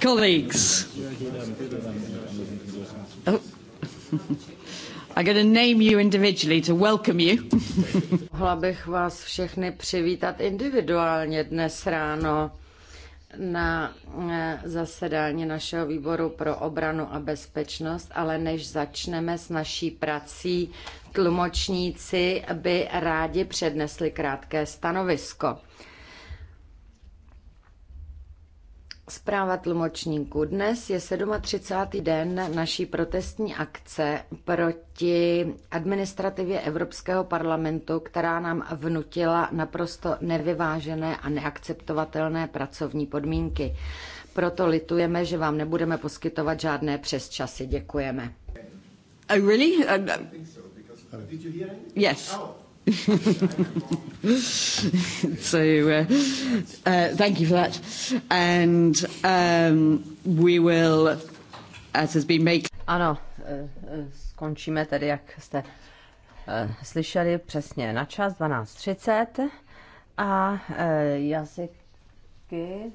Colleagues, oh. I'm going to name you individually to welcome you. Mohla bych vás všechny přivítat individuálně dnes ráno na eh, zasedání našeho výboru pro obranu a bezpečnost, ale než začneme s naší prací, tlumočníci by rádi přednesli krátké stanovisko. Zpráva tlumočníků. Dnes je 37. den naší protestní akce proti administrativě Evropského parlamentu, která nám vnutila naprosto nevyvážené a neakceptovatelné pracovní podmínky. Proto litujeme, že vám nebudeme poskytovat žádné přesčasy. Děkujeme. Oh, really? Um, yes. Oh. so uh, uh, thank you for that. And um, we will, as has been made... Ano, uh, skončíme tedy, jak jste uh, slyšeli, přesně na čas 12.30 a uh, jazyky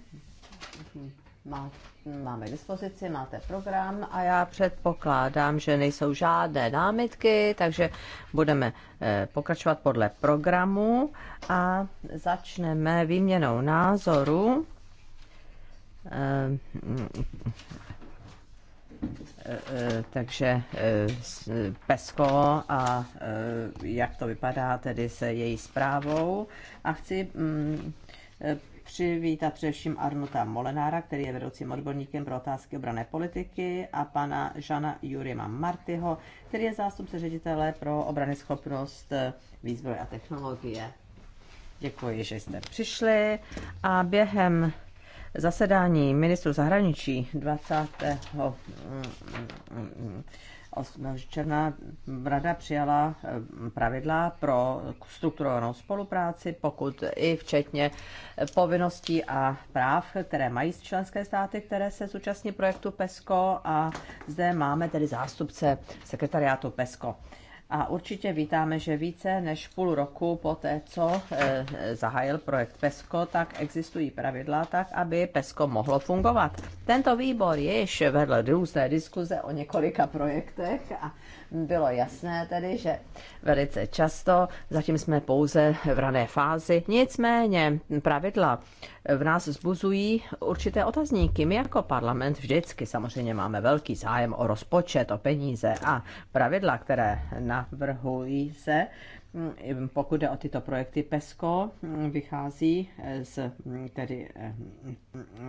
Mm-hmm. máte máme dispozici, máte program a já předpokládám, že nejsou žádné námitky, takže budeme eh, pokračovat podle programu a začneme výměnou názoru eh, eh, takže Pesko a jak to vypadá tedy se její zprávou. A chci mm, přivítat především Arnuta Molenára, který je vedoucím odborníkem pro otázky obrané politiky, a pana Žana Jurima Martyho, který je zástupce ředitele pro obrany schopnost eh, výzbroj a technologie. Děkuji, že jste přišli a během zasedání ministru zahraničí 20. 8. No, černá rada přijala eh, pravidla pro strukturovanou spolupráci, pokud i včetně eh, povinností a práv, které mají členské státy, které se zúčastní projektu PESCO a zde máme tedy zástupce sekretariátu PESCO. A určitě vítáme, že více než půl roku po té, co eh, zahájil projekt PESCO, tak existují pravidla tak, aby PESCO mohlo fungovat. Tento výbor ještě vedle různé diskuze o několika projektech a bylo jasné tedy, že velice často, zatím jsme pouze v rané fázi, nicméně pravidla v nás zbuzují určité otazníky. My jako parlament vždycky samozřejmě máme velký zájem o rozpočet, o peníze a pravidla, které navrhují se, pokud jde o tyto projekty, PESCO vychází z, tedy,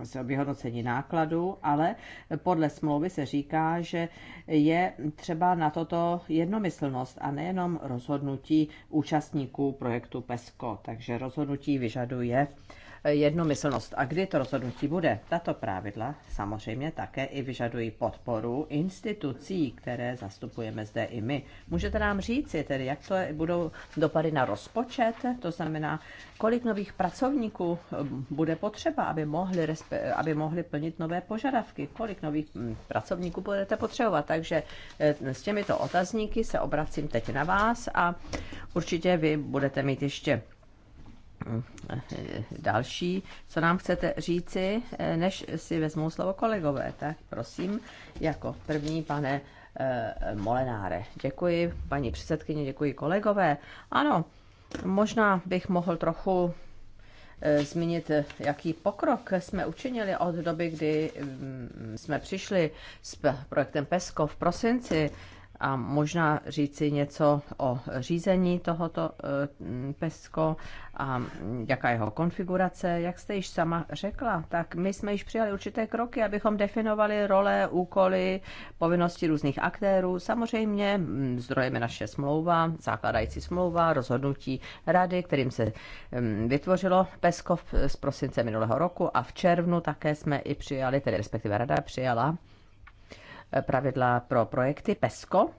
z vyhodnocení nákladu, ale podle smlouvy se říká, že je třeba na toto jednomyslnost a nejenom rozhodnutí účastníků projektu PESCO. Takže rozhodnutí vyžaduje jednomyslnost. A kdy to rozhodnutí bude? Tato pravidla samozřejmě také i vyžadují podporu institucí, které zastupujeme zde i my. Můžete nám říci, tedy jak to budou dopady na rozpočet? To znamená, kolik nových pracovníků eh, bude potřeba, aby mohli, aby mohli plnit nové požadavky? Kolik nových hm, pracovníků budete potřebovat? Takže eh, s těmito otazníky se obracím teď na vás a určitě vy budete mít ještě Eh, další, co nám chcete říci, eh, než si vezmou slovo kolegové. Tak prosím, jako první, pane eh, Molenáre. Děkuji, paní předsedkyně, děkuji kolegové. Ano, možná bych mohl trochu zmínit, jaký pokrok jsme učinili od doby, kdy mm, jsme přišli s projektem PESCO v prosinci a možná říci něco o řízení tohoto eh, PESCO a jaká jeho konfigurace. Jak jste již sama řekla, tak my jsme již přijali určité kroky, abychom definovali role, úkoly, povinnosti různých aktérů. Samozřejmě mm, zdrojem je naše smlouva, základající smlouva, rozhodnutí rady, kterým se mm, vytvořilo PESCO z prosince minulého roku a v červnu také jsme i přijali, tedy respektive rada přijala pravidla pro projekty PESCO.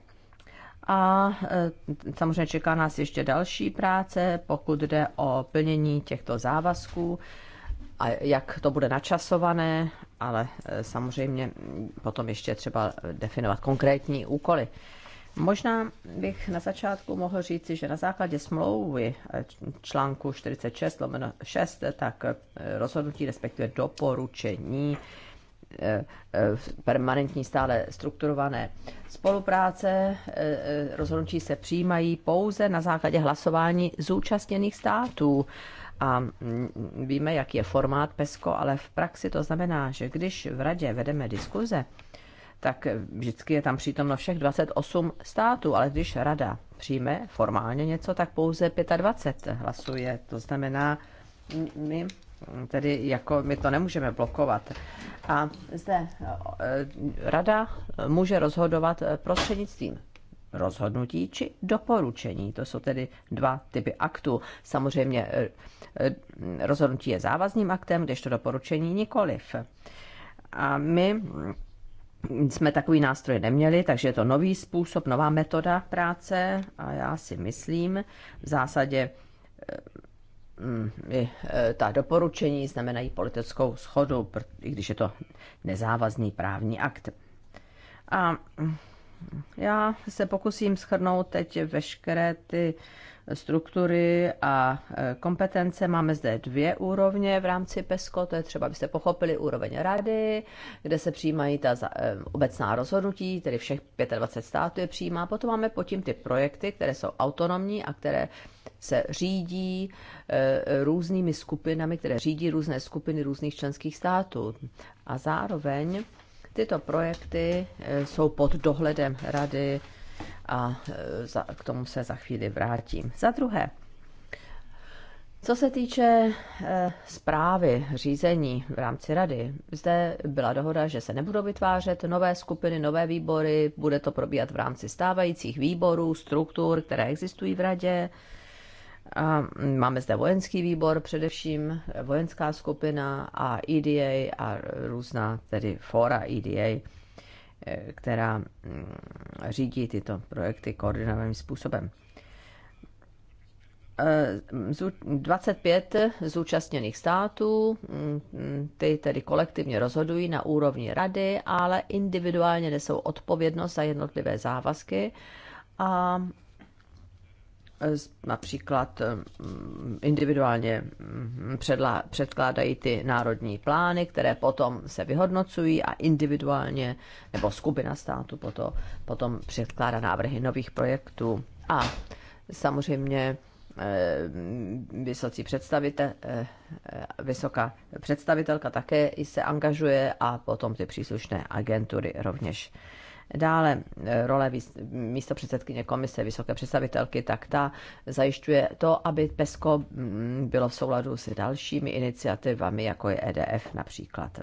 A e, samozřejmě čeká nás ještě další práce, pokud jde o plnění těchto závazků a jak to bude načasované, ale e, samozřejmě potom ještě třeba definovat konkrétní úkoly. Možná bych na začátku mohl říci, že na základě smlouvy e, článku 46 6, tak rozhodnutí respektive doporučení Eh, eh, permanentní stále strukturované spolupráce. Eh, rozhodnutí se přijímají pouze na základě hlasování zúčastněných států. A mm, víme, jaký je formát PESCO, ale v praxi to znamená, že když v radě vedeme diskuze, tak vždycky je tam přítomno všech 28 států, ale když rada přijme formálně něco, tak pouze 25 hlasuje. To znamená, my tedy jako my to nemůžeme blokovat. A zde eh, rada může rozhodovat eh, prostřednictvím rozhodnutí či doporučení. To jsou tedy dva typy aktů. Samozřejmě eh, rozhodnutí je závazným aktem, kdežto doporučení nikoliv. A my hm, jsme takový nástroj neměli, takže je to nový způsob, nová metoda práce a já si myslím v zásadě Mm, i e, ta doporučení znamenají politickou schodu, i když je to nezávazný právní akt. A mm, já se pokusím schrnout teď veškeré ty struktury a e, kompetence. Máme zde dvě úrovně v rámci PESCO, to je třeba, abyste pochopili úroveň rady, kde se přijímají ta e, obecná rozhodnutí, tedy všech 25 států je přijímá. Potom máme tím ty projekty, které jsou autonomní a které se řídí e, různými skupinami, které řídí různé skupiny různých členských států. A zároveň tyto projekty jsou pod dohledem rady a e, za, k tomu se za chvíli vrátím. Za druhé, co se týče e, zprávy řízení v rámci rady, zde byla dohoda, že se nebudou vytvářet nové skupiny, nové výbory, bude to probíhat v rámci stávajících výborů, struktur, které existují v radě. A máme zde vojenský výbor, především e, vojenská skupina a EDA a různá tedy fora EDA Eh, která mm, řídí tyto projekty koordinovaným způsobem. 25 eh, zúčastněných států, mm, ty tedy kolektivně rozhodují na úrovni rady, ale individuálně nesou odpovědnost za jednotlivé závazky a Eh, například eh, mm, individuálně mm, předla, předkládají ty národní plány, které potom se vyhodnocují a individuálně nebo skupina státu potom, potom předkládá návrhy nových projektů. A samozřejmě eh, vysocí představitel, vysoká představitelka také se angažuje a potom ty příslušné agentury rovněž. Dále eh, role místo předsedkyně komise, vysoké představitelky, tak ta zajišťuje to, aby PESCO mm, bylo v souladu s dalšími iniciativami, jako je EDF například.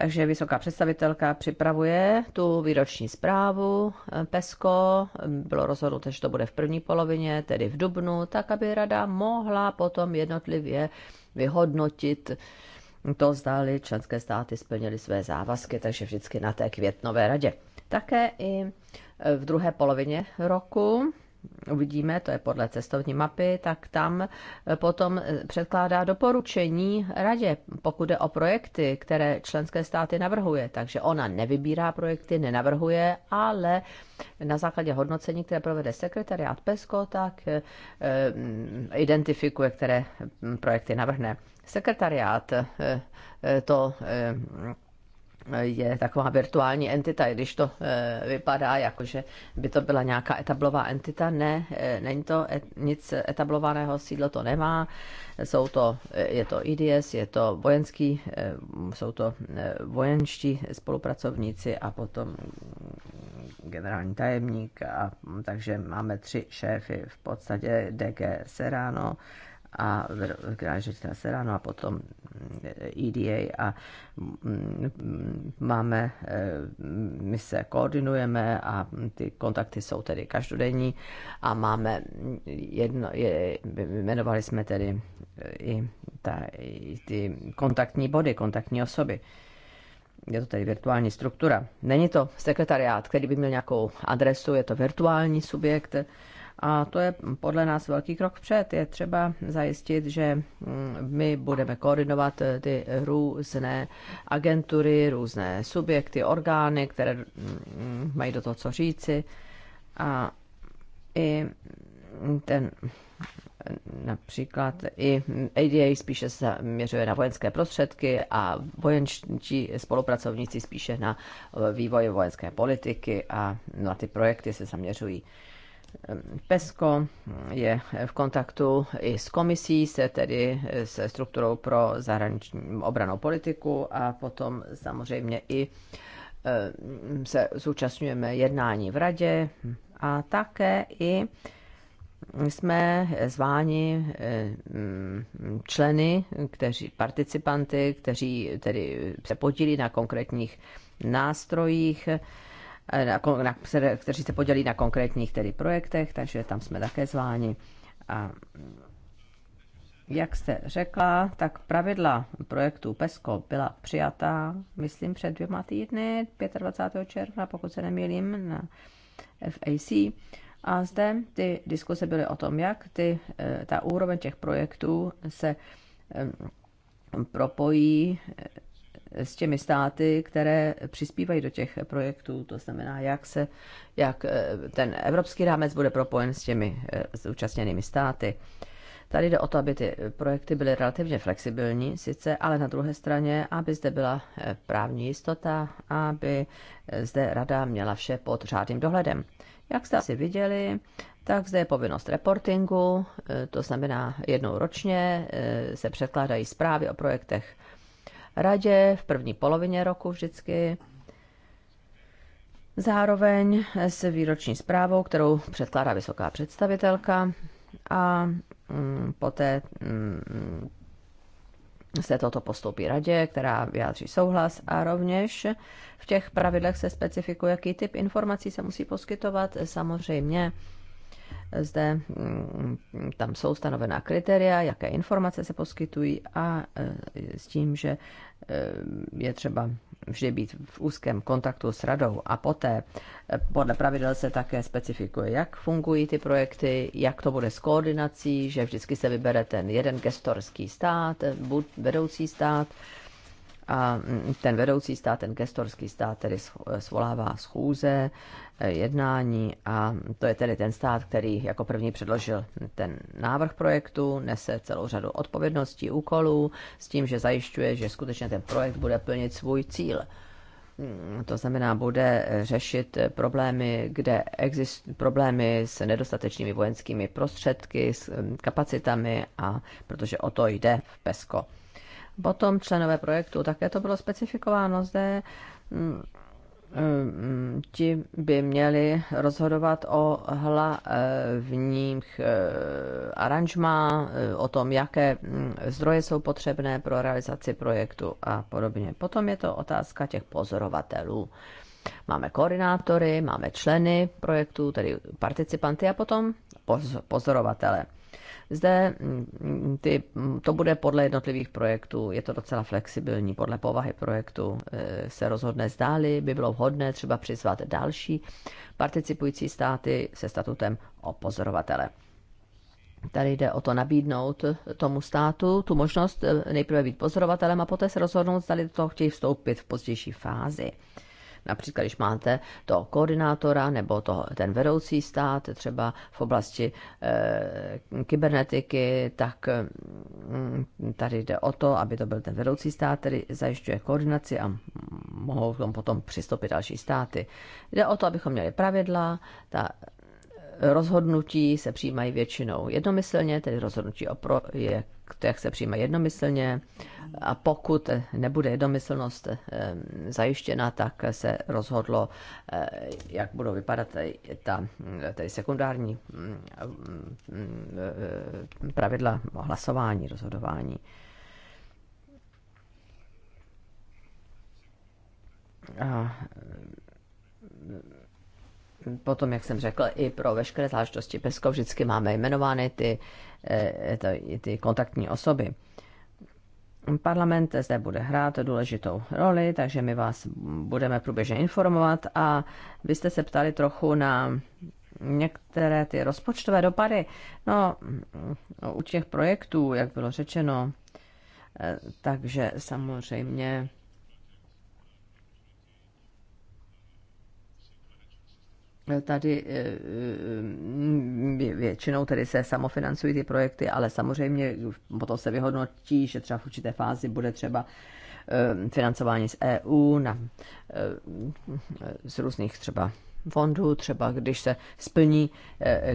Takže vysoká představitelka připravuje tu výroční zprávu eh, PESCO. Bylo rozhodnuto, že to bude v první polovině, tedy v dubnu, tak aby rada mohla potom jednotlivě vyhodnotit to zdály členské státy splnily své závazky, takže vždycky na té květnové radě. Také i e, v druhé polovině roku uvidíme, to je podle cestovní mapy, tak tam e, potom e, předkládá doporučení radě, pokud jde o projekty, které členské státy navrhuje. Takže ona nevybírá projekty, nenavrhuje, ale na základě hodnocení, které provede sekretariát PESCO, tak identifikuje, které projekty navrhne. Sekretariát eh, eh, to eh, je taková virtuální entita, i když to vypadá jako, že by to byla nějaká etablová entita. Ne, není to nic etablovaného, sídlo to nemá. Jsou to, je to IDS, je to vojenský, jsou to vojenští spolupracovníci a potom generální tajemník. A, takže máme tři šéfy v podstatě DG Serrano, a generální ředitel Serano a potom EDA eh, e a mm, máme, eh, my se koordinujeme a ty kontakty jsou tedy každodenní a máme jedno, je, jmenovali jsme tedy eh, i, ta, i ty kontaktní body, kontaktní osoby. Je to tedy virtuální struktura. Není to sekretariát, který by měl nějakou adresu, je to virtuální subjekt, a to je podle nás velký krok před. Je třeba zajistit, že mm, my budeme koordinovat eh, ty různé agentury, různé subjekty, orgány, které mm, mají do toho co říci. A i ten například i ADA spíše se měřuje na vojenské prostředky a vojenčtí spolupracovníci spíše na eh, vývoj vojenské politiky a na ty projekty se zaměřují. PESCO je v kontaktu i s komisí, se tedy se strukturou pro zahraniční obranou politiku a potom samozřejmě i eh, se zúčastňujeme jednání v radě a také i jsme zváni eh, členy, kteří, participanty, kteří tedy se podílí na konkrétních nástrojích, Eh, na, na, kteří se podělí na konkrétních tedy projektech, takže tam jsme také zváni. A mm, jak jste řekla, tak pravidla projektu PESCO byla přijatá, myslím, před dvěma týdny, 25. června, pokud se nemýlím, na FAC. A zde ty diskuse byly o tom, jak ty, eh, ta úroveň těch projektů se eh, propojí s těmi státy, které přispívají do těch projektů. To znamená, jak, se, jak eh, ten evropský rámec bude propojen s těmi zúčastněnými eh, státy. Tady jde o to, aby ty projekty byly relativně flexibilní, sice, ale na druhé straně, aby zde byla eh, právní jistota, aby zde rada měla vše pod řádným dohledem. Jak jste asi viděli, tak zde je povinnost reportingu, to znamená jednou ročně se předkládají zprávy o projektech radě v první polovině roku vždycky. Zároveň s výroční zprávou, kterou předkládá vysoká představitelka a mm, poté mm, se toto postoupí radě, která vyjádří souhlas a rovněž v těch pravidlech se specifikuje, jaký typ informací se musí poskytovat. Samozřejmě zde mm, tam jsou stanovená kritéria, jaké informace se poskytují a e, s tím, že e, je třeba vždy být v úzkém kontaktu s radou a poté e, podle pravidel se také specifikuje, jak fungují ty projekty, jak to bude s koordinací, že vždycky se vybere ten jeden gestorský stát, vedoucí stát, a ten vedoucí stát, ten gestorský stát tedy svolává schůze, eh, jednání a to je tedy ten stát, který jako první předložil ten návrh projektu, nese celou řadu odpovědností, úkolů s tím, že zajišťuje, že skutečně ten projekt bude plnit svůj cíl. Hmm, to znamená, bude eh, řešit eh, problémy, kde existují problémy s nedostatečnými vojenskými prostředky, s hm, kapacitami a protože o to jde v PESCO. Potom členové projektu, také to bylo specifikováno zde, mm, mm, ti by měli rozhodovat o hlavních eh, aranžmá, eh, o tom, jaké mm, zdroje jsou potřebné pro realizaci projektu a podobně. Potom je to otázka těch pozorovatelů. Máme koordinátory, máme členy projektu, tedy participanty a potom pozorovatele. Zde mm, mm, ty, mm, to bude podle jednotlivých projektů, je to docela flexibilní, podle povahy projektu eh, se rozhodne zdáli, by bylo vhodné třeba přizvat další participující státy se statutem opozorovatele. Tady jde o to nabídnout tomu státu tu možnost eh, nejprve být pozorovatelem a poté se rozhodnout, zda do toho chtějí vstoupit v pozdější fázi. Například, když máte toho koordinátora nebo toho, ten vedoucí stát, třeba v oblasti e, kybernetiky, tak mm, tady jde o to, aby to byl ten vedoucí stát, který zajišťuje koordinaci a mohou k tomu potom přistoupit další státy. Jde o to, abychom měli pravidla, ta rozhodnutí se přijímají většinou jednomyslně, tedy rozhodnutí o projektech se přijímají jednomyslně a pokud nebude jednomyslnost eh, zajištěna, tak se rozhodlo, eh, jak budou vypadat ta, tedy sekundární mm, eh, pravidla hlasování, rozhodování. A potom, jak jsem řekl, i pro veškeré záležitosti PESCO vždycky máme jmenovány ty, eh, eh, ty, ty kontaktní osoby. Parlament zde bude hrát důležitou roli, takže my vás budeme průběžně informovat a vy jste se ptali trochu na některé ty rozpočtové dopady. No, u těch projektů, jak bylo řečeno, eh, takže samozřejmě tady eh, eh, eh, většinou tedy se samofinancují ty projekty, ale samozřejmě potom se vyhodnotí, že třeba v určité fázi bude třeba financování z EU, na, z různých třeba fondů, třeba když se splní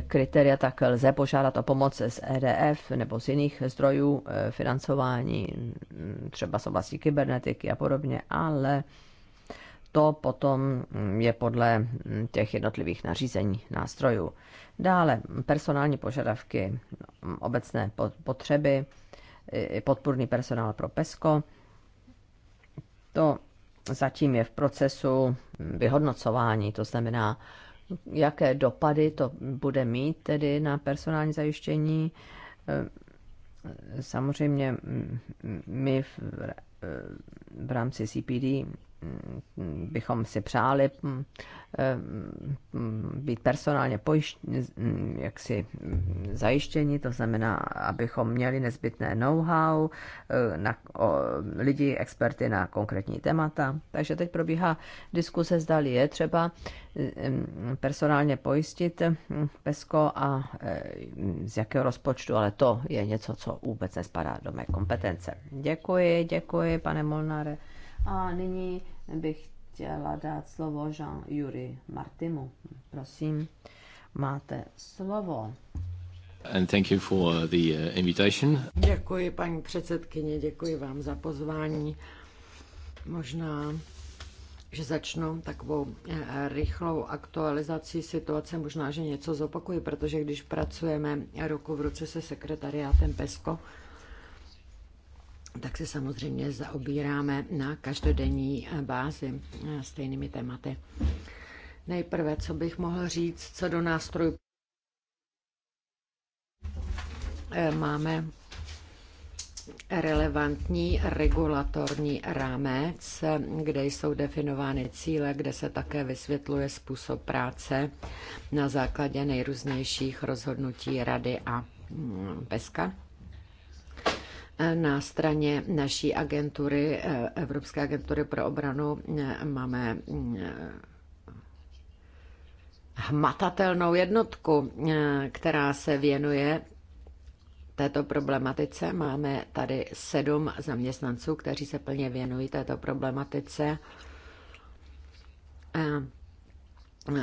kritéria, tak lze požádat o pomoc z EDF nebo z jiných zdrojů financování, mm, třeba z oblasti kybernetiky a podobně, ale to potom mm, je podle mm, těch jednotlivých nařízení nástrojů. Dále personální požadavky, mm, obecné potřeby, podpůrný personál pro PESCO. To zatím je v procesu vyhodnocování, to znamená, jaké dopady to bude mít tedy na personální zajištění. Ehm, samozřejmě my v, v rámci CPD bychom si přáli mm, mm, mm, být personálně pojištěni, jaksi zajištěni, to znamená, abychom měli nezbytné know-how, eh, na, o, lidi, experty na konkrétní témata. Takže teď probíhá diskuse, zdali je třeba personálně pojistit PESCO a eh, z jakého rozpočtu, ale to je něco, co vůbec nespadá do mé kompetence. Děkuji, děkuji, pane Molnare. A nyní bych chtěla dát slovo Jean Jury Martimu. Prosím, máte slovo. And thank you for the uh, invitation. Děkuji, paní předsedkyně, děkuji vám za pozvání. Možná, že začnu takovou eh, rychlou aktualizací situace, možná, že něco zopakuji, protože když pracujeme ruku v ruce se sekretariátem PESCO, tak se samozřejmě zaobíráme na každodenní bázi eh, stejnými tématy. Nejprve, co bych mohl říct, co do nástrojů eh, máme relevantní regulatorní rámec, kde jsou definovány cíle, kde se také vysvětluje způsob práce na základě nejrůznějších rozhodnutí Rady a mm, PESKA. Na straně naší agentury, eh, Evropské agentury pro obranu, eh, máme eh, hmatatelnou jednotku, která se věnuje této problematice. Máme tady sedm zaměstnanců, kteří se plně věnují této problematice.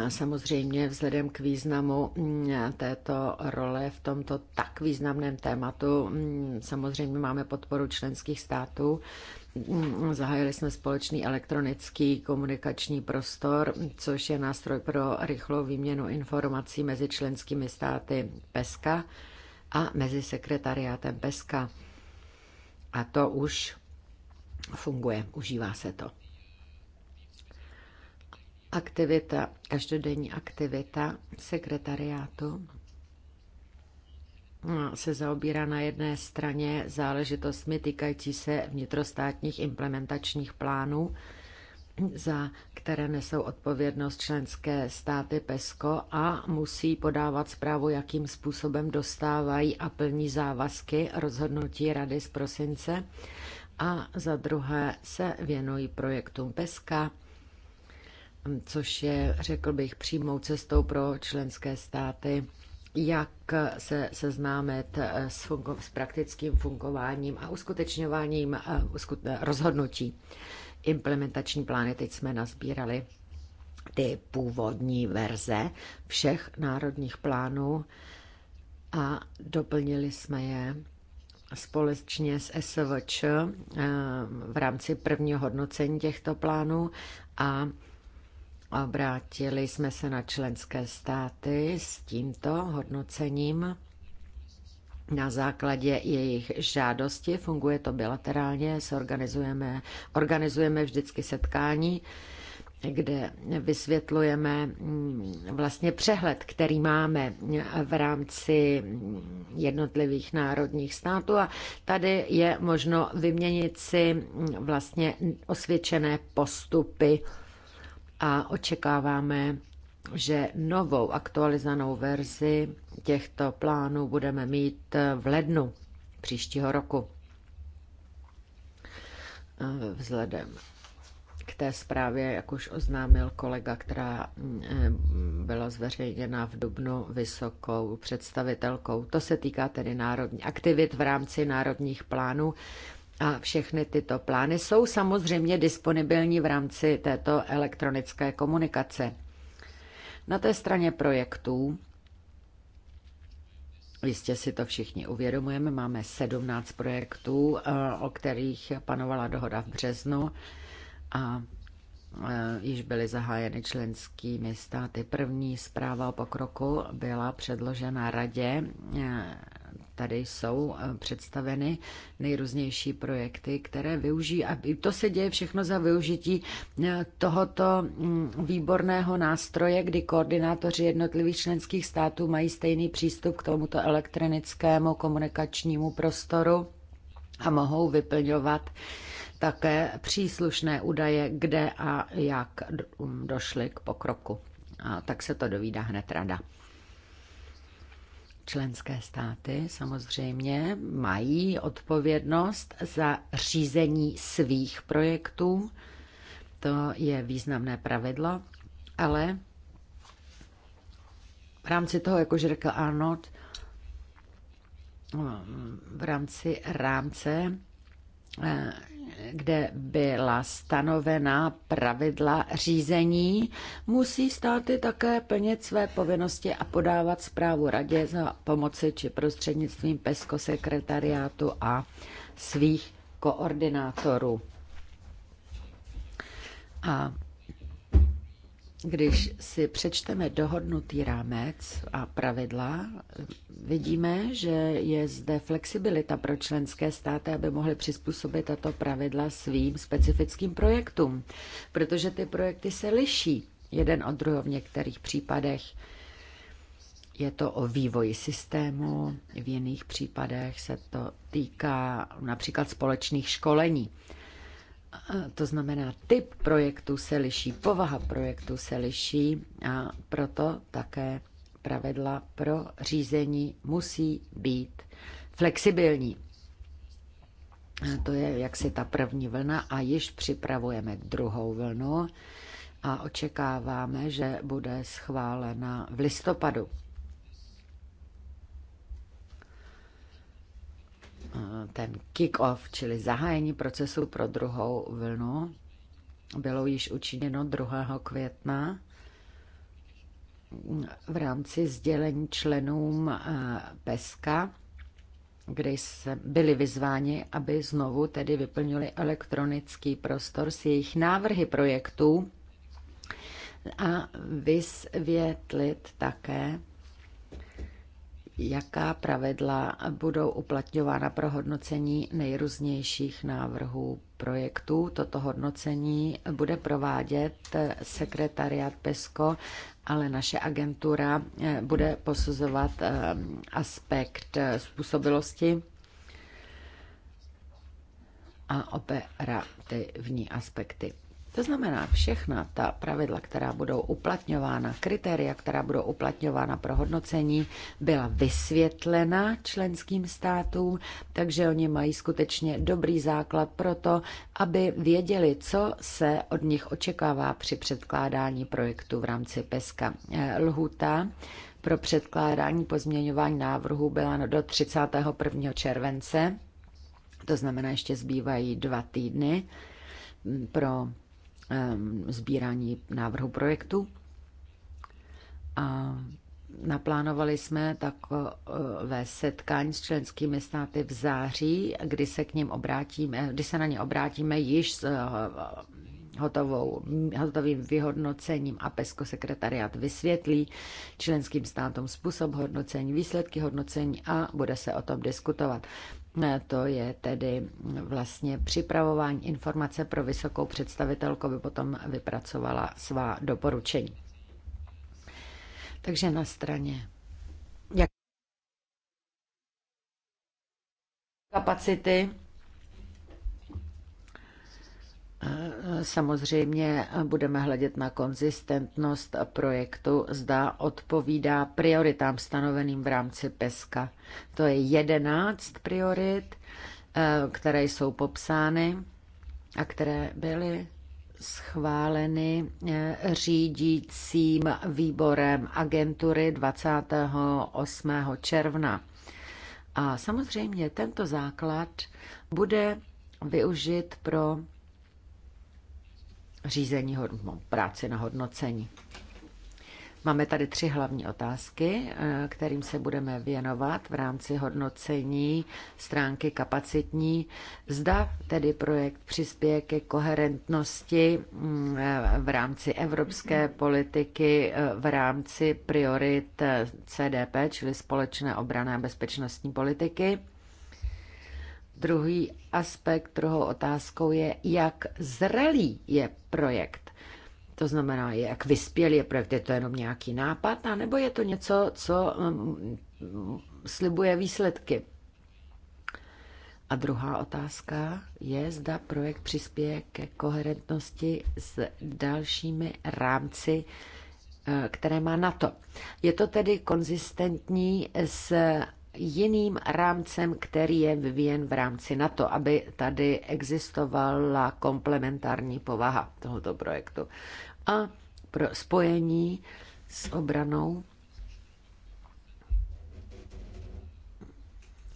Samozřejmě vzhledem k významu mm, této role v tomto tak významném tématu, mm, samozřejmě máme podporu členských států. Mm, zahájili jsme společný elektronický komunikační prostor, což je nástroj pro rychlou výměnu informací mezi členskými státy PESKA a mezi sekretariátem PESKA. A to už funguje, užívá se to aktivita, každodenní aktivita sekretariátu no, se zaobírá na jedné straně záležitostmi týkající se vnitrostátních implementačních plánů, za které nesou odpovědnost členské státy PESCO a musí podávat zprávu, jakým způsobem dostávají a plní závazky rozhodnutí Rady z prosince. A za druhé se věnují projektům PESCA, což je, řekl bych, přímou cestou pro členské státy, jak se seznámit s, fungo- s praktickým fungováním a uskutečňováním eh, eh, rozhodnutí. Implementační plány teď jsme nazbírali ty původní verze všech národních plánů a doplnili jsme je společně s SVČ eh, v rámci prvního hodnocení těchto plánů a Obrátili jsme se na členské státy s tímto hodnocením. Na základě jejich žádosti funguje to bilaterálně, organizujeme, organizujeme vždycky setkání, kde vysvětlujeme mm, vlastně přehled, který máme v rámci jednotlivých národních států a tady je možno vyměnit si mm, vlastně osvědčené postupy a očekáváme, že novou aktualizovanou verzi těchto plánů budeme mít eh, v lednu příštího roku. Eh, vzhledem k té zprávě, jak už oznámil kolega, která mm, eh, byla zveřejněna v Dubnu vysokou představitelkou. To se týká tedy národní aktivit v rámci národních plánů a všechny tyto plány jsou samozřejmě disponibilní v rámci této elektronické komunikace. Na té straně projektů, jistě si to všichni uvědomujeme, máme 17 projektů, eh, o kterých panovala dohoda v březnu a eh, již byly zahájeny členskými státy. První zpráva o pokroku byla předložena radě eh, Tady jsou eh, představeny nejrůznější projekty, které využijí, a to se děje všechno za využití eh, tohoto mm, výborného nástroje, kdy koordinátoři jednotlivých členských států mají stejný přístup k tomuto elektronickému komunikačnímu prostoru a mohou vyplňovat také příslušné údaje, kde a jak došli k pokroku. A tak se to dovídá hned rada. Členské státy samozřejmě mají odpovědnost za řízení svých projektů. To je významné pravidlo, ale v rámci toho, jak už řekl Arnold, v rámci rámce kde byla stanovena pravidla řízení, musí státy také plnit své povinnosti a podávat zprávu radě za pomoci či prostřednictvím PESCO sekretariátu a svých koordinátorů. A když si přečteme dohodnutý rámec a pravidla, vidíme, že je zde flexibilita pro členské státy, aby mohly přizpůsobit tato pravidla svým specifickým projektům, protože ty projekty se liší jeden od druhého v některých případech. Je to o vývoji systému, v jiných případech se to týká například společných školení. To znamená, typ projektu se liší, povaha projektu se liší a proto také pravidla pro řízení musí být flexibilní. To je jaksi ta první vlna a již připravujeme druhou vlnu a očekáváme, že bude schválena v listopadu. ten kick-off, čili zahájení procesu pro druhou vlnu, bylo již učiněno 2. května v rámci sdělení členům eh, PESKA, kde se byli vyzváni, aby znovu tedy vyplnili elektronický prostor s jejich návrhy projektů a vysvětlit také jaká pravidla budou uplatňována pro hodnocení nejrůznějších návrhů projektů. Toto hodnocení bude provádět sekretariat PESCO, ale naše agentura eh, bude posuzovat eh, aspekt eh, způsobilosti a operativní aspekty. To znamená, všechna ta pravidla, která budou uplatňována, kritéria, která budou uplatňována pro hodnocení, byla vysvětlena členským státům, takže oni mají skutečně dobrý základ pro to, aby věděli, co se od nich očekává při předkládání projektu v rámci PESKA. Lhuta pro předkládání pozměňování návrhu byla do 31. července, to znamená, ještě zbývají dva týdny pro sbírání návrhu projektu a naplánovali jsme takové setkání s členskými státy v září, kdy se k ním obrátíme, kdy se na ně obrátíme již s eh, hotovou, hotovým vyhodnocením a PESCO sekretariat vysvětlí členským státům způsob hodnocení, výsledky hodnocení a bude se o tom diskutovat. To je tedy vlastně připravování informace pro vysokou představitelku, aby potom vypracovala svá doporučení. Takže na straně. Jak kapacity Samozřejmě budeme hledět na konzistentnost projektu, zda odpovídá prioritám stanoveným v rámci PESKA. To je jedenáct priorit, eh, které jsou popsány a které byly schváleny eh, řídícím výborem agentury 28. června. A samozřejmě tento základ bude využit pro řízení hodnot, práci na hodnocení. Máme tady tři hlavní otázky, eh, kterým se budeme věnovat v rámci hodnocení stránky kapacitní. Zda tedy projekt přispěje ke koherentnosti mm, eh, v rámci evropské politiky, eh, v rámci priorit CDP, čili společné obrané a bezpečnostní politiky Druhý aspekt, druhou otázkou je, jak zrelý je projekt. To znamená, jak vyspělý je projekt, je to jenom nějaký nápad, anebo je to něco, co mm, slibuje výsledky. A druhá otázka je, zda projekt přispěje ke koherentnosti s dalšími rámci, eh, které má na to. Je to tedy konzistentní s jiným rámcem, který je vyvíjen v rámci NATO, aby tady existovala komplementární povaha tohoto projektu. A pro spojení s obranou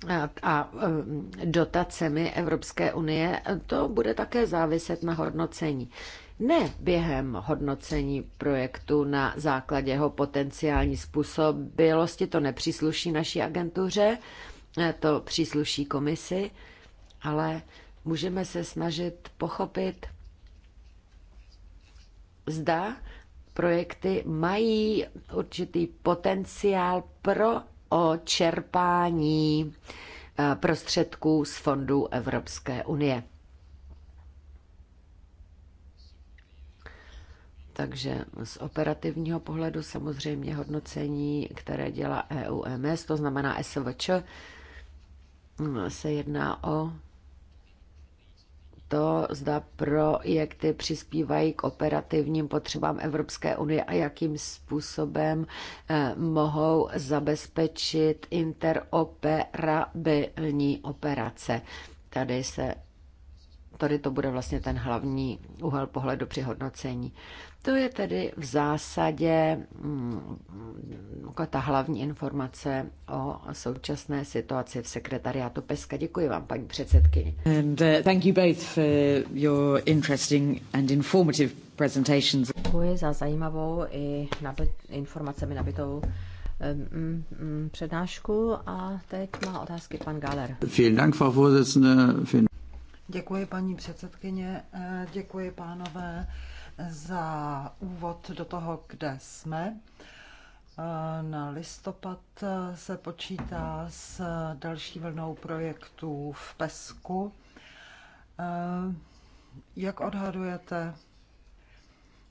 a, a um, dotacemi Evropské unie, to bude také záviset na hodnocení ne během hodnocení projektu na základě jeho potenciální způsobilosti, to nepřísluší naší agentuře, eh, to přísluší komisi, ale můžeme se snažit pochopit, zda projekty mají určitý potenciál pro očerpání eh, prostředků z fondů Evropské unie. Takže z operativního pohledu samozřejmě hodnocení, které dělá EUMS, to znamená SVČ, se jedná o to, zda projekty přispívají k operativním potřebám Evropské unie a jakým způsobem eh, mohou zabezpečit interoperabilní operace. Tady se tady to bude vlastně ten hlavní úhel pohledu při hodnocení. To je tedy v zásadě mm, jako ta hlavní informace o současné situaci v sekretariátu PESKA. Děkuji vám, paní předsedkyně. And, uh, thank you both for your interesting and informative presentations. Děkuji za zajímavou i nabit, informacemi nabitou um, mm, mm, přednášku a teď má otázky pan Galer. Děkuji, paní předsedkyně, eh, děkuji, pánové za úvod do toho, kde jsme. Eh, na listopad eh, se počítá s eh, další vlnou projektů v Pesku. Jak odhadujete,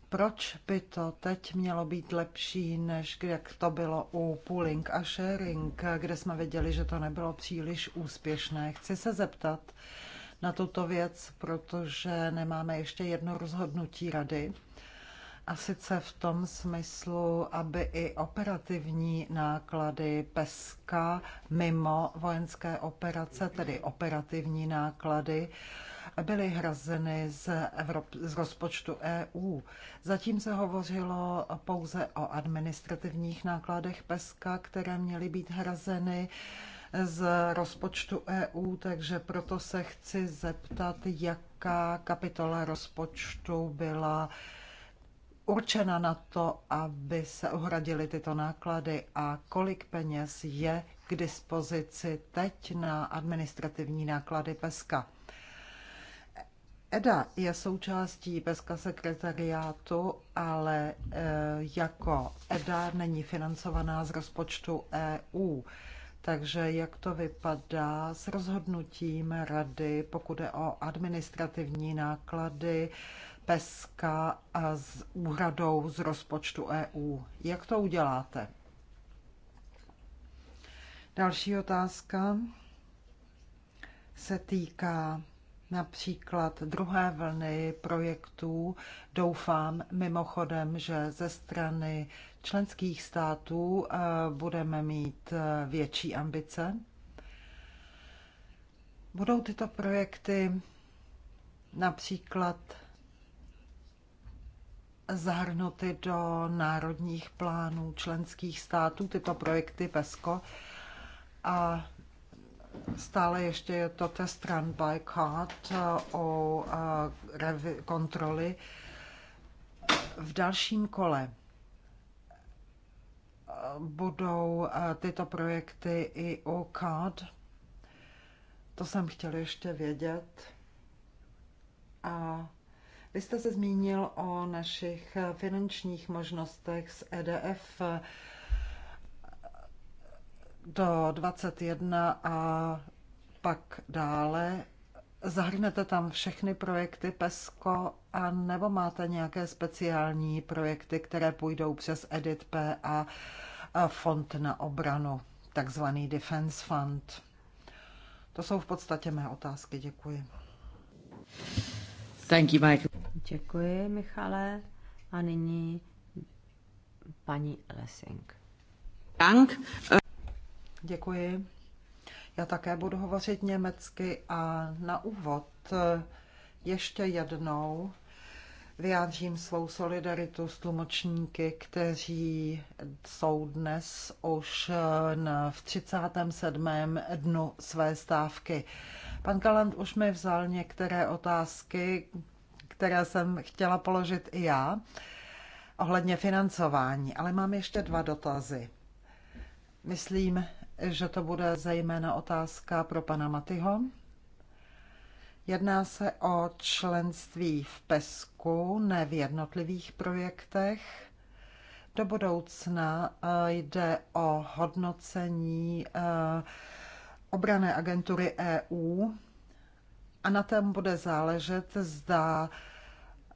proč by to teď mělo být lepší, než jak to bylo u pooling a sharing, kde jsme věděli, že to nebylo příliš úspěšné? Chci se zeptat, na tuto věc, protože nemáme ještě jedno rozhodnutí rady. A sice v tom smyslu, aby i operativní náklady PESKA mimo vojenské operace, tedy operativní náklady, byly hrazeny z, Evrop- z rozpočtu EU. Zatím se hovořilo pouze o administrativních nákladech PESKA, které měly být hrazeny uh, z rozpočtu EU, takže proto se chci zeptat, jaká kapitola rozpočtu byla určena na to, aby se uhradili tyto náklady a kolik peněz je k dispozici teď na administrativní náklady PESKA. EDA je součástí PESKA sekretariátu, ale e, jako EDA není financovaná z rozpočtu EU. Takže jak to vypadá s rozhodnutím rady, pokud je o administrativní náklady peska a s úhradou z rozpočtu EU? Jak to uděláte? Další otázka se týká například druhé vlny projektů. Doufám mimochodem, že ze strany členských států eh, budeme mít eh, větší ambice. Budou tyto projekty například zahrnuty do národních plánů členských států, tyto projekty PESCO. A stále ještě je to test run by card eh, o kontroly v dalším kole budou eh, tyto projekty i u CAD. To jsem chtěl ještě vědět. A vy jste se zmínil o našich finančních možnostech z EDF do 21 a pak dále Zahrnete tam všechny projekty PESCO a nebo máte nějaké speciální projekty, které půjdou přes EDIT-P a Fond na obranu, takzvaný Defense Fund? To jsou v podstatě mé otázky. Děkuji. Thank you, Michael. Děkuji, Michale. A nyní paní Lessing. Dank. Děkuji. Já také budu hovořit německy a na úvod eh, ještě jednou vyjádřím svou solidaritu s tlumočníky, kteří jsou dnes už eh, v 37. dnu své stávky. Pan Kaland už mi vzal některé otázky, které jsem chtěla položit i já ohledně financování, ale mám ještě dva dotazy. Myslím, že to bude zejména otázka pro pana Matyho. Jedná se o členství v PESku, ne v jednotlivých projektech. Do budoucna eh, jde o hodnocení eh, obrané agentury EU a na tom bude záležet, zda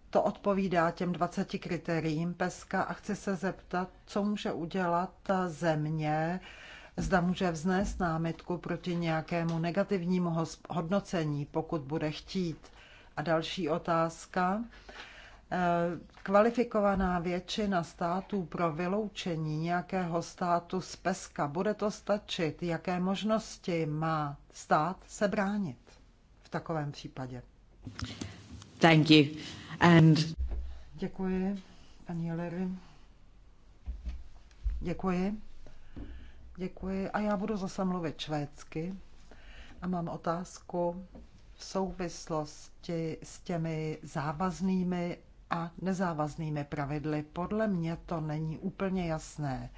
to odpovídá těm 20 kritériím PESka a chci se zeptat, co může udělat eh, země, zda může vznést námitku proti nějakému negativnímu hodnocení, pokud bude chtít. A další otázka. Eh, kvalifikovaná většina států pro vyloučení nějakého státu z peska. Bude to stačit? Jaké možnosti má stát se bránit v takovém případě? Thank you. And... Děkuji, paní Lery. Děkuji. Děkuji. A já budu zase mluvit švédsky. A mám otázku v souvislosti s těmi závaznými a nezávaznými pravidly. Podle mě to není úplně jasné.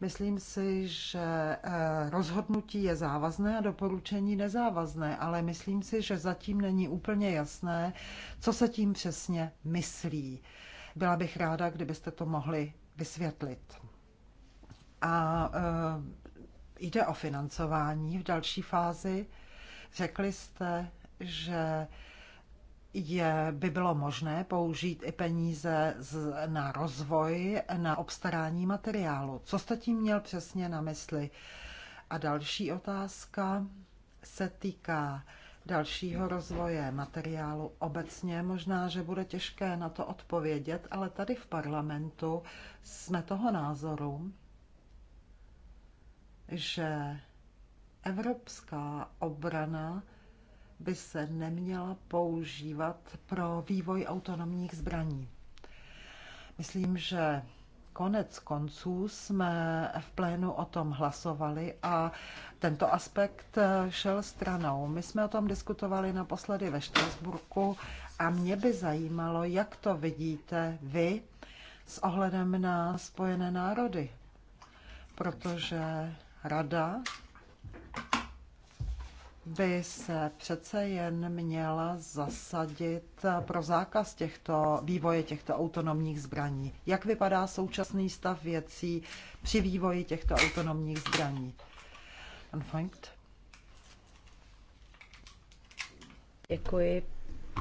Myslím si, že eh, rozhodnutí je závazné a doporučení nezávazné, ale myslím si, že zatím není úplně jasné, co se tím přesně myslí. Byla bych ráda, kdybyste to mohli vysvětlit. A eh, jde o financování v další fázi. Řekli jste, že je, by bylo možné použít i peníze z, na rozvoj, na obstarání materiálu. Co jste tím měl přesně na mysli? A další otázka se týká dalšího rozvoje materiálu obecně. Možná, že bude těžké na to odpovědět, ale tady v parlamentu jsme toho názoru, že evropská obrana by se neměla používat pro vývoj autonomních zbraní. Myslím, že konec konců jsme v plénu o tom hlasovali a tento aspekt šel stranou. My jsme o tom diskutovali naposledy ve Štrasburku a mě by zajímalo, jak to vidíte vy s ohledem na Spojené národy, protože Rada by se přece jen měla zasadit pro zákaz těchto vývoje těchto autonomních zbraní. Jak vypadá současný stav věcí při vývoji těchto autonomních zbraní? Anfangt. Děkuji,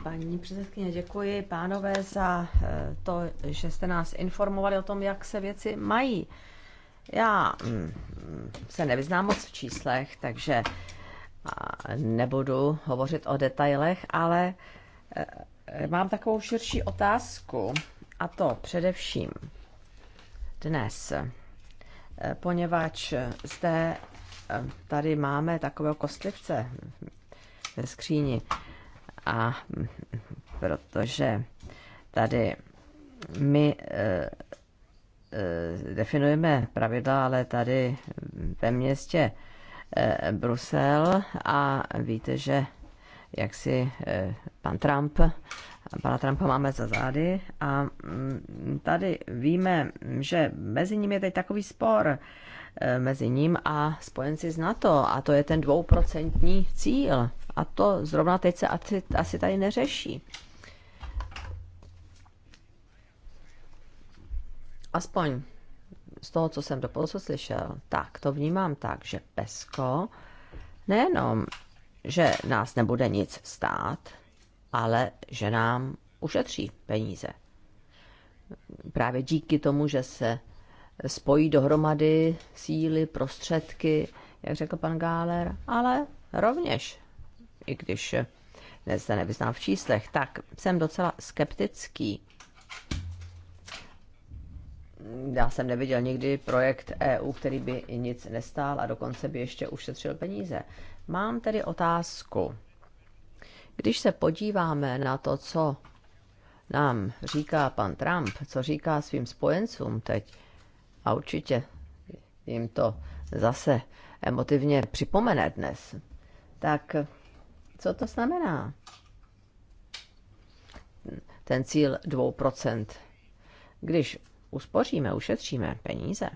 paní předsedkyně, děkuji pánové za eh, to, že jste nás informovali o tom, jak se věci mají. Já mm, se nevyznám moc v číslech, takže nebudu hovořit o detailech, ale e, mám takovou širší otázku, a to především dnes, e, poněvadž zde e, tady máme takového kostlivce ve skříni a protože tady my Eh, definujeme pravidla, ale tady ve městě eh, Brusel a víte, že jak si eh, pan Trump, pana Trumpa máme za zády a mm, tady víme, že mezi nimi je teď takový spor mezi ním a spojenci z NATO a to je ten dvouprocentní cíl a to zrovna teď se asi, asi tady neřeší. aspoň z toho, co jsem doposud slyšel, tak to vnímám tak, že pesko nejenom, že nás nebude nic stát, ale že nám ušetří peníze. Právě díky tomu, že se spojí dohromady síly, prostředky, jak řekl pan Gáler, ale rovněž, i když se nevyznám v číslech, tak jsem docela skeptický já jsem neviděl nikdy projekt EU, který by nic nestál a dokonce by ještě ušetřil peníze. Mám tedy otázku. Když se podíváme na to, co nám říká pan Trump, co říká svým spojencům teď, a určitě jim to zase emotivně připomene dnes, tak co to znamená? Ten cíl 2%. Když uspoříme, ušetříme peníze,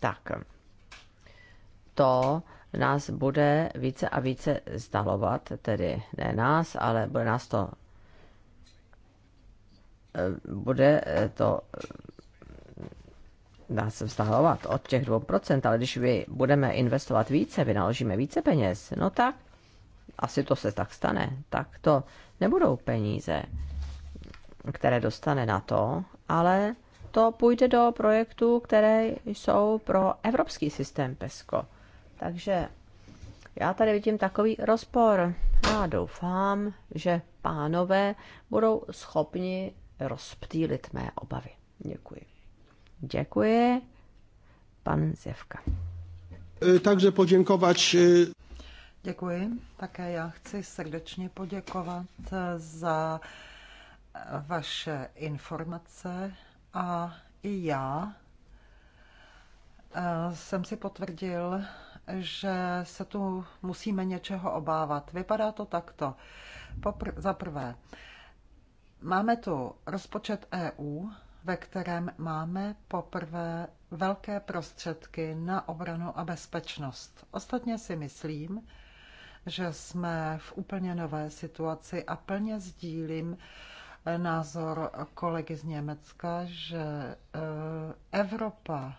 tak to nás bude více a více zdalovat, tedy ne nás, ale bude nás to eh, bude eh, to dá eh, se vzdalovat od těch 2%, ale když vy budeme investovat více, vynaložíme více peněz, no tak asi to se tak stane, tak to nebudou peníze, které dostane na to, ale to půjde do projektů, které jsou pro evropský systém PESCO. Takže já tady vidím takový rozpor. Já doufám, že pánové budou schopni rozptýlit mé obavy. Děkuji. Děkuji. Pan Zevka. E, takže poděkovat. E, Děkuji. Také já chci srdečně poděkovat e, za vaše informace a i já eh, jsem si potvrdil, že se tu musíme něčeho obávat. Vypadá to takto. Popr- za prvé, máme tu rozpočet EU, ve kterém máme poprvé velké prostředky na obranu a bezpečnost. Ostatně si myslím, že jsme v úplně nové situaci a plně sdílím názor kolegy z Německa, že eh, Evropa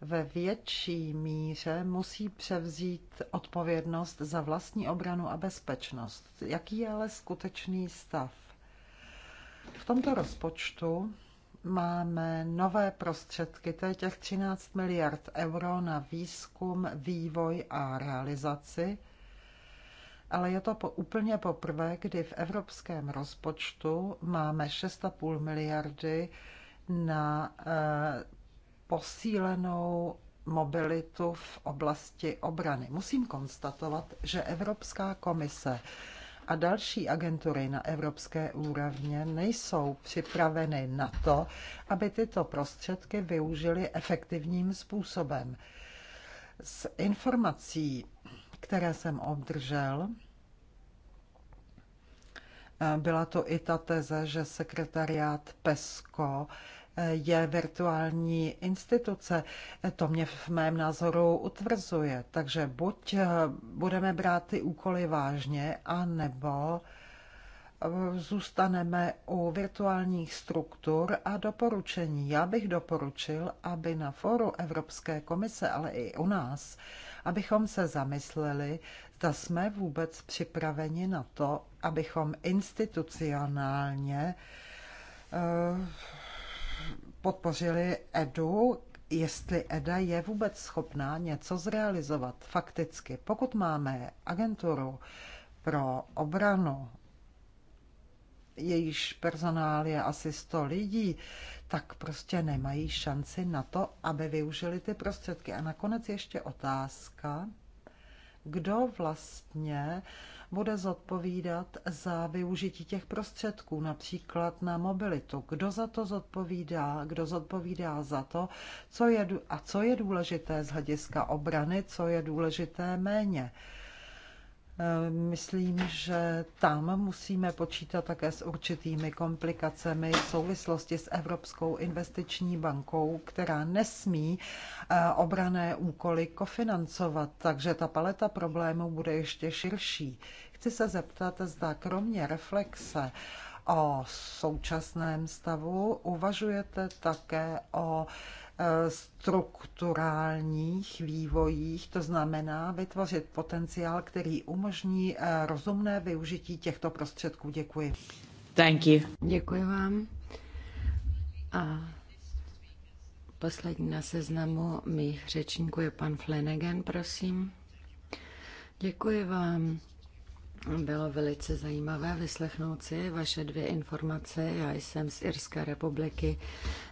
ve větší míře musí převzít odpovědnost za vlastní obranu a bezpečnost. Jaký je ale skutečný stav? V tomto rozpočtu máme nové prostředky, to je těch 13 miliard euro na výzkum, vývoj a realizaci ale je to po, úplně poprvé, kdy v evropském rozpočtu máme 6,5 miliardy na e, posílenou mobilitu v oblasti obrany. Musím konstatovat, že Evropská komise a další agentury na evropské úrovně nejsou připraveny na to, aby tyto prostředky využili efektivním způsobem. Z informací které jsem obdržel, eh, byla to i ta teze, že sekretariát PESCO eh, je virtuální instituce. Eh, to mě v mém názoru utvrzuje. Takže buď budeme brát ty úkoly vážně, anebo zůstaneme u virtuálních struktur a doporučení. Já bych doporučil, aby na fóru Evropské komise, ale i u nás, abychom se zamysleli, zda jsme vůbec připraveni na to, abychom institucionálně eh, podpořili EDU, jestli EDA je vůbec schopná něco zrealizovat fakticky. Pokud máme agenturu pro obranu, jejíž personál je asi 100 lidí, tak prostě nemají šanci na to, aby využili ty prostředky. A nakonec ještě otázka, kdo vlastně bude zodpovídat za využití těch prostředků, například na mobilitu. Kdo za to zodpovídá, kdo zodpovídá za to, co je, a co je důležité z hlediska obrany, co je důležité méně. Ehm, myslím, že tam musíme počítat také s určitými komplikacemi v souvislosti s Evropskou investiční bankou, která nesmí eh, obrané úkoly kofinancovat, takže ta paleta problémů bude ještě širší. Chci se zeptat, zda kromě reflexe o současném stavu uvažujete také o Eh, strukturálních vývojích, to znamená vytvořit potenciál, který umožní eh, rozumné využití těchto prostředků. Děkuji. Thank you. Děkuji vám. A poslední na seznamu mých řečníků je pan Flanagan, prosím. Děkuji vám. Bylo velice zajímavé vyslechnout si vaše dvě informace. Já jsem z Irské republiky,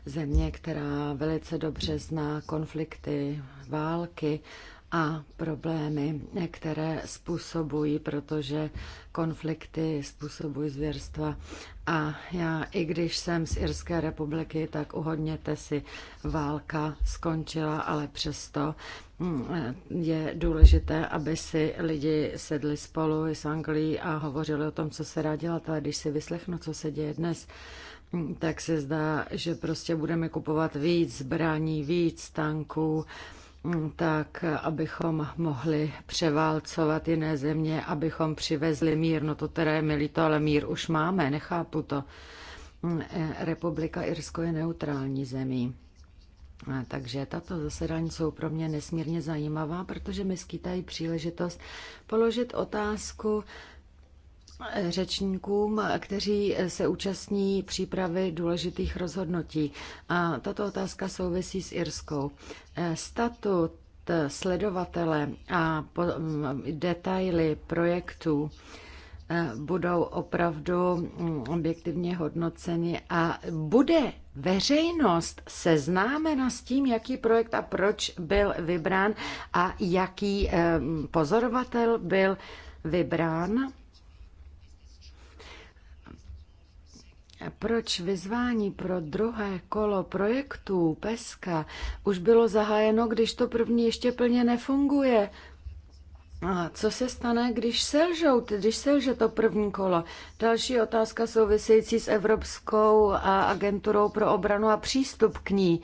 země, která velice dobře zná konflikty, války a problémy, které způsobují, protože konflikty způsobují zvěrstva. A já, i když jsem z Irské republiky, tak uhodněte si, válka skončila, ale přesto hm, je důležité, aby si lidi sedli spolu s Anglií a hovořili o tom, co se dá dělat. Ale když si vyslechnu, co se děje dnes, hm, tak se zdá, že prostě budeme kupovat víc zbraní, víc tanků, tak abychom mohli převálcovat jiné země, abychom přivezli mír. No to teda je mi to, ale mír už máme, nechápu to. Republika Irsko je neutrální zemí. Takže tato zasedání jsou pro mě nesmírně zajímavá, protože mi skýtají příležitost položit otázku řečníkům, kteří se účastní přípravy důležitých rozhodnutí. A tato otázka souvisí s Irskou. Statut sledovatele a mm, detaily projektu eh, budou opravdu mm, objektivně hodnoceny a bude veřejnost seznámena s tím, jaký projekt a proč byl vybrán a jaký eh, mm, pozorovatel byl vybrán. Proč vyzvání pro druhé kolo projektů PESKA už bylo zahájeno, když to první ještě plně nefunguje? A co se stane, když selžou, když selže to první kolo? Další otázka související s Evropskou agenturou pro obranu a přístup k ní.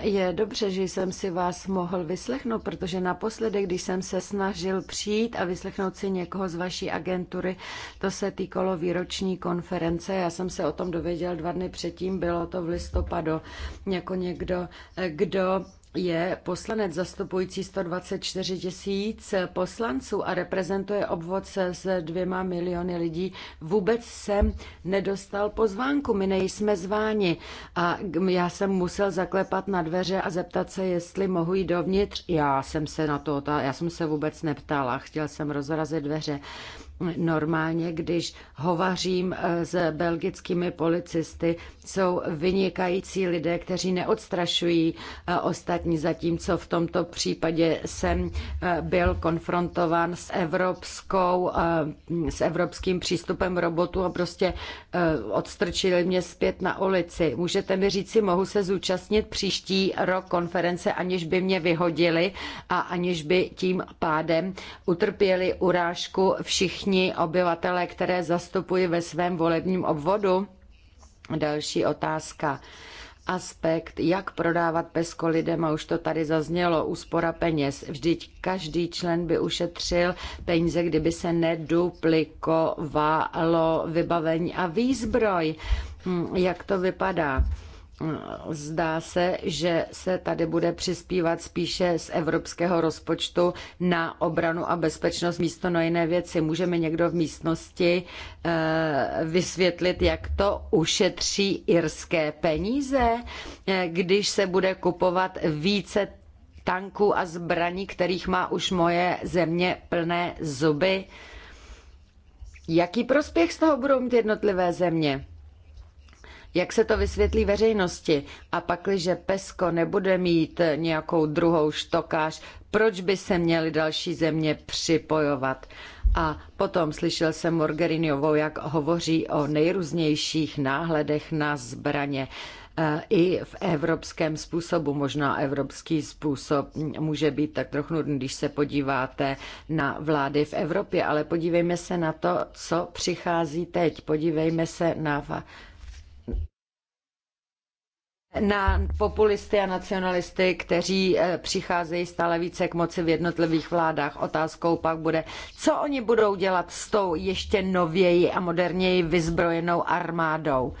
Je dobře, že jsem si vás mohl vyslechnout, protože naposledy, když jsem se snažil přijít a vyslechnout si někoho z vaší agentury, to se týkalo výroční konference. Já jsem se o tom dověděl dva dny předtím, bylo to v listopadu, jako někdo, kdo je poslanec zastupující 124 tisíc poslanců a reprezentuje obvod se s dvěma miliony lidí. Vůbec jsem nedostal pozvánku, my nejsme zváni. A já jsem musel zaklepat na dveře a zeptat se, jestli mohu jít dovnitř. Já jsem se na to, já jsem se vůbec neptala, chtěl jsem rozrazit dveře. Normálně, když hovařím eh, s belgickými policisty, jsou vynikající lidé, kteří neodstrašují eh, ostatní, zatímco v tomto případě jsem eh, byl konfrontován s, evropskou, s evropským přístupem robotu a prostě odstrčili mě zpět na ulici. Můžete mi říci, mohu se zúčastnit příští rok konference, aniž by mě vyhodili a aniž by tím pádem utrpěli urážku všichni všichni obyvatelé, které zastupuji ve svém volebním obvodu? Další otázka aspekt, jak prodávat pesko lidem, a už to tady zaznělo, úspora peněz. Vždyť každý člen by ušetřil peníze, kdyby se neduplikovalo vybavení a výzbroj. Hm, jak to vypadá? Zdá se, že se tady bude přispívat spíše z evropského rozpočtu na obranu a bezpečnost místo na jiné věci. Můžeme někdo v místnosti eh, vysvětlit, jak to ušetří irské peníze, eh, když se bude kupovat více tanků a zbraní, kterých má už moje země plné zuby? Jaký prospěch z toho budou mít jednotlivé země? Jak se to vysvětlí veřejnosti? A pakliže Pesko nebude mít nějakou druhou štokáž, proč by se měly další země připojovat? A potom slyšel jsem Morgeriniovou, jak hovoří o nejrůznějších náhledech na zbraně e, i v evropském způsobu. Možná evropský způsob může být tak trochu nudný, když se podíváte na vlády v Evropě, ale podívejme se na to, co přichází teď. Podívejme se na na populisty a nacionalisty, kteří eh, přicházejí stále více k moci v jednotlivých vládách. Otázkou pak bude, co oni budou dělat s tou ještě nověji a moderněji vyzbrojenou armádou.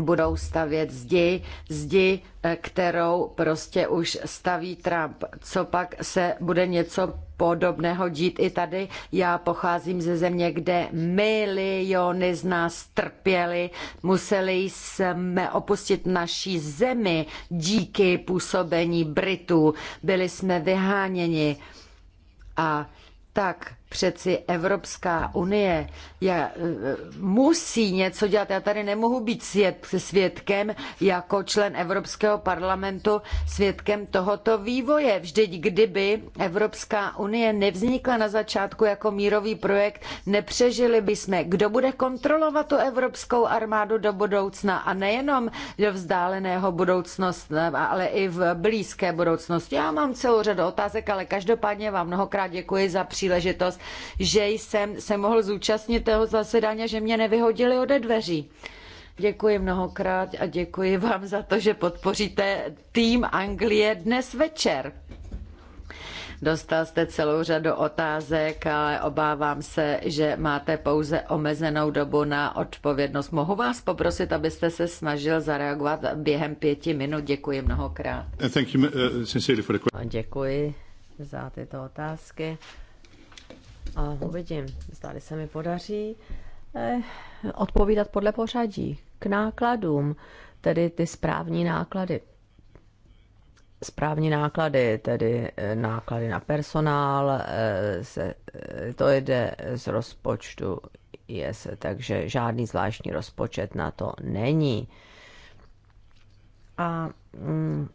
Budou stavět zdi, zdi, eh, kterou prostě už staví Trump. Co pak se bude něco podobného dít i tady. Já pocházím ze země, kde miliony z nás trpěli, museli jsme opustit naší zemi díky působení Britů, byli jsme vyháněni. A tak Přeci Evropská unie je, e, musí něco dělat. Já tady nemohu být svědkem jako člen Evropského parlamentu, svědkem tohoto vývoje. Vždyť kdyby Evropská unie nevznikla na začátku jako mírový projekt, nepřežili jsme. Kdo bude kontrolovat tu Evropskou armádu do budoucna a nejenom do vzdáleného budoucnosti, ale i v blízké budoucnosti? Já mám celou řadu otázek, ale každopádně vám mnohokrát děkuji za příležitost že jsem se mohl zúčastnit toho zasedání, že mě nevyhodili ode dveří. Děkuji mnohokrát a děkuji vám za to, že podpoříte tým Anglie dnes večer. Dostal jste celou řadu otázek, ale obávám se, že máte pouze omezenou dobu na odpovědnost. Mohu vás poprosit, abyste se snažil zareagovat během pěti minut. Děkuji mnohokrát. Thank you, uh, for the... Děkuji za tyto otázky a uvidím, zdali se mi podaří eh, odpovídat podle pořadí k nákladům, tedy ty správní náklady. Správní náklady, tedy eh, náklady na personál, eh, se, to jde z rozpočtu IS, takže žádný zvláštní rozpočet na to není. A mm,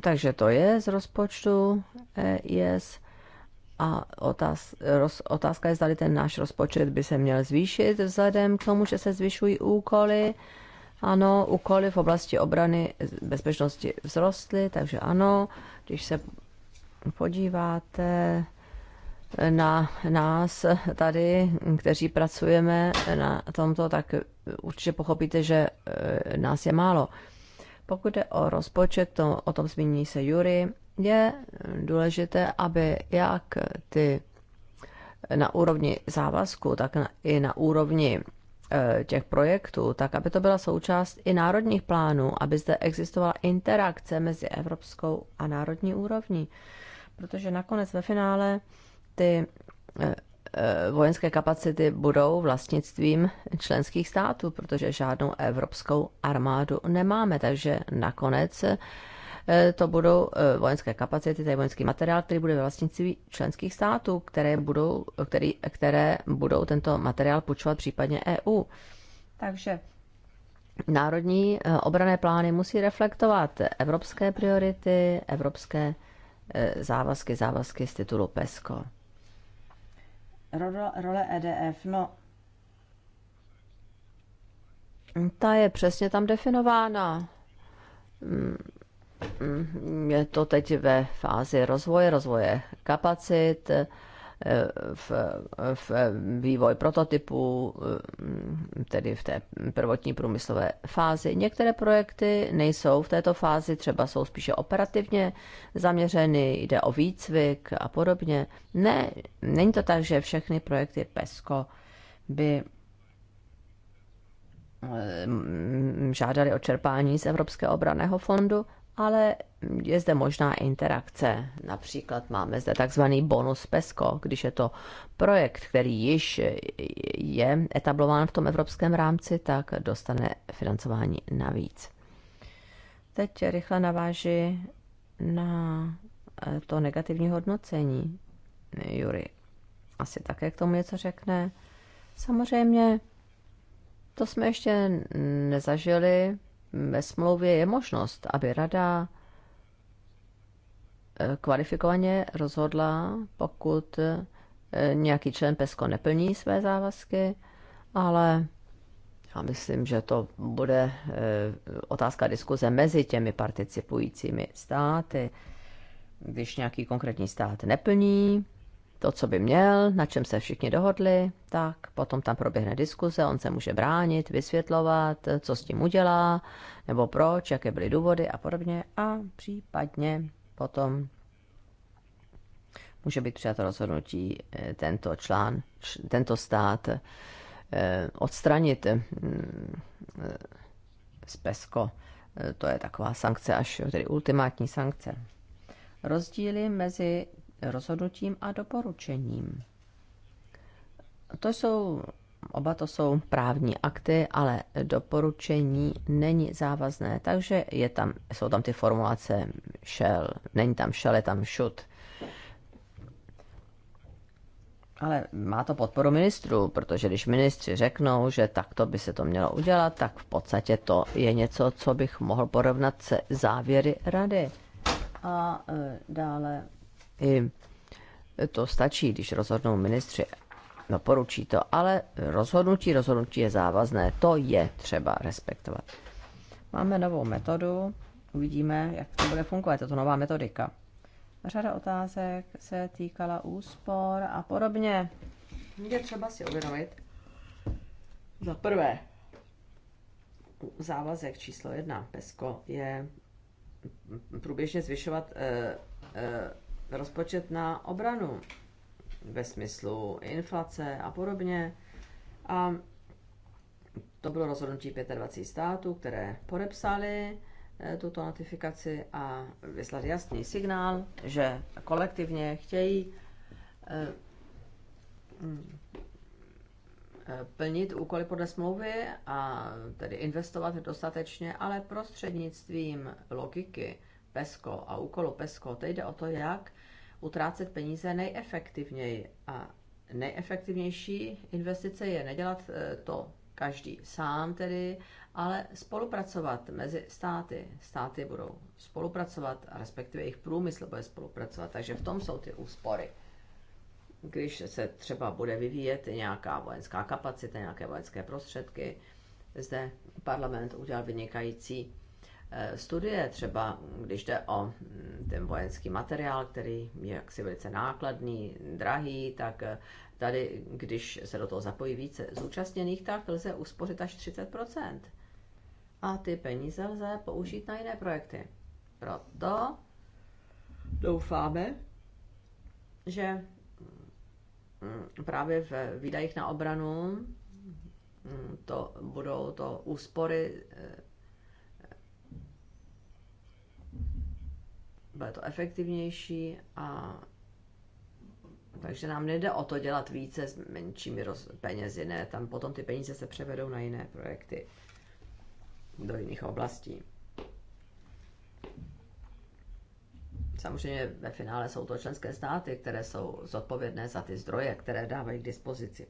Takže to je z rozpočtu EIS. Eh, a otáz, roz, otázka je, zda ten náš rozpočet by se měl zvýšit vzhledem k tomu, že se zvyšují úkoly. Ano, úkoly v oblasti obrany bezpečnosti vzrostly, takže ano, když se podíváte eh, na nás tady, kteří pracujeme na tomto, tak určitě pochopíte, že eh, nás je málo. Pokud je o rozpočet, to, o tom zmíní se Jury, je důležité, aby jak ty eh, na úrovni závazku, tak na, i na úrovni eh, těch projektů, tak aby to byla součást i národních plánů, aby zde existovala interakce mezi evropskou a národní úrovní. Protože nakonec ve finále ty eh, Eh, vojenské kapacity budou vlastnictvím členských států, protože žádnou evropskou armádu nemáme, takže nakonec eh, to budou eh, vojenské kapacity, tedy vojenský materiál, který bude ve vlastnictví členských států, které budou, který, které budou tento materiál půjčovat případně EU. Takže národní obrané plány musí reflektovat evropské priority, evropské závazky, závazky z titulu PESCO role EDF, no ta je přesně tam definována. Mm, mm, je to teď ve fázi rozvoje, rozvoje kapacit, v, v vývoj prototypu, tedy v té prvotní průmyslové fázi. Některé projekty nejsou v této fázi, třeba jsou spíše operativně zaměřeny, jde o výcvik a podobně. Ne, není to tak, že všechny projekty PESCO by eh, žádali o čerpání z Evropského obraného fondu, ale je zde možná interakce. Například máme zde takzvaný bonus PESCO, když je to projekt, který již je etablován v tom evropském rámci, tak dostane financování navíc. Teď rychle naváži na eh, to negativní hodnocení. Jury asi také k tomu něco řekne. Samozřejmě to jsme ještě nezažili. Ve smlouvě je možnost, aby rada Eh, kvalifikovaně rozhodla, pokud eh, nějaký člen PESCO neplní své závazky, ale já myslím, že to bude eh, otázka diskuze mezi těmi participujícími státy. Když nějaký konkrétní stát neplní to, co by měl, na čem se všichni dohodli, tak potom tam proběhne diskuze, on se může bránit, vysvětlovat, co s tím udělá, nebo proč, jaké byly důvody a podobně. A případně potom může být přijato rozhodnutí eh, tento člán, tento stát eh, odstranit hm, eh, z PESCO. To je taková sankce až, tedy ultimátní sankce. Rozdíly mezi rozhodnutím a doporučením. To jsou Oba to jsou právní akty, ale doporučení není závazné, takže je tam, jsou tam ty formulace shell, není tam shell, je tam should. Ale má to podporu ministrů, protože když ministři řeknou, že takto by se to mělo udělat, tak v podstatě to je něco, co bych mohl porovnat se závěry rady. A e, dále i to stačí, když rozhodnou ministři No poručí to, ale rozhodnutí, rozhodnutí je závazné. To je třeba respektovat. Máme novou metodu, uvidíme, jak to bude fungovat, tato nová metodika. Řada otázek se týkala úspor a podobně. Je třeba si uvědomit, za prvé, závazek číslo jedna PESCO je průběžně zvyšovat e, e, rozpočet na obranu ve smyslu inflace a podobně. A to bylo rozhodnutí 25 států, které podepsali eh, tuto notifikaci a vyslali jasný signál, že kolektivně chtějí eh, mm, eh, plnit úkoly podle smlouvy a tedy investovat dostatečně, ale prostřednictvím logiky PESCO a úkolu PESCO. Teď jde o to, jak utrácet peníze nejefektivněji. A nejefektivnější investice je nedělat eh, to každý sám tedy, ale spolupracovat mezi státy. Státy budou spolupracovat, respektive jejich průmysl bude spolupracovat, takže v tom jsou ty úspory. Když se třeba bude vyvíjet nějaká vojenská kapacita, nějaké vojenské prostředky, zde parlament udělal vynikající Eh, studie, třeba když jde o mm, ten vojenský materiál, který je jaksi velice nákladný, drahý, tak eh, tady, když se do toho zapojí více zúčastněných, tak lze uspořit až 30%. A ty peníze lze použít na jiné projekty. Proto doufáme, že mm, právě v výdajích na obranu mm, to budou to úspory eh, bude to efektivnější a takže nám nejde o to dělat více s menšími roz... penězi, ne, tam potom ty peníze se převedou na jiné projekty, do jiných oblastí. Samozřejmě ve finále jsou to členské státy, které jsou zodpovědné za ty zdroje, které dávají k dispozici.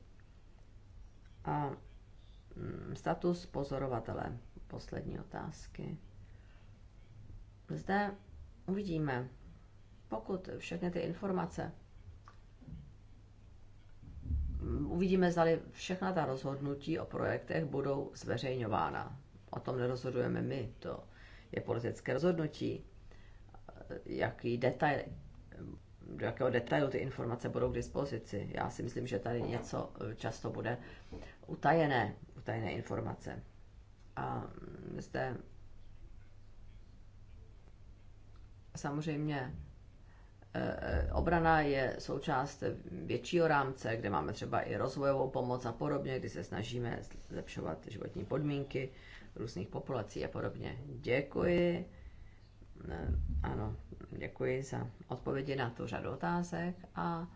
A mm, status pozorovatele, poslední otázky. Zde Uvidíme. Pokud všechny ty informace uvidíme, zda všechna ta rozhodnutí o projektech budou zveřejňována. O tom nerozhodujeme my, to je politické rozhodnutí, jaký detail, do jakého detailu ty informace budou k dispozici. Já si myslím, že tady něco často bude utajené, utajené informace. A zde samozřejmě eh, eh, obrana je součást většího rámce, kde máme třeba i rozvojovou pomoc a podobně, kdy se snažíme zlepšovat životní podmínky různých populací a podobně. Děkuji. Eh, ano, děkuji za odpovědi na tu řadu otázek a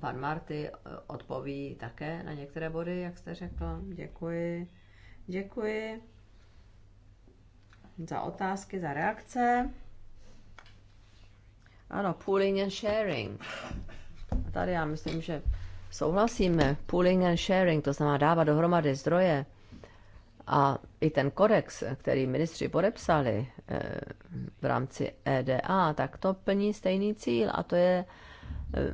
pan Marty odpoví také na některé body, jak jste řekl. Děkuji. Děkuji za otázky, za reakce. Ano, pooling and sharing. A tady já myslím, že souhlasíme. Pooling and sharing, to znamená dávat dohromady zdroje. A i ten kodex, který ministři podepsali eh, v rámci EDA, tak to plní stejný cíl a to je eh,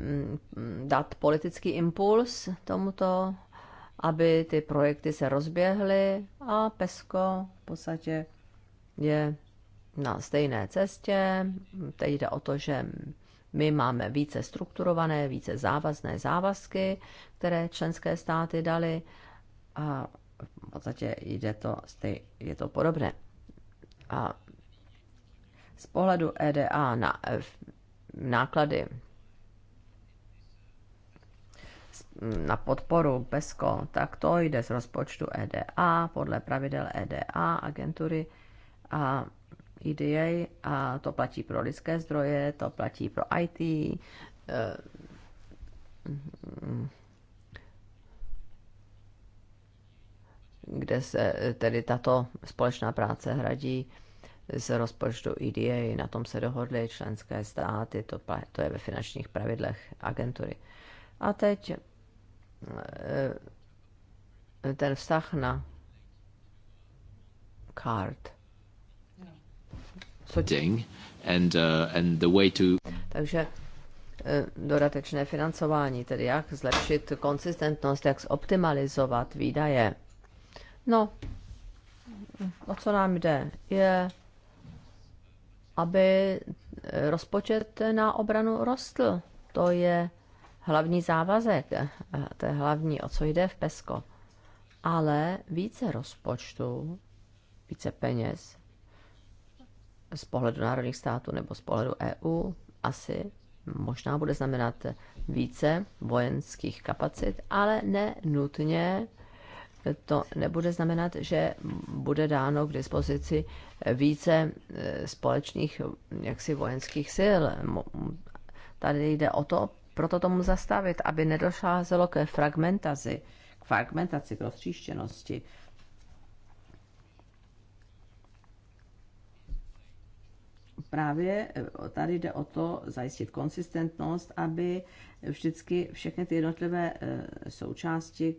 dát politický impuls tomuto, aby ty projekty se rozběhly a PESCO v podstatě je na stejné cestě. Teď jde o to, že my máme více strukturované, více závazné závazky, které členské státy dali a v podstatě jde to, je to podobné. A z pohledu EDA na náklady na podporu PESCO, tak to jde z rozpočtu EDA podle pravidel EDA agentury a EDA a to platí pro lidské zdroje, to platí pro IT. Eh, kde se eh, tedy tato společná práce hradí z rozpočtu EDA. Na tom se dohodly členské státy, to, to je ve finančních pravidlech agentury. A teď eh, ten vztah na kart And, uh, and the way to... Takže eh, dodatečné financování, tedy jak zlepšit konsistentnost, jak zoptimalizovat výdaje. No, o co nám jde, je, aby eh, rozpočet na obranu rostl. To je hlavní závazek, eh, to je hlavní, o co jde v PESCO. Ale více rozpočtu, více peněz z pohledu národních států nebo z pohledu EU asi možná bude znamenat více vojenských kapacit, ale ne nutně to nebude znamenat, že bude dáno k dispozici více e, společných jaksi vojenských sil. Tady jde o to, proto tomu zastavit, aby nedošlo ke fragmentaci, k fragmentaci, k roztříštěnosti. právě eh, tady jde o to zajistit konsistentnost, aby vždycky všechny ty jednotlivé eh, součásti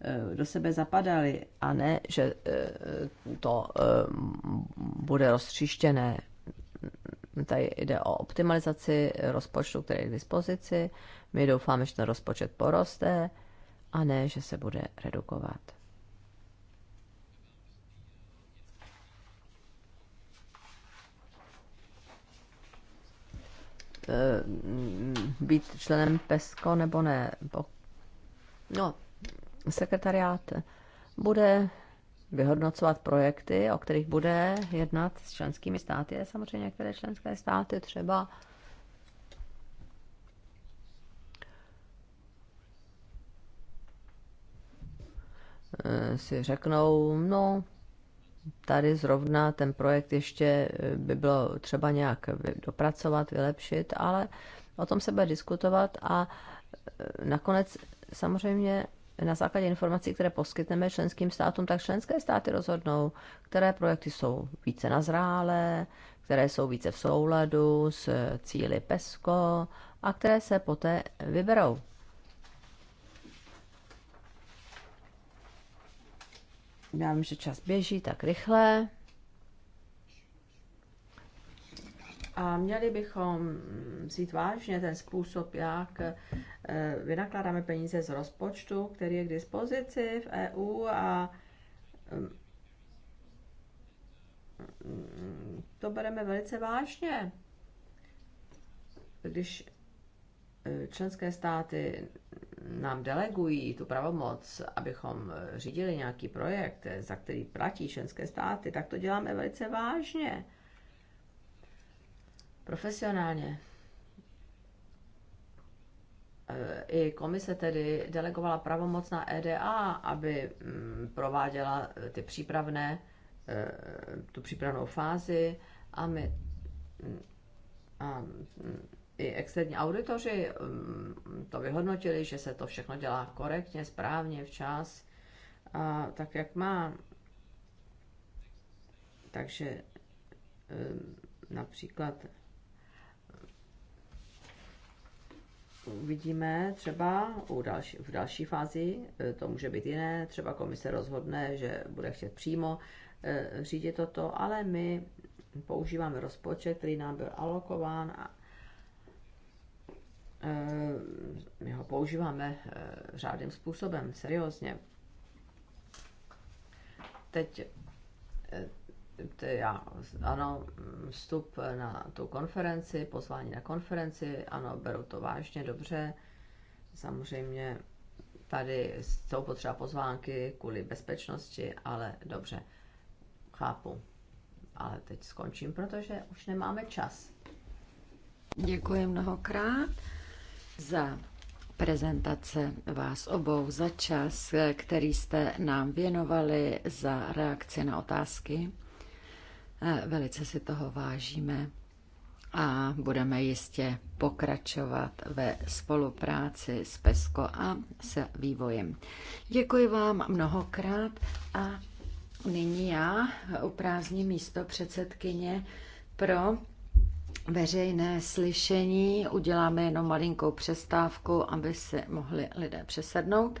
eh, do sebe zapadaly a ne, že to bude roztříštěné. Tady jde o optimalizaci rozpočtu, který je k dispozici. My doufáme, že ten rozpočet poroste a ne, že se bude redukovat. Eh, být členem PESCO nebo ne. No, sekretariát bude vyhodnocovat projekty, o kterých bude jednat s členskými státy. Samozřejmě některé členské státy třeba eh, si řeknou, no, tady zrovna ten projekt ještě eh, by bylo třeba nějak dopracovat, vylepšit, ale o tom se bude diskutovat a eh, nakonec samozřejmě na základě informací, které poskytneme členským státům, tak členské státy rozhodnou, které projekty jsou více nazrálé, které jsou více v souladu s eh, cíly PESCO a které se poté vyberou. Já vím, že čas běží tak rychle. A měli bychom vzít vážně ten způsob, jak eh, vynakládáme peníze z rozpočtu, který je k dispozici v EU a mm, to bereme velice vážně. Když eh, členské státy nám delegují tu pravomoc, abychom řídili nějaký projekt, za který platí členské státy, tak to děláme velice vážně, profesionálně. E, I komise tedy delegovala pravomoc na EDA, aby mm, prováděla e, ty přípravné, e, tu přípravnou fázi a my mm, a mm, i externí auditoři mm, to vyhodnotili, že se to všechno dělá korektně, správně, včas, a tak jak má. Takže mm, například uvidíme třeba u další, v další fázi, e, to může být jiné, třeba komise rozhodne, že bude chtět přímo e, řídit toto, ale my používáme rozpočet, který nám byl alokován a Eh, my ho používáme eh, řádným způsobem, seriózně. Teď eh, já, ano, vstup na tu konferenci, pozvání na konferenci, ano, beru to vážně, dobře. Samozřejmě tady jsou potřeba pozvánky kvůli bezpečnosti, ale dobře, chápu. Ale teď skončím, protože už nemáme čas. Děkuji mnohokrát za prezentace vás obou, za čas, který jste nám věnovali, za reakci na otázky. Velice si toho vážíme a budeme jistě pokračovat ve spolupráci s PESCO a se vývojem. Děkuji vám mnohokrát a nyní já uprázdním místo předsedkyně pro veřejné slyšení. Uděláme jenom malinkou přestávku, aby se mohli lidé přesednout.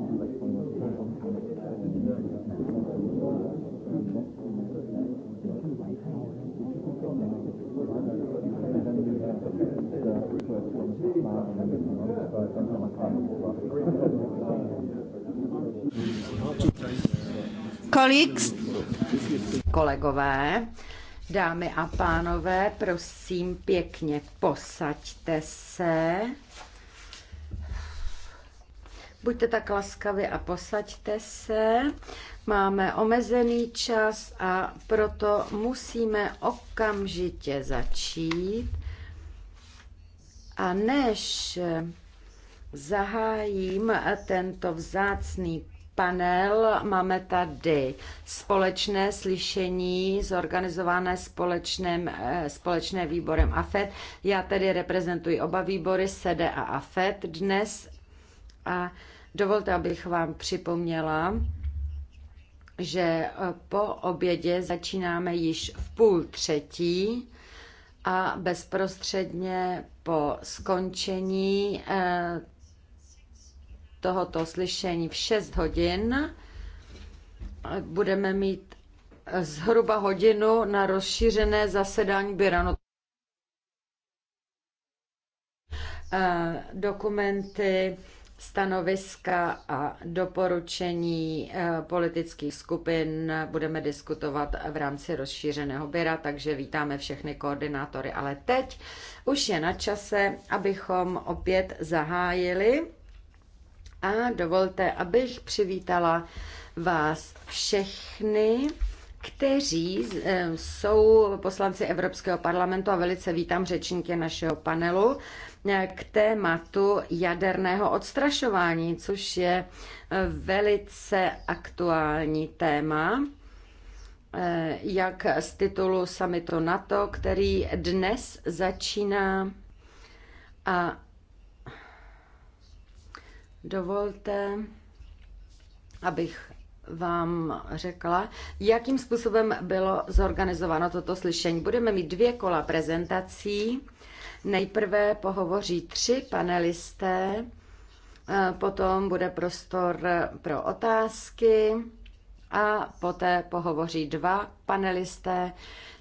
Kolik? Kolegové, dámy a pánové, prosím pěkně, posaďte se. Buďte tak laskavi a posaďte se. Máme omezený čas a proto musíme okamžitě začít. A než Zahájím tento vzácný panel. Máme tady společné slyšení zorganizované společným, eh, společné výborem AFED. Já tedy reprezentuji oba výbory, SEDE a AFED dnes. A dovolte, abych vám připomněla, že eh, po obědě začínáme již v půl třetí a bezprostředně po skončení eh, tohoto slyšení v 6 hodin. Budeme mít zhruba hodinu na rozšířené zasedání Biranu. Eh, dokumenty, stanoviska a doporučení eh, politických skupin budeme diskutovat v rámci rozšířeného Bira, takže vítáme všechny koordinátory. Ale teď už je na čase, abychom opět zahájili a dovolte, abych přivítala vás všechny, kteří eh, jsou poslanci Evropského parlamentu a velice vítám řečníky našeho panelu eh, k tématu jaderného odstrašování, což je eh, velice aktuální téma jak z titulu samitu NATO, který dnes začíná a Dovolte, abych vám řekla, jakým způsobem bylo zorganizováno toto slyšení. Budeme mít dvě kola prezentací. Nejprve pohovoří tři panelisté, eh, potom bude prostor pro otázky a poté pohovoří dva panelisté.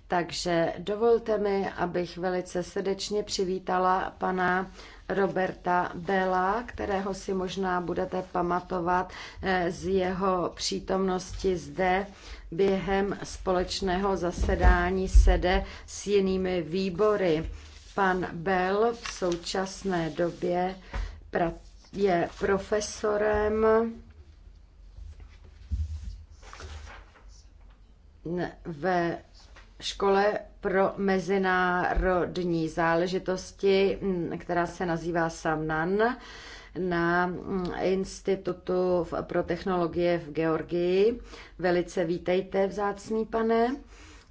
Takže dovolte mi, abych velice srdečně přivítala pana Roberta Bela, kterého si možná budete pamatovat eh, z jeho přítomnosti zde během společného zasedání sede s jinými výbory. Pan Bell v současné době je profesorem ve škole pro mezinárodní záležitosti, mm, která se nazývá Samnan, na mm, Institutu pro technologie v Georgii. Velice vítejte, vzácný pane.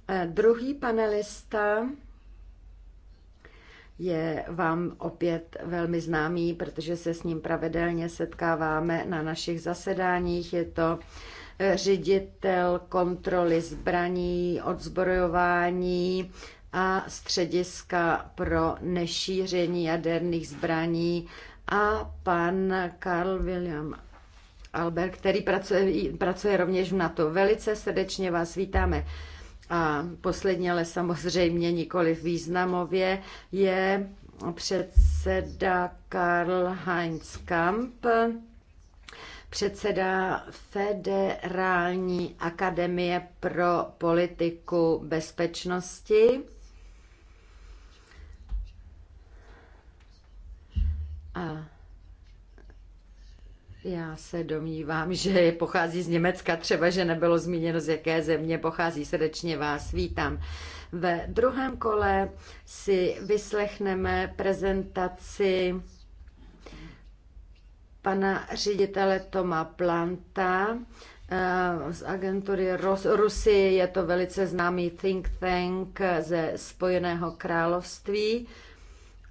Eh, druhý panelista je vám opět velmi známý, protože se s ním pravidelně setkáváme na našich zasedáních. Je to ředitel kontroly zbraní, odzbrojování a střediska pro nešíření jaderných zbraní a pan Karl William Albert, který pracuje, pracuje rovněž v NATO. Velice srdečně vás vítáme. A posledně, ale samozřejmě nikoli významově, je předseda Karl Heinz Kamp, předseda Federální akademie pro politiku bezpečnosti. A já se domnívám, že pochází z Německa, třeba, že nebylo zmíněno, z jaké země pochází. Srdečně vás vítám. Ve druhém kole si vyslechneme prezentaci pana ředitele Toma Planta eh, z agentury Ros- Rusy. Je to velice známý think tank ze Spojeného království.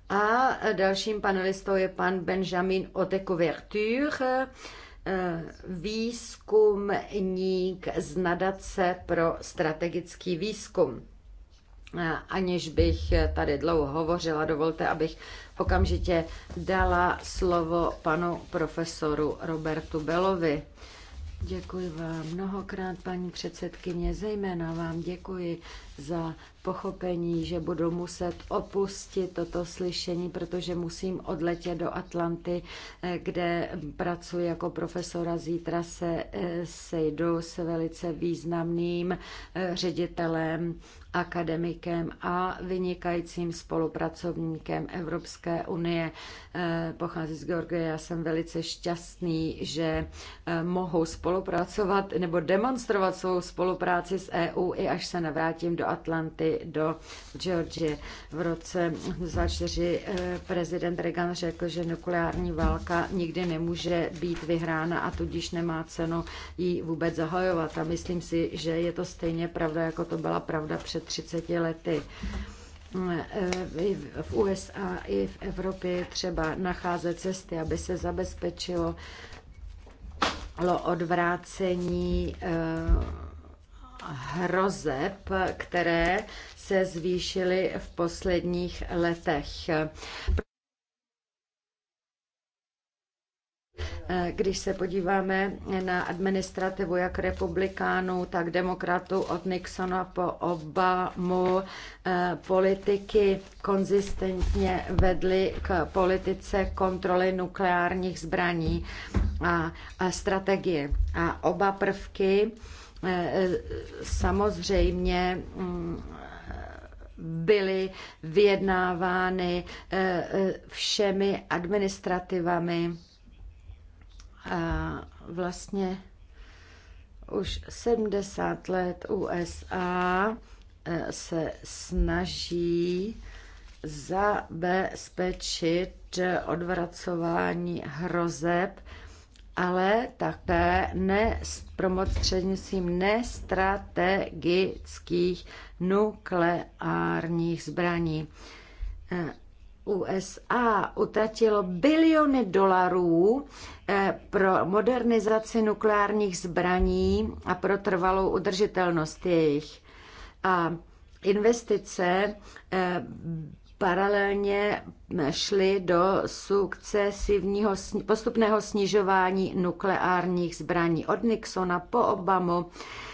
A dalším panelistou je pan Benjamin Otekoverture, eh, výzkumník z nadace pro strategický výzkum. Eh, aniž bych tady dlouho hovořila, dovolte, abych okamžitě dala slovo panu profesoru Robertu Belovi. Děkuji vám mnohokrát, paní předsedkyně, zejména vám děkuji za pochopení, že budu muset opustit toto slyšení, protože musím odletět do Atlanty, eh, kde pracuji jako profesora. Zítra se eh, sejdu s velice významným eh, ředitelem akademikem a vynikajícím spolupracovníkem Evropské unie. Eh, pochází z Georgie, já jsem velice šťastný, že eh, mohu spolupracovat nebo demonstrovat svou spolupráci s EU i až se navrátím do Atlanty, do Georgie. V roce 2004 eh, prezident Reagan řekl, že nukleární válka nikdy nemůže být vyhrána a tudíž nemá cenu ji vůbec zahajovat. A myslím si, že je to stejně pravda, jako to byla pravda před před 30 lety v USA i v Evropě třeba nacházet cesty, aby se zabezpečilo odvrácení eh, hrozeb, které se zvýšily v posledních letech. Eh, když se podíváme na administrativu jak republikánů, tak demokratů od Nixona po Obamu, eh, politiky konzistentně vedly k politice kontroly nukleárních zbraní a, strategie. A oba prvky eh, samozřejmě mm, byly vyjednávány všemi administrativami vlastně už 70 let USA eh, se snaží zabezpečit odvracování hrozeb, ale také ne prostřednictvím nestrategických nukleárních zbraní. Eh, USA utratilo biliony dolarů eh, pro modernizaci nukleárních zbraní a pro trvalou udržitelnost jejich. A investice eh, paralelně šli do sukcesivního postupného snižování nukleárních zbraní. Od Nixona po Obamu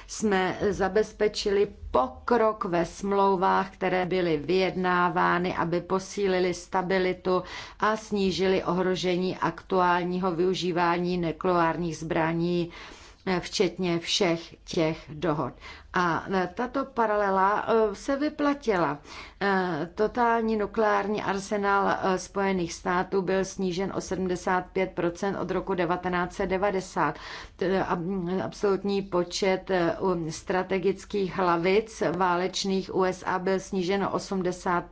jsme zabezpečili pokrok ve smlouvách, které byly vyjednávány, aby posílili stabilitu a snížili ohrožení aktuálního využívání nukleárních zbraní Eh, včetně všech těch dohod. A eh, tato paralela eh, se vyplatila. Totální nukleární arsenál Spojených států byl snížen o 75 od roku 1990. Absolutní počet strategických hlavic válečných USA byl snížen o 80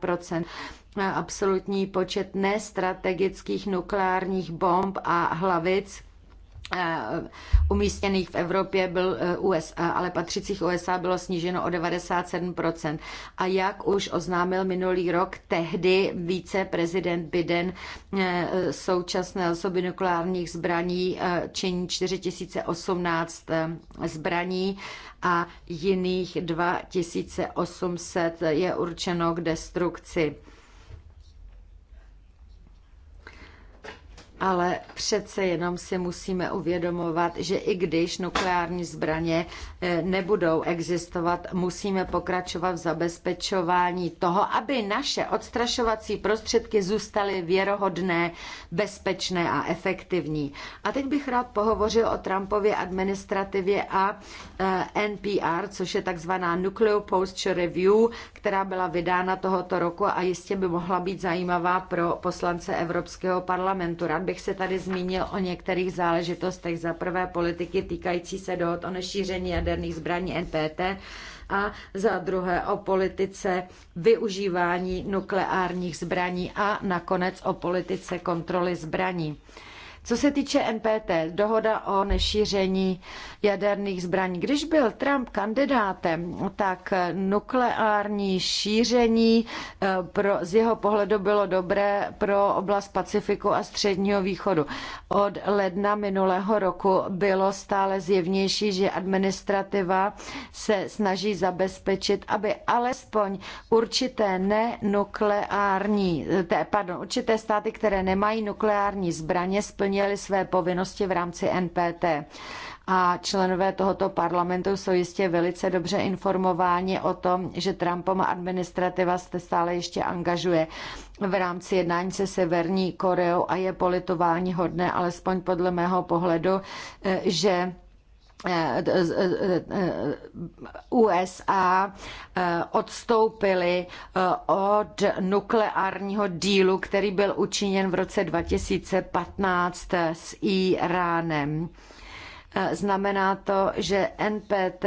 Absolutní počet nestrategických nukleárních bomb a hlavic Eh, umístěných v Evropě byl eh, USA, ale patřících USA bylo sníženo o 97%. A jak už oznámil minulý rok, tehdy více prezident Biden eh, současné osoby nukleárních zbraní činí 4018 zbraní a jiných 2800 je určeno k destrukci. ale přece jenom si musíme uvědomovat, že i když nukleární zbraně eh, nebudou existovat, musíme pokračovat v zabezpečování toho, aby naše odstrašovací prostředky zůstaly věrohodné, bezpečné a efektivní. A teď bych rád pohovořil o Trumpově administrativě a eh, NPR, což je takzvaná Nuclear Posture Review, která byla vydána tohoto roku a jistě by mohla být zajímavá pro poslance Evropského parlamentu. Rád bych bych se tady zmínil o některých záležitostech. Za prvé politiky týkající se dohod o nešíření jaderných zbraní NPT a za druhé o politice využívání nukleárních zbraní a nakonec o politice kontroly zbraní. Co se týče NPT, dohoda o nešíření jaderných zbraní. Když byl Trump kandidátem, tak nukleární šíření eh, pro, z jeho pohledu bylo dobré pro oblast Pacifiku a Středního východu. Od ledna minulého roku bylo stále zjevnější, že administrativa se snaží zabezpečit, aby alespoň určité nenukleární, eh, pardon, určité státy, které nemají nukleární zbraně, splnily plnili své povinnosti v rámci NPT a členové tohoto parlamentu jsou jistě velice dobře informováni o tom, že Trumpova administrativa se stále ještě angažuje v rámci jednání se Severní Koreou a je politování hodné, alespoň podle mého pohledu, eh, že Eh, eh, eh, USA odstoupili od nukleárního dílu, který byl učiněn v roce 2015 s Iránem. Znamená to, že NPT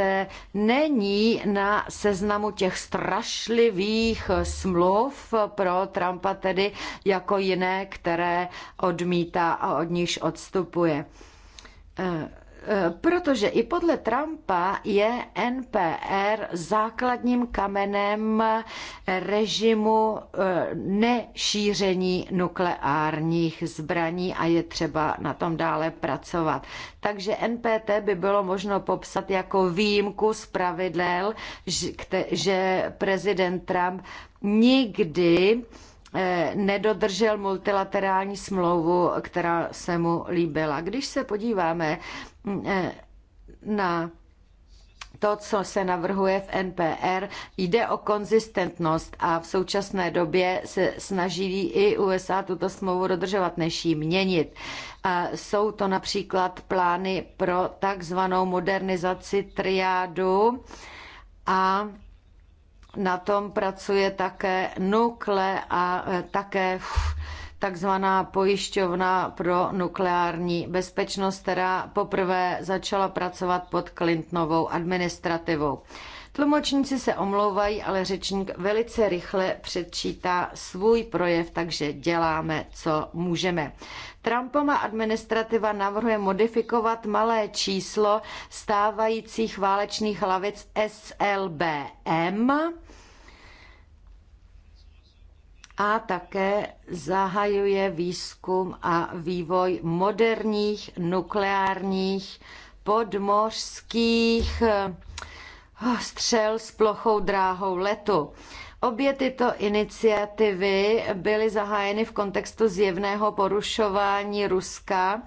není na seznamu těch strašlivých smluv pro Trumpa, tedy jako jiné, které odmítá a od níž odstupuje Protože i podle Trumpa je NPR základním kamenem režimu eh, nešíření nukleárních zbraní a je třeba na tom dále pracovat. Takže NPT by bylo možno popsat jako výjimku z pravidel, že prezident Trump nikdy eh, nedodržel multilaterální smlouvu, která se mu líbila. Když se podíváme Mm, eh, na to, co se navrhuje v NPR, jde o konzistentnost a v současné době se snaží i USA tuto smlouvu dodržovat, než ji měnit. A jsou to například plány pro takzvanou modernizaci triádu a na tom pracuje také nukle a eh, také takzvaná pojišťovna pro nukleární bezpečnost, která poprvé začala pracovat pod Clintonovou administrativou. Tlumočníci se omlouvají, ale řečník velice rychle předčítá svůj projev, takže děláme, co můžeme. Trumpova administrativa navrhuje modifikovat malé číslo stávajících válečných hlavic SLBM a také zahajuje výzkum a vývoj moderních nukleárních podmořských eh, střel s plochou dráhou letu. Obě tyto iniciativy byly zahájeny v kontextu zjevného porušování Ruska,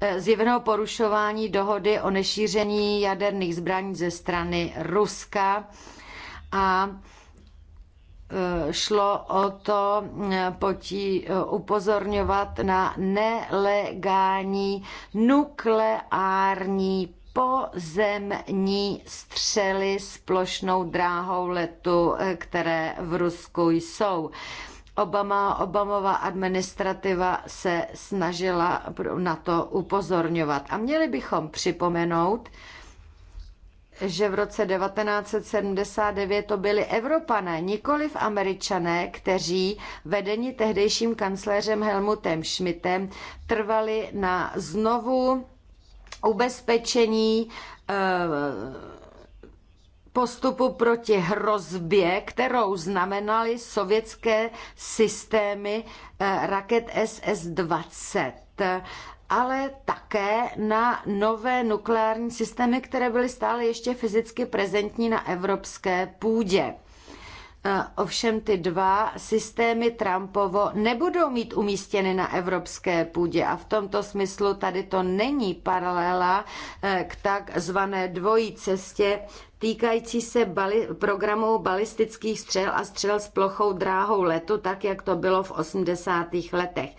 eh, zjevného porušování dohody o nešíření jaderných zbraní ze strany Ruska a Eh, šlo o to eh, potí, eh, upozorňovat na nelegální nukleární pozemní střely s plošnou dráhou letu, které v Rusku jsou. Obama, Obamová administrativa se snažila na to upozorňovat. A měli bychom připomenout, že v roce 1979 to byli Evropané, v Američané, kteří vedeni tehdejším kancléřem Helmutem Schmidtem trvali na znovu ubezpečení eh, postupu proti hrozbě, kterou znamenaly sovětské systémy eh, raket SS-20 ale také na nové nukleární systémy, které byly stále ještě fyzicky prezentní na evropské půdě. E, ovšem ty dva systémy Trumpovo nebudou mít umístěny na evropské půdě a v tomto smyslu tady to není paralela e, k takzvané dvojí cestě týkající se bali, programu balistických střel a střel s plochou dráhou letu, tak jak to bylo v 80. letech.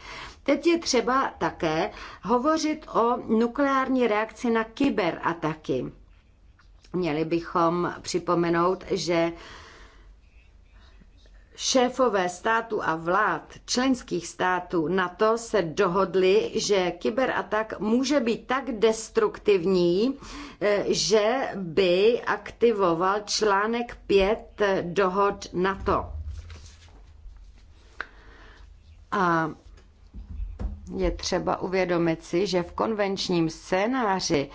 Teď je třeba také hovořit o nukleární reakci na kyberataky. Měli bychom připomenout, že Šéfové států a vlád členských států na to se dohodli, že kyberatak může být tak destruktivní, eh, že by aktivoval článek 5 dohod NATO. A je třeba uvědomit si, že v konvenčním scénáři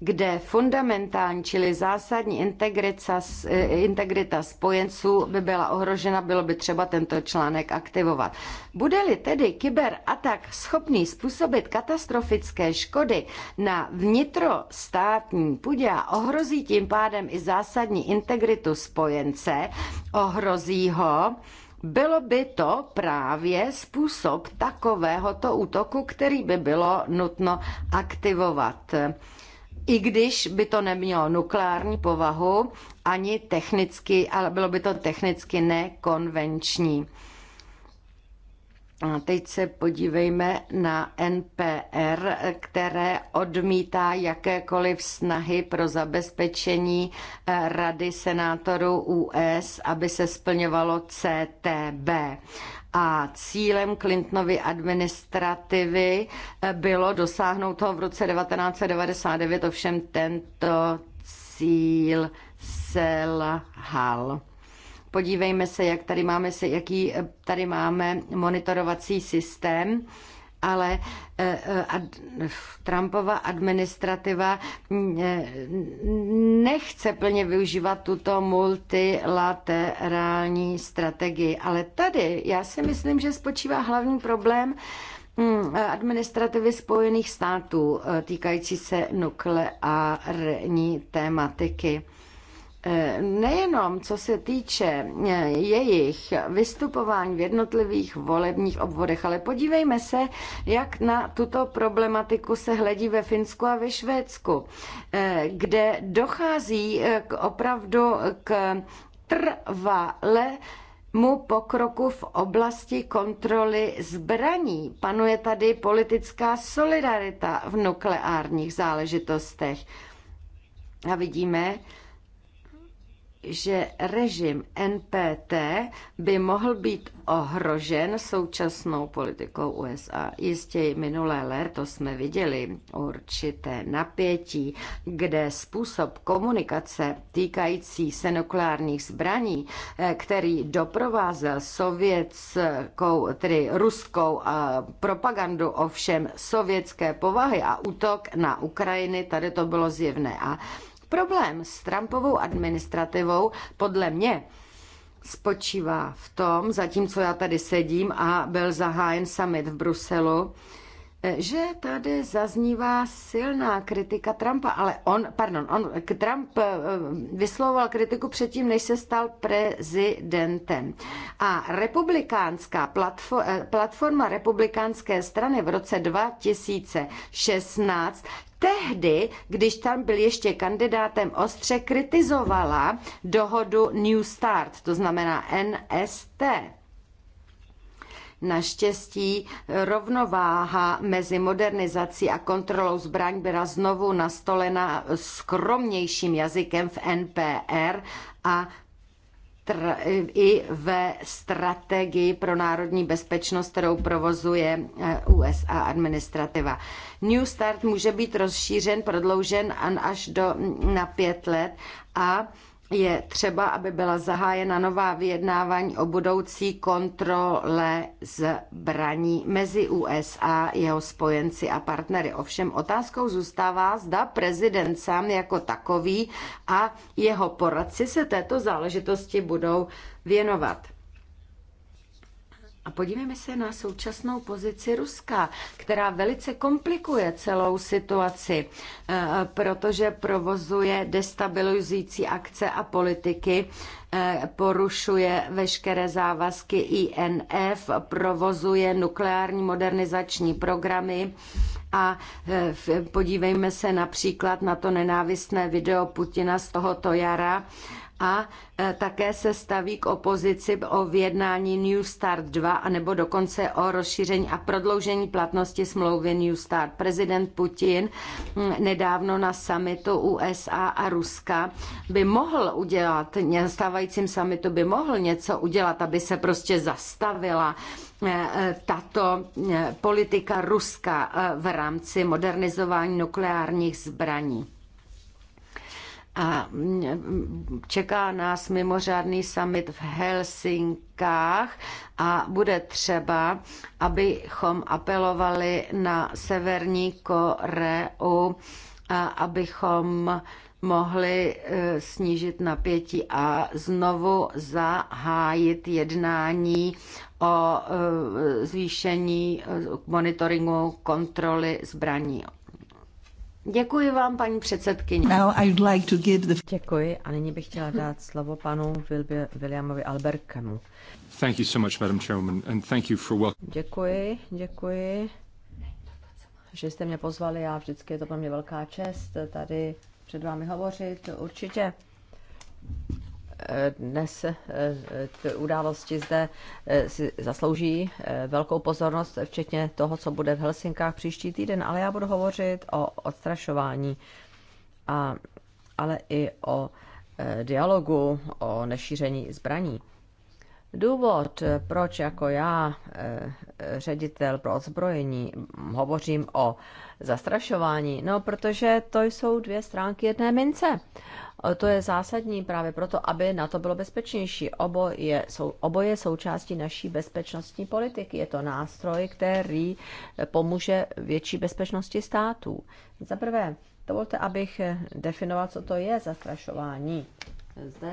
kde fundamentální, čili zásadní integrita, integrita spojenců by byla ohrožena, bylo by třeba tento článek aktivovat. Bude-li tedy kyberatak schopný způsobit katastrofické škody na vnitrostátní půdě a ohrozí tím pádem i zásadní integritu spojence, ohrozí ho, bylo by to právě způsob takovéhoto útoku, který by bylo nutno aktivovat. I když by to nemělo nukleární povahu, ani technicky, ale bylo by to technicky nekonvenční. A teď se podívejme na NPR, které odmítá jakékoliv snahy pro zabezpečení eh, Rady senátorů US, aby se splňovalo CTB. A cílem Clintonovy administrativy eh, bylo dosáhnout toho v roce 1999, ovšem tento cíl selhal. Podívejme se, jak tady máme, se, jaký eh, tady máme monitorovací systém, ale eh, eh, ad, Trumpova administrativa mm, nechce plně využívat tuto multilaterální strategii. Ale tady já si myslím, že spočívá hlavní problém mm, administrativy Spojených států týkající se nukleární tématiky. Eh, nejenom co se týče eh, jejich vystupování v jednotlivých volebních obvodech, ale podívejme se, jak na tuto problematiku se hledí ve Finsku a ve Švédsku, eh, kde dochází k opravdu k trvale mu pokroku v oblasti kontroly zbraní. Panuje tady politická solidarita v nukleárních záležitostech. A vidíme, že režim NPT by mohl být ohrožen současnou politikou USA. Jistě i minulé léto jsme viděli určité napětí, kde způsob komunikace týkající se nukleárních zbraní, eh, který doprovázel sovětskou, tedy ruskou eh, propagandu ovšem sovětské povahy a útok na Ukrajiny, tady to bylo zjevné. A Problém s Trumpovou administrativou podle mě spočívá v tom, zatímco já tady sedím a byl zahájen summit v Bruselu, eh, že tady zaznívá silná kritika Trumpa, ale on, pardon, on, Trump eh, vyslovoval kritiku předtím, než se stal prezidentem. A republikánská platforma, eh, platforma republikánské strany v roce 2016 tehdy, když tam byl ještě kandidátem, ostře kritizovala dohodu New Start, to znamená NST. Naštěstí rovnováha mezi modernizací a kontrolou zbraň byla znovu nastolena skromnějším jazykem v NPR a i ve strategii pro národní bezpečnost, kterou provozuje eh, USA administrativa. New Start může být rozšířen, prodloužen až do, mm, na pět let a je třeba, aby byla zahájena nová vyjednávání o budoucí kontrole zbraní mezi USA, jeho spojenci a partnery. Ovšem otázkou zůstává, zda prezident sám jako takový a jeho poradci se této záležitosti budou věnovat. A podívejme se na současnou pozici Ruska, která velice komplikuje celou situaci, eh, protože provozuje destabilizující akce a politiky, eh, porušuje veškeré závazky INF, provozuje nukleární modernizační programy a eh, podívejme se například na to nenávistné video Putina z tohoto jara, a e, také se staví k opozici o vyjednání New Start 2 a nebo dokonce o rozšíření a prodloužení platnosti smlouvy New Start. Prezident Putin hm, nedávno na samitu USA a Ruska by mohl udělat, stávajícím samitu by mohl něco udělat, aby se prostě zastavila e, e, tato politika Ruska v rámci modernizování nukleárních zbraní. A mm, mm, čeká nás mimořádný summit v Helsinkách a bude třeba, abychom apelovali na Severní Koreu, abychom mohli e, snížit napětí a znovu zahájit jednání o e, zvýšení e, monitoringu kontroly zbraní. Děkuji vám, paní předsedkyně. Now I'd like to give the... Děkuji a nyní bych chtěla dát slovo panu Williamovi Alberkemu. Thank you so much, Madam Chairman, and thank you for welcome. Děkuji, děkuji, že jste mě pozvali. Já vždycky je to pro mě velká čest tady před vámi hovořit, určitě dnes eh, ty události zde eh, si zaslouží eh, velkou pozornost, včetně toho, co bude v Helsinkách příští týden, ale já budu hovořit o odstrašování, a, ale i o dialogu, o nešíření zbraní. Důvod, eh, proč jako já, eh, ředitel pro odzbrojení, hovořím o zastrašování, no protože to jsou dvě stránky jedné mince. To je zásadní právě proto, aby na to bylo bezpečnější. Oboje jsou, oboje součástí naší bezpečnostní politiky. Je to nástroj, který eh, pomůže větší bezpečnosti států. Za prvé, dovolte, abych definoval, co to je zastrašování. Zde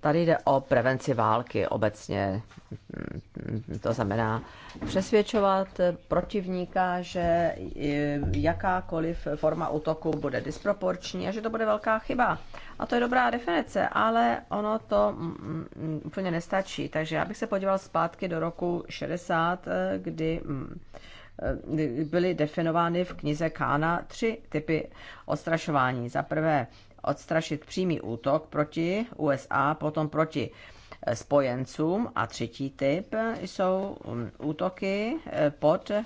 tady jde o prevenci války obecně. To znamená přesvědčovat protivníka, že jakákoliv forma útoku bude disproporční a že to bude velká chyba. A to je dobrá definice, ale ono to mm, mm, úplně nestačí. Takže já bych se podíval zpátky do roku 60, mm, kdy byly definovány v knize Kána tři typy ostrašování. Za prvé odstrašit přímý útok proti USA, potom proti eh, spojencům a třetí typ jsou mm, útoky eh, pod eh,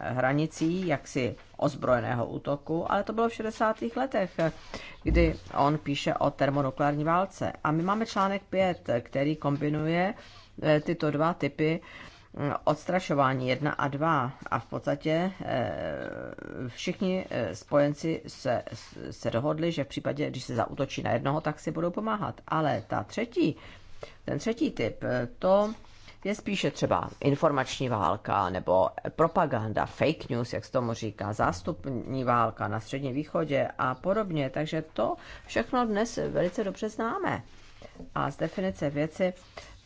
hranicí jaksi ozbrojeného útoku, ale to bylo v 60. letech, kdy on píše o termonukleární válce. A my máme článek 5, který kombinuje tyto dva typy odstrašování 1 a 2 a v podstatě eh, všichni eh, spojenci se, se dohodli, že v případě, když se zautočí na jednoho, tak si budou pomáhat. Ale ta třetí, ten třetí typ, eh, to je spíše třeba informační válka nebo propaganda, fake news, jak se tomu říká, zástupní válka na Středním východě a podobně. Takže to všechno dnes velice dobře známe. A z definice věci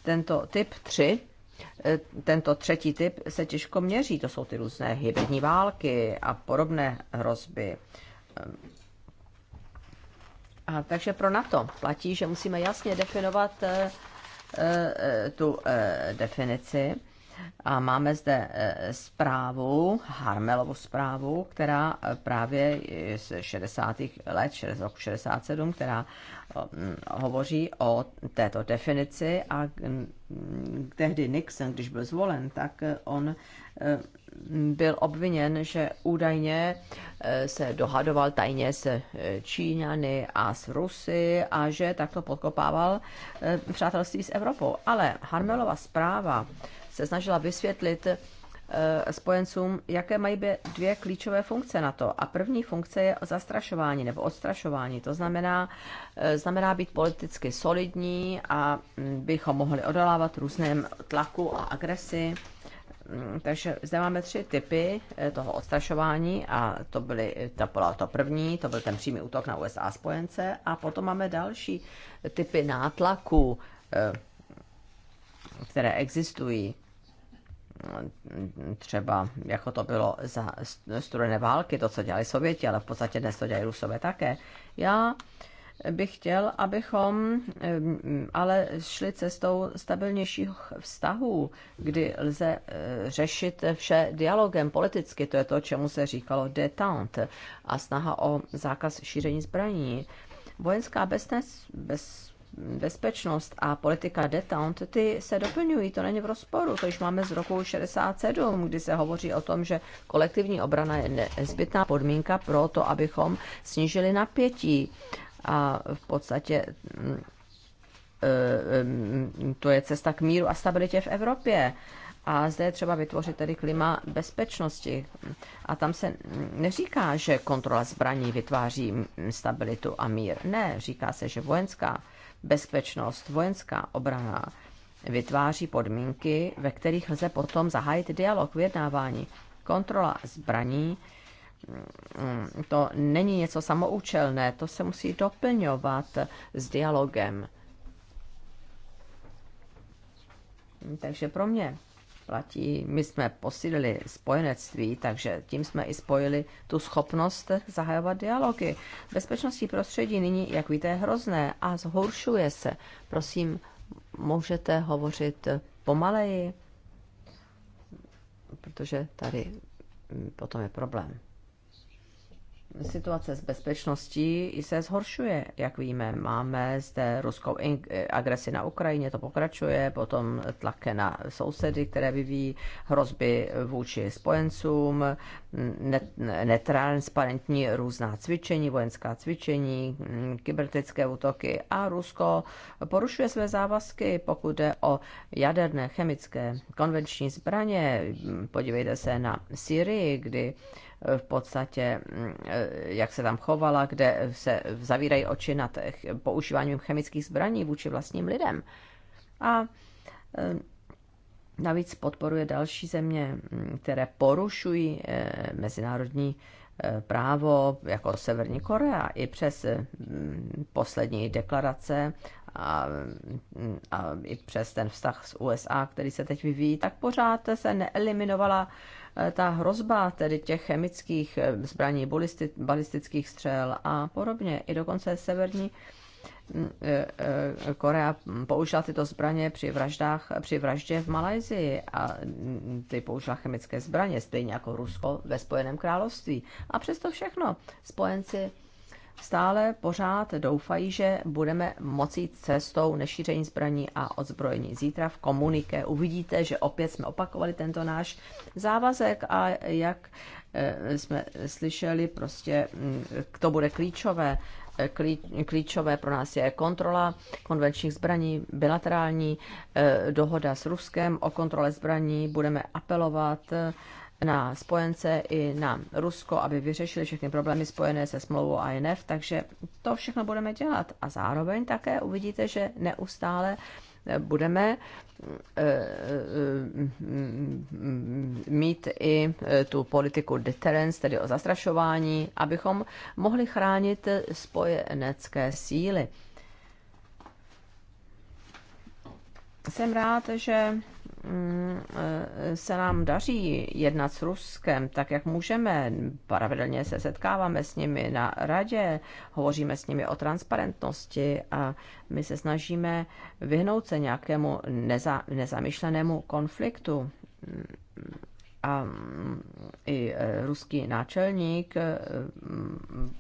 tento typ 3 E, tento třetí typ se těžko měří. To jsou ty různé hybridní války a podobné hrozby. E, a takže pro NATO platí, že musíme jasně definovat e, tu definici a máme zde e, zprávu, Harmelovu zprávu, která e, právě z 60. let, z roku 67, která hovoří o této definici a tehdy Nixon, když byl zvolen, tak e, on byl obviněn, že údajně se dohadoval tajně s Číňany a s Rusy a že takto podkopával přátelství s Evropou. Ale Harmelova zpráva se snažila vysvětlit eh, spojencům, jaké mají dvě klíčové funkce na to. A první funkce je zastrašování nebo odstrašování. To znamená, eh, znamená být politicky solidní a mm, bychom mohli odolávat různém tlaku a agresi. Mm, takže zde máme tři typy eh, toho odstrašování a to, byly, to byla to první, to byl ten přímý útok na USA spojence a potom máme další typy nátlaku, které existují třeba jako to bylo za studené války, to, co dělali Sověti, ale v podstatě dnes to dělají Rusové také. Já bych chtěl, abychom ale šli cestou stabilnějších vztahů, kdy lze eh, řešit vše dialogem politicky, to je to, čemu se říkalo detente a snaha o zákaz šíření zbraní. Vojenská beznes, bez, bezpečnost a politika detente, ty se doplňují, to není v rozporu. To již máme z roku 67, kdy se hovoří o tom, že kolektivní obrana je nezbytná podmínka pro to, abychom snížili napětí. A v podstatě mm, e, e, mm, to je cesta k míru a stabilitě v Evropě. A zde je třeba vytvořit tedy klima bezpečnosti. A tam se neříká, že kontrola zbraní vytváří stabilitu a mír. Ne, říká se, že vojenská bezpečnost, vojenská obrana vytváří podmínky, ve kterých lze potom zahájit dialog, vyjednávání. Kontrola zbraní mm, to není něco samoučelné, to se musí doplňovat s dialogem. Takže pro mě platí. My jsme posílili spojenectví, takže tím jsme i spojili tu schopnost zahajovat dialogy. Bezpečnostní prostředí nyní, jak víte, je hrozné a zhoršuje se. Prosím, můžete hovořit pomaleji, protože tady mm, potom je problém situace s bezpečností se zhoršuje, jak víme. Máme zde ruskou agresi na Ukrajině, to pokračuje, potom tlaky na sousedy, které vyvíjí hrozby vůči spojencům, netransparentní různá cvičení, vojenská cvičení, kybernetické útoky a Rusko porušuje své závazky, pokud jde o jaderné, chemické, konvenční zbraně. Podívejte se na Syrii, kdy v podstatě, mm, eh, jak se tam chovala, kde se zavírají oči nad používáním chemických zbraní vůči vlastním lidem. A eh, navíc podporuje další země, mm, které porušují eh, mezinárodní právo, jako Severní Korea, i přes mm, poslední deklarace a, a i přes ten vztah s USA, který se teď vyvíjí, tak pořád se neeliminovala Eh, ta hrozba tedy těch chemických eh, zbraní, balistických střel a podobně, i dokonce severní mm, eh, Korea použila tyto zbraně při, vraždách, při vraždě v Malajzii a mm, ty použila chemické zbraně, stejně jako Rusko ve Spojeném království. A přesto všechno spojenci stále pořád doufají, že budeme moci jít cestou nešíření zbraní a odzbrojení. Zítra v komuniké uvidíte, že opět jsme opakovali tento náš závazek a jak eh, jsme slyšeli, prostě to mm, bude klíčové. Eh, klíčové pro nás je kontrola konvenčních zbraní, bilaterální eh, dohoda s Ruskem o kontrole zbraní. Budeme apelovat na spojence i na Rusko, aby vyřešili všechny problémy spojené se smlouvou INF, takže to všechno budeme dělat. A zároveň také uvidíte, že neustále eh, budeme eh, eh, mít i tu politiku deterrence, tedy o zastrašování, abychom mohli chránit spojenecké síly. Jsem rád, že Mm, e, se nám daří jednat s Ruskem tak, jak můžeme. Pravidelně se setkáváme s nimi na radě, hovoříme s nimi o transparentnosti a my se snažíme vyhnout se nějakému neza, nezamyšlenému konfliktu. Mm, a mm, i e, ruský náčelník e, mm,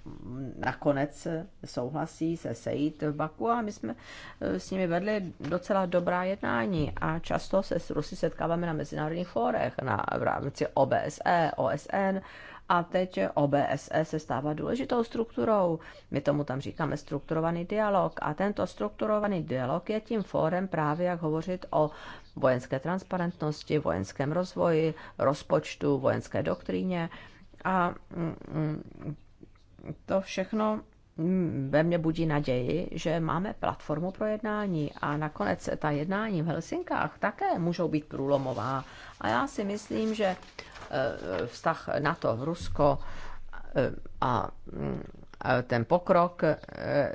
nakonec souhlasí se sejít v Baku a my jsme e, s nimi vedli docela dobrá jednání a často se s Rusy setkáváme na mezinárodních fórech, na, v rámci OBSE, OSN a teď OBSE se stává důležitou strukturou. My tomu tam říkáme strukturovaný dialog a tento strukturovaný dialog je tím fórem právě, jak hovořit o vojenské transparentnosti, vojenském rozvoji, rozpočtu, vojenské doktríně a mm, mm, to všechno mm, ve mně budí naději, že máme platformu pro jednání a nakonec ta jednání v Helsinkách také můžou být průlomová. A já si myslím, že eh, vztah NATO-Rusko eh, a ten pokrok eh,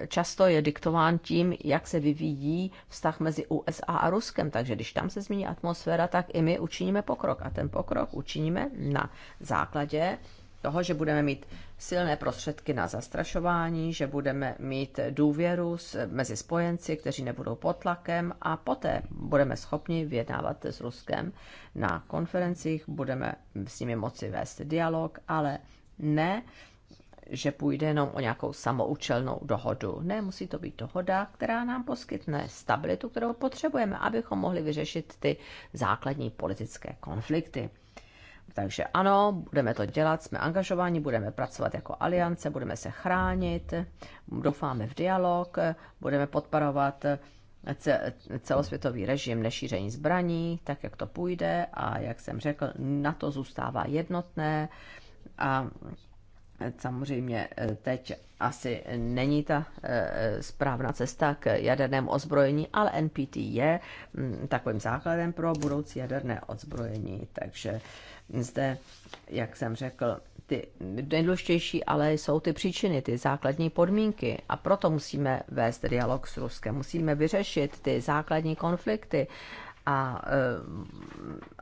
často je diktován tím, jak se vyvíjí vztah mezi USA a Ruskem. Takže když tam se změní atmosféra, tak i my učiníme pokrok. A ten pokrok učiníme na základě toho, že budeme mít silné prostředky na zastrašování, že budeme mít důvěru mezi spojenci, kteří nebudou pod tlakem a poté budeme schopni vyjednávat s Ruskem na konferencích, budeme s nimi moci vést dialog, ale ne že půjde jenom o nějakou samoučelnou dohodu. Ne, musí to být dohoda, která nám poskytne stabilitu, kterou potřebujeme, abychom mohli vyřešit ty základní politické konflikty. Takže ano, budeme to dělat, jsme angažováni, budeme pracovat jako aliance, budeme se chránit, doufáme v dialog, budeme podporovat celosvětový režim nešíření zbraní, tak jak to půjde a jak jsem řekl, na to zůstává jednotné a samozřejmě eh, teď asi není ta eh, správná cesta k jadernému ozbrojení, ale NPT je mm, takovým základem pro budoucí jaderné ozbrojení. Takže zde, jak jsem řekl, ty nejdůležitější ale jsou ty příčiny, ty základní podmínky. A proto musíme vést dialog s Ruskem, musíme vyřešit ty základní konflikty a, eh,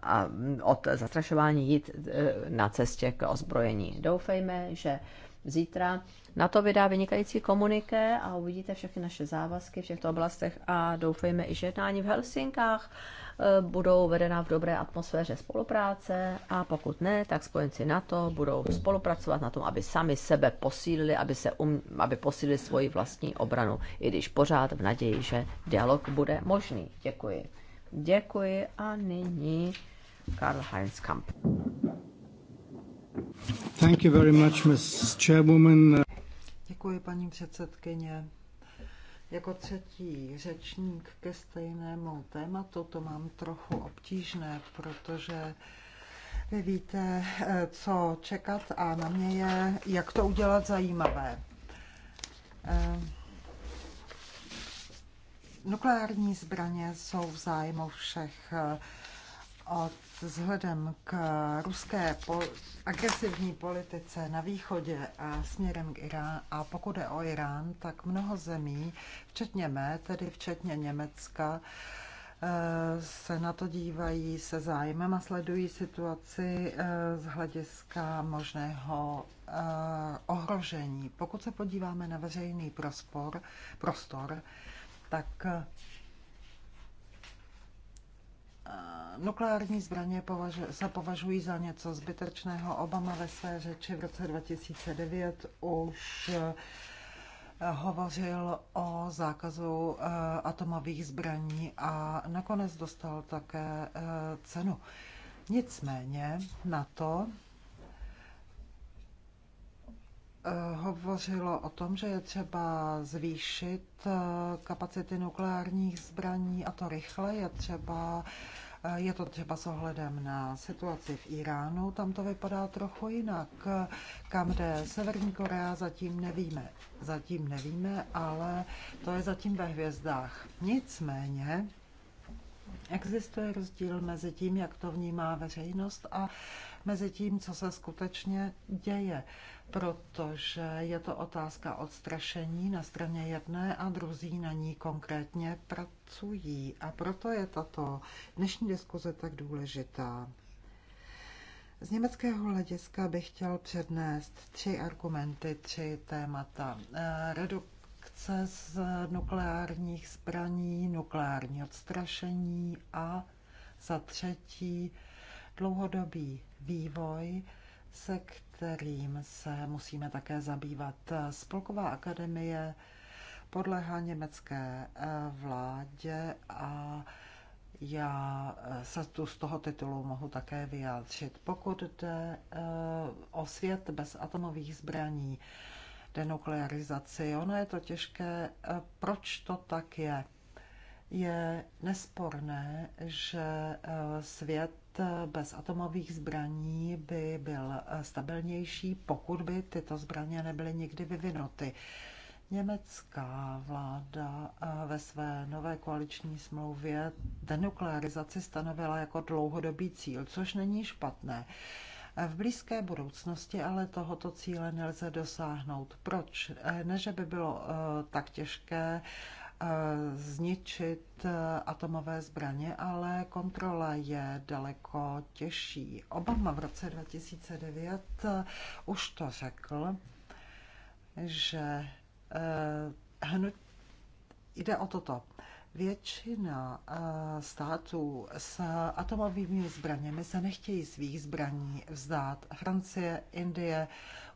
a od zastrašování jít eh, na cestě k ozbrojení. Doufejme, že zítra na to vydá vynikající komuniké a uvidíte všechny naše závazky v těchto oblastech a doufejme i, že jednání v Helsinkách eh, budou vedena v dobré atmosféře spolupráce a pokud ne, tak spojenci NATO budou spolupracovat na tom, aby sami sebe posílili, aby, se um, aby posílili svoji vlastní obranu, i když pořád v naději, že dialog bude možný. Děkuji. Děkuji a nyní Karl Heinz Kamp. Thank you very much, Ms. Chairwoman. Děkuji, paní předsedkyně. Jako třetí řečník ke stejnému tématu to mám trochu obtížné, protože vy víte, co čekat a na mě je, jak to udělat zajímavé nukleární zbraně jsou v zájmu všech od vzhledem k ruské po, agresivní politice na východě a směrem k Irán. A pokud je o Irán, tak mnoho zemí, včetně mé, tedy včetně Německa, eh, se na to dívají se zájmem a sledují situaci eh, z hlediska možného eh, ohrožení. Pokud se podíváme na veřejný prospor, prostor, tak eh, eh, nukleární zbraně se považují za něco zbytečného. Obama ve své řeči v roce 2009 už eh, hovořil o zákazu atomových zbraní a nakonec dostal také cenu. Nicméně na to Eh, hovořilo o tom, že je třeba zvýšit eh, kapacity nukleárních zbraní a to rychle. Je třeba eh, je to třeba s ohledem na situaci v Iránu, tam to vypadá trochu jinak. Kam jde Severní Korea, zatím nevíme. Zatím nevíme, ale to je zatím ve hvězdách. Nicméně existuje rozdíl mezi tím, jak to vnímá veřejnost a mezi tím, co se skutečně děje protože je to otázka odstrašení na straně jedné a druzí na ní konkrétně pracují. A proto je tato dnešní diskuze tak důležitá. Z německého hlediska bych chtěl přednést tři argumenty, tři témata. Eh, redukce z nukleárních zbraní, nukleární odstrašení a za třetí dlouhodobý vývoj, se k kterým se musíme také zabývat. Spolková akademie podléhá německé eh, vládě a já eh, se tu z toho titulu mohu také vyjádřit. Pokud jde eh, o svět bez atomových zbraní, denuklearizaci, ono je to těžké, proč to tak je. Je nesporné, že svět bez atomových zbraní by byl stabilnější, pokud by tyto zbraně nebyly nikdy vyvinuty. Německá vláda eh, ve své nové koaliční smlouvě denuklearizaci stanovila jako dlouhodobý cíl, což není špatné. Eh, v blízké budoucnosti ale tohoto cíle nelze dosáhnout. Proč? Eh, ne, že by bylo tak těžké Eh, zničit eh, atomové zbraně, ale kontrola je daleko těžší. Obama v roce 2009 eh, už to řekl, že jde o toto. Většina států s atomovými zbraněmi se nechtějí svých zbraní vzdát. Francie, Indie,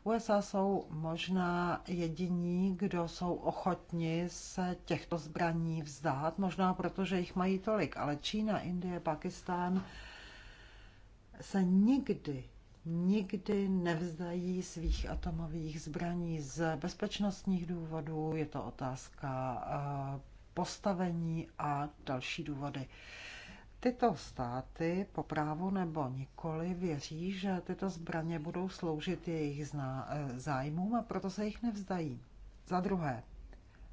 USA jsou možná jediní, kdo jsou ochotni se těchto zbraní vzdát, možná protože jich mají tolik, ale Čína, Indie, Pakistán se nikdy nikdy nevzdají svých atomových zbraní z bezpečnostních důvodů. Je to otázka eh, postavení a další důvody tyto státy po právu nebo nikoli věří, že tyto zbraně budou sloužit jejich zná, eh, zájmům a proto se jich nevzdají. Za druhé,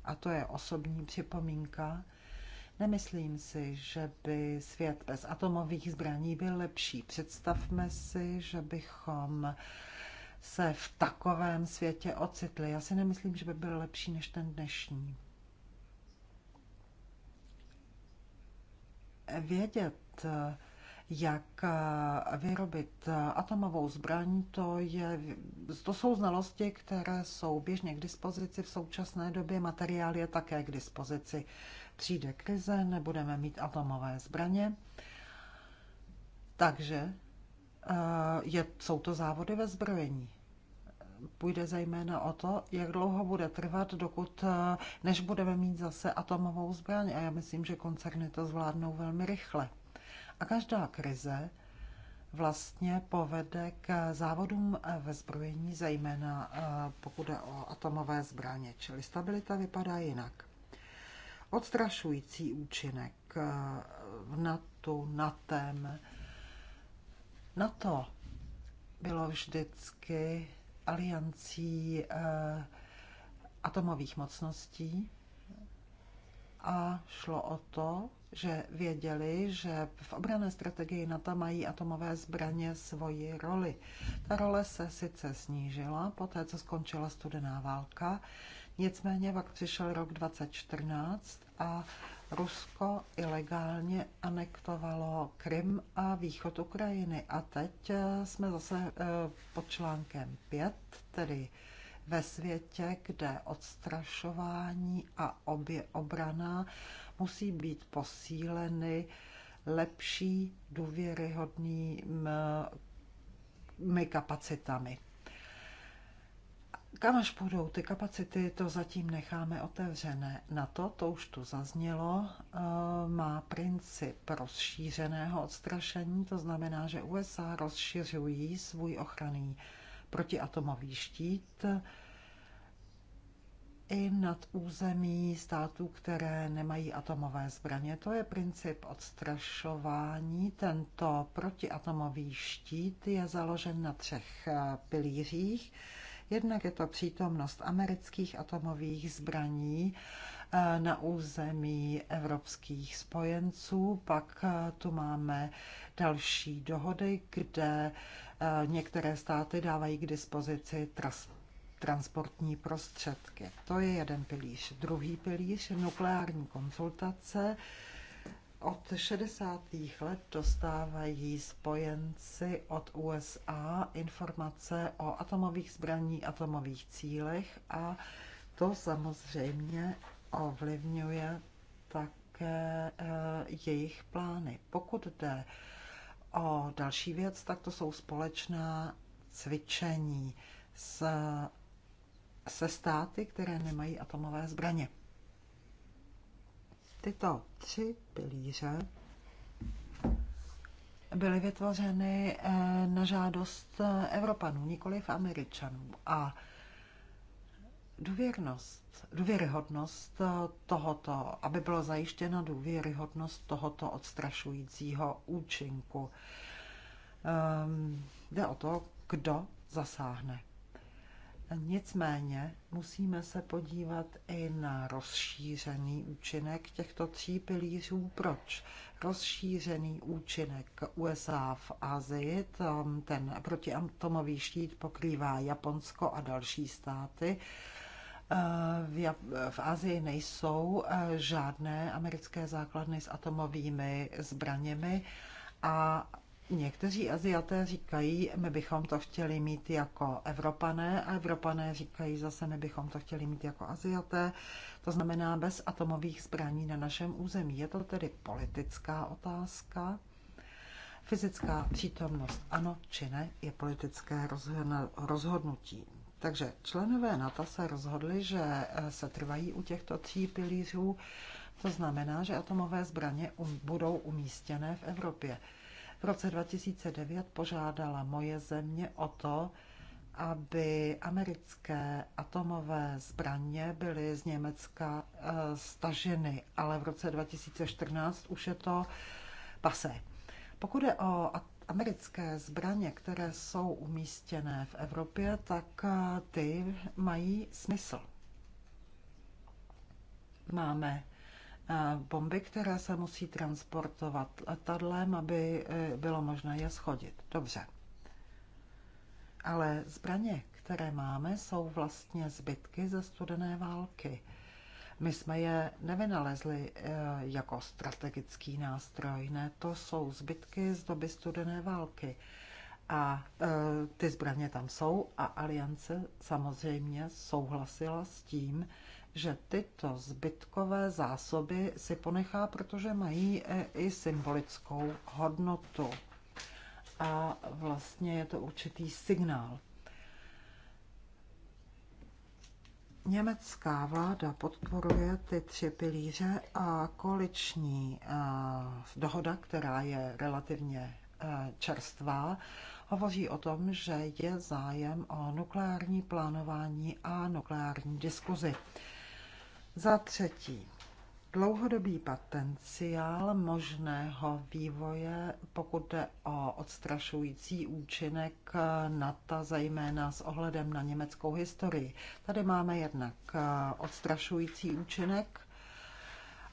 a to je osobní připomínka, nemyslím si, že by svět bez atomových zbraní byl lepší. Představme si, že bychom se v takovém světě ocitli. Já si nemyslím, že by byl lepší než ten dnešní. vědět, jak vyrobit atomovou zbraň, to, je, to jsou znalosti, které jsou běžně k dispozici. V současné době materiál je také k dispozici. Přijde krize, nebudeme mít atomové zbraně. Takže eh, je, jsou to závody ve zbrojení půjde zejména o to, jak dlouho bude trvat, dokud, eh, než budeme mít zase atomovou zbraň. A já myslím, že koncerny to zvládnou velmi rychle. A každá krize vlastně povede k závodům ve zbrojení, zejména eh, pokud jde o atomové zbraně, čili stabilita vypadá jinak. Odstrašující účinek eh, v NATO, na NATO bylo vždycky aliancí eh, atomových mocností a šlo o to, že věděli, že v obrané strategii NATO mají atomové zbraně svoji roli. Ta role se sice snížila po té, co skončila studená válka, Nicméně pak přišel rok 2014 a Rusko ilegálně anektovalo Krym a východ Ukrajiny. A teď eh, jsme zase eh, pod článkem 5, tedy ve světě, kde odstrašování a obě obrana musí být posíleny lepší důvěryhodnými eh, kapacitami. Kam až půjdou ty kapacity, to zatím necháme otevřené. Na to, to už tu zaznělo, eh, má princip rozšířeného odstrašení, to znamená, že USA rozšiřují svůj ochranný protiatomový štít eh, i nad území států, které nemají atomové zbraně. To je princip odstrašování. Tento protiatomový štít je založen na třech eh, pilířích. Jednak je to přítomnost amerických atomových zbraní eh, na území evropských spojenců. Pak eh, tu máme další dohody, kde eh, některé státy dávají k dispozici tras- transportní prostředky. To je jeden pilíř. Druhý pilíř nukleární konzultace od 60. let dostávají spojenci od USA informace o atomových zbraní, atomových cílech a to samozřejmě ovlivňuje také eh, jejich plány. Pokud jde o další věc, tak to jsou společná cvičení s, se státy, které nemají atomové zbraně. Tyto tři pilíře byly vytvořeny eh, na žádost eh, Evropanů, nikoliv Američanů. A důvěrnost, důvěryhodnost eh, tohoto, aby byla zajištěna důvěryhodnost tohoto odstrašujícího účinku. Um, jde o to, kdo zasáhne. Nicméně musíme se podívat i na rozšířený účinek těchto tří pilířů. Proč? Rozšířený účinek USA v Azii, ten protiatomový štít pokrývá Japonsko a další státy. Eh, v, Azii nejsou eh, žádné americké základny s atomovými zbraněmi a Někteří Aziaté říkají, my bychom to chtěli mít jako Evropané a Evropané říkají zase, my bychom to chtěli mít jako Aziaté, to znamená bez atomových zbraní na našem území. Je to tedy politická otázka. Fyzická přítomnost ano či ne je politické rozhodnutí. Takže členové NATO se rozhodli, že eh, se trvají u těchto tří pilířů, to znamená, že atomové zbraně um-, budou umístěné v Evropě. V roce 2009 požádala moje země o to, aby americké atomové zbraně byly z Německa eh, staženy, ale v roce 2014 už je to pase. Pokud je o americké zbraně, které jsou umístěné v Evropě, tak eh, ty mají smysl. Máme Eh, bomby, které se musí transportovat letadlem, aby eh, bylo možné je schodit. Dobře. Ale zbraně, které máme, jsou vlastně zbytky ze studené války. My jsme je nevynalezli eh, jako strategický nástroj, ne, to jsou zbytky z doby studené války. A ty zbraně tam jsou a aliance samozřejmě souhlasila s tím, že tyto zbytkové zásoby si ponechá, protože mají e, i symbolickou hodnotu. A vlastně je to určitý signál. Německá vláda podporuje ty tři pilíře a koaliční e, dohoda, která je relativně e, čerstvá, hovoří o tom, že je zájem o nukleární plánování a nukleární diskuzi. Za třetí, dlouhodobý potenciál možného vývoje, pokud jde o odstrašující účinek NATO, zejména s ohledem na německou historii. Tady máme jednak eh, odstrašující účinek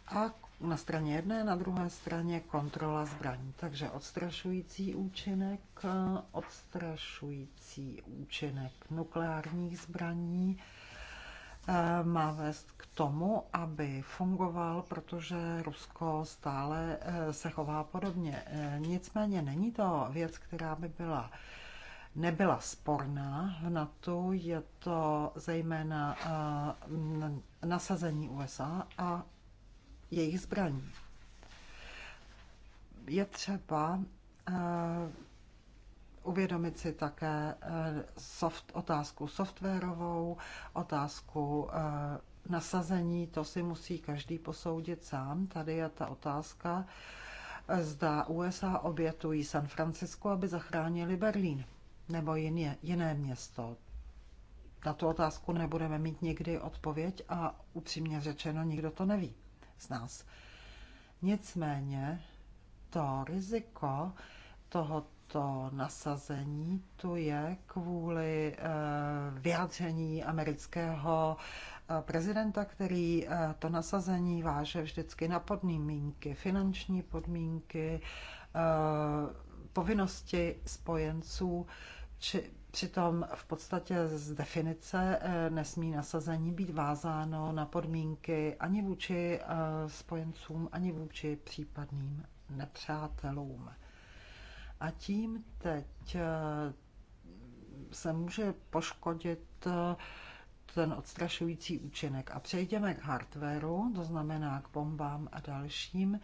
a na straně jedné, na druhé straně kontrola zbraní. Takže odstrašující účinek, eh, odstrašující účinek nukleárních zbraní, Eh, má vést k tomu, aby fungoval, protože Rusko stále eh, se chová podobně. Eh, nicméně není to věc, která by byla nebyla sporná v NATO, je to zejména nasazení USA a jejich zbraní. Je třeba uvědomit si také eh, soft, otázku softwarovou, otázku eh, nasazení, to si musí každý posoudit sám. Tady je ta otázka, eh, zda USA obětují San Francisco, aby zachránili Berlín nebo jiné, jiné město. Na tu otázku nebudeme mít nikdy odpověď a upřímně řečeno nikdo to neví z nás. Nicméně to riziko toho to nasazení, to je kvůli eh, vyjádření amerického eh, prezidenta, který eh, to nasazení váže vždycky na podmínky, finanční podmínky, povinnosti spojenců, či přitom v podstatě z definice nesmí nasazení být vázáno na podmínky ani vůči spojencům, ani vůči případným nepřátelům. A tím teď eh, se může poškodit eh, ten odstrašující účinek. A přejdeme k hardwareu, to znamená k bombám a dalším.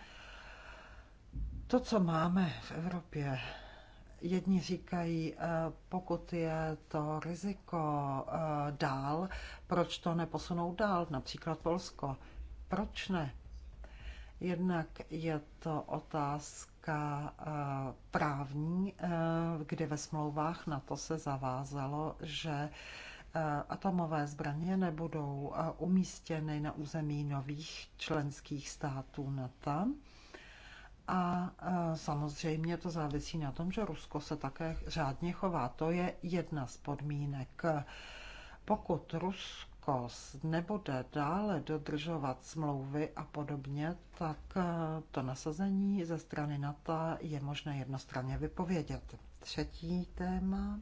To, co máme v Evropě, jedni říkají, eh, pokud je to riziko dál, proč to neposunou dál, například Polsko. Proč ne? Jednak je to otázka, otázka eh, právní, eh, kdy ve smlouvách na to se zavázalo, že eh, atomové zbraně nebudou umístěny na území nových členských států NATO. A samozřejmě to závisí na tom, že Rusko se také řádně chová. To je jedna z podmínek. Pokud Rusko kos, nebude dále dodržovat smlouvy a podobně, tak eh, to nasazení ze strany NATO je možné jednostranně vypovědět. Třetí téma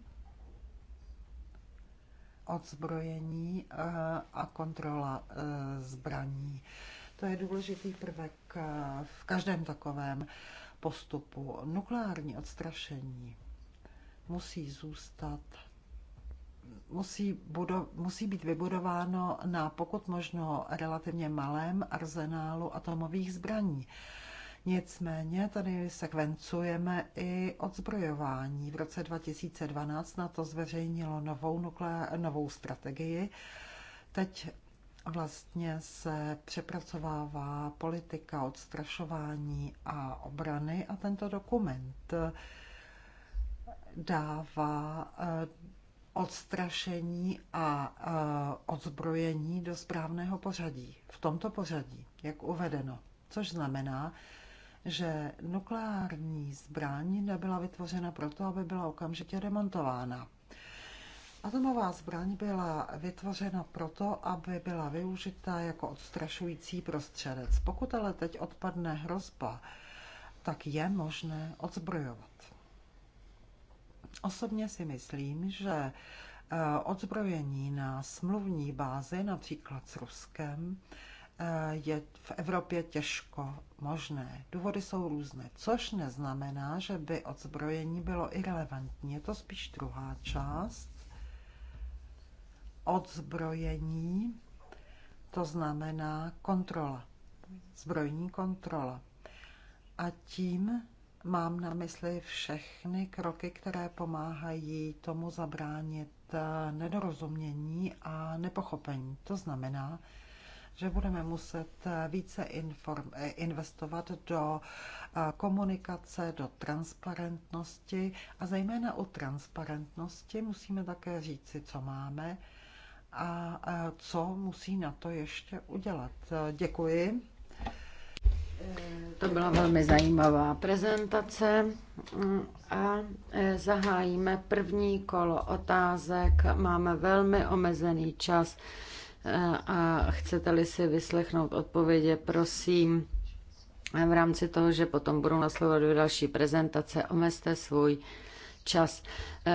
odzbrojení eh, a kontrola eh, zbraní. To je důležitý prvek v každém takovém postupu. Nukleární odstrašení musí zůstat musí, budo, musí být vybudováno na pokud možno relativně malém arzenálu atomových zbraní. Nicméně tady sekvencujeme i odzbrojování. V roce 2012 na to zveřejnilo novou, nukleá, novou strategii. Teď vlastně se přepracovává politika odstrašování a obrany a tento dokument dává eh, odstrašení a e, odzbrojení do správného pořadí. V tomto pořadí, jak uvedeno. Což znamená, že nukleární zbraň nebyla vytvořena proto, aby byla okamžitě demontována. Atomová zbraň byla vytvořena proto, aby byla využita jako odstrašující prostředek. Pokud ale teď odpadne hrozba, tak je možné odzbrojovat. Osobně si myslím, že eh, odzbrojení na smluvní bázi, například s Ruskem, eh, je v Evropě těžko možné. Důvody jsou různé, což neznamená, že by odzbrojení bylo irrelevantní. Je to spíš druhá část. Odzbrojení, to znamená kontrola, zbrojní kontrola. A tím Mám na mysli všechny kroky, které pomáhají tomu zabránit eh, nedorozumění a nepochopení. To znamená, že budeme muset eh, více inform, eh, investovat do komunikace, do transparentnosti a zejména u transparentnosti musíme také říci, co máme a co musí na to ještě udělat. Děkuji. To byla velmi zajímavá prezentace a e, zahájíme první kolo otázek. Máme velmi omezený čas e, a chcete-li si vyslechnout odpovědi, prosím, e, v rámci toho, že potom budou nasledovat další prezentace, omezte svůj čas.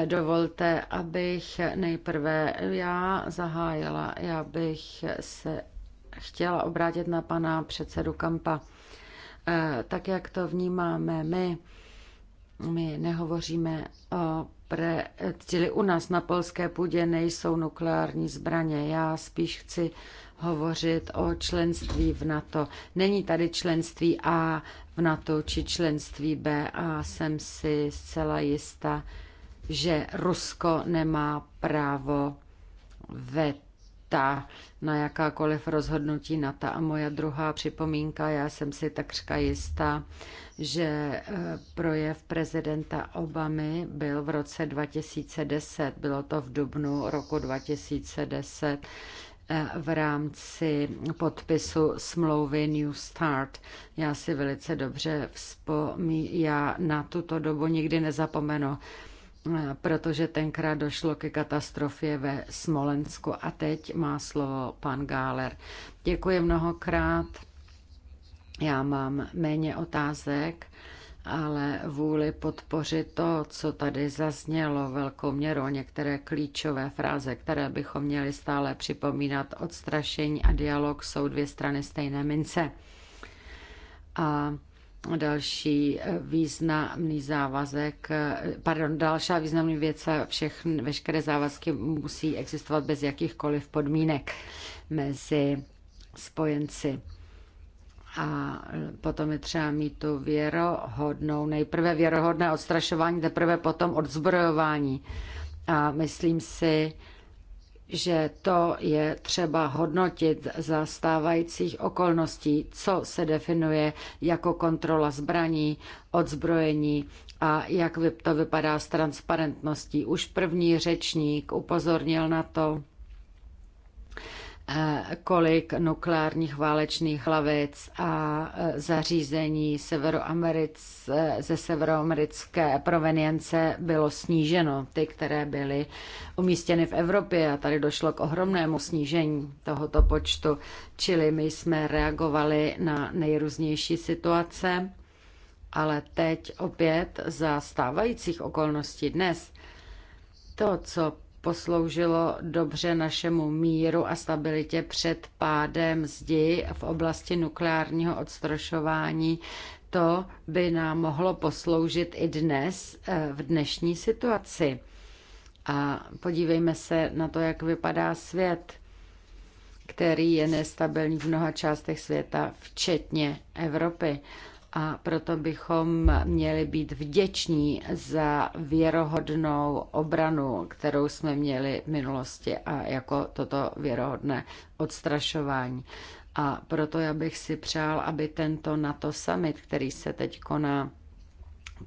Dovolte, abych nejprve já zahájila, já bych se chtěla obrátit na pana předsedu Kampa. E, tak jak to vnímáme my, my nehovoříme o pre, čili u nás na polské půdě nejsou nukleární zbraně. Já spíš chci hovořit o členství v NATO. Není tady členství A v NATO či členství B a jsem si zcela jista, že Rusko nemá právo vet ta na jakákoliv rozhodnutí na ta. A moja druhá připomínka, já jsem si takřka jistá, že e, projev prezidenta Obamy byl v roce 2010, bylo to v dubnu roku 2010, e, v rámci podpisu smlouvy New Start. Já si velice dobře vzpomínám, já na tuto dobu nikdy nezapomenu protože tenkrát došlo ke katastrofě ve Smolensku. A teď má slovo pan Gáler. Děkuji mnohokrát. Já mám méně otázek, ale vůli podpořit to, co tady zaznělo velkou měrou, některé klíčové fráze, které bychom měli stále připomínat, odstrašení a dialog jsou dvě strany stejné mince. A Další eh, významný závazek, eh, pardon, další významný věc, eh, všechny, veškeré závazky musí existovat bez jakýchkoliv podmínek mezi spojenci. A potom je třeba mít tu věrohodnou, nejprve věrohodné odstrašování, teprve potom odzbrojování. A myslím si, že to je třeba hodnotit za stávajících okolností, co se definuje jako kontrola zbraní, odzbrojení a jak to vypadá s transparentností. Už první řečník upozornil na to, Eh, kolik nukleárních válečných hlavic a eh, zařízení eh, ze severoamerické provenience bylo sníženo, ty, které byly umístěny v Evropě a tady došlo k ohromnému snížení tohoto počtu, čili my jsme reagovali na nejrůznější situace, ale teď opět za stávajících okolností dnes to, co posloužilo dobře našemu míru a stabilitě před pádem zdi v oblasti nukleárního odstrošování. To by nám mohlo posloužit i dnes eh, v dnešní situaci. A podívejme se na to, jak vypadá svět, který je nestabilní v mnoha částech světa, včetně Evropy a proto bychom měli být vděční za věrohodnou obranu, kterou jsme měli v minulosti a jako toto věrohodné odstrašování. A proto já bych si přál, aby tento NATO summit, který se teď koná,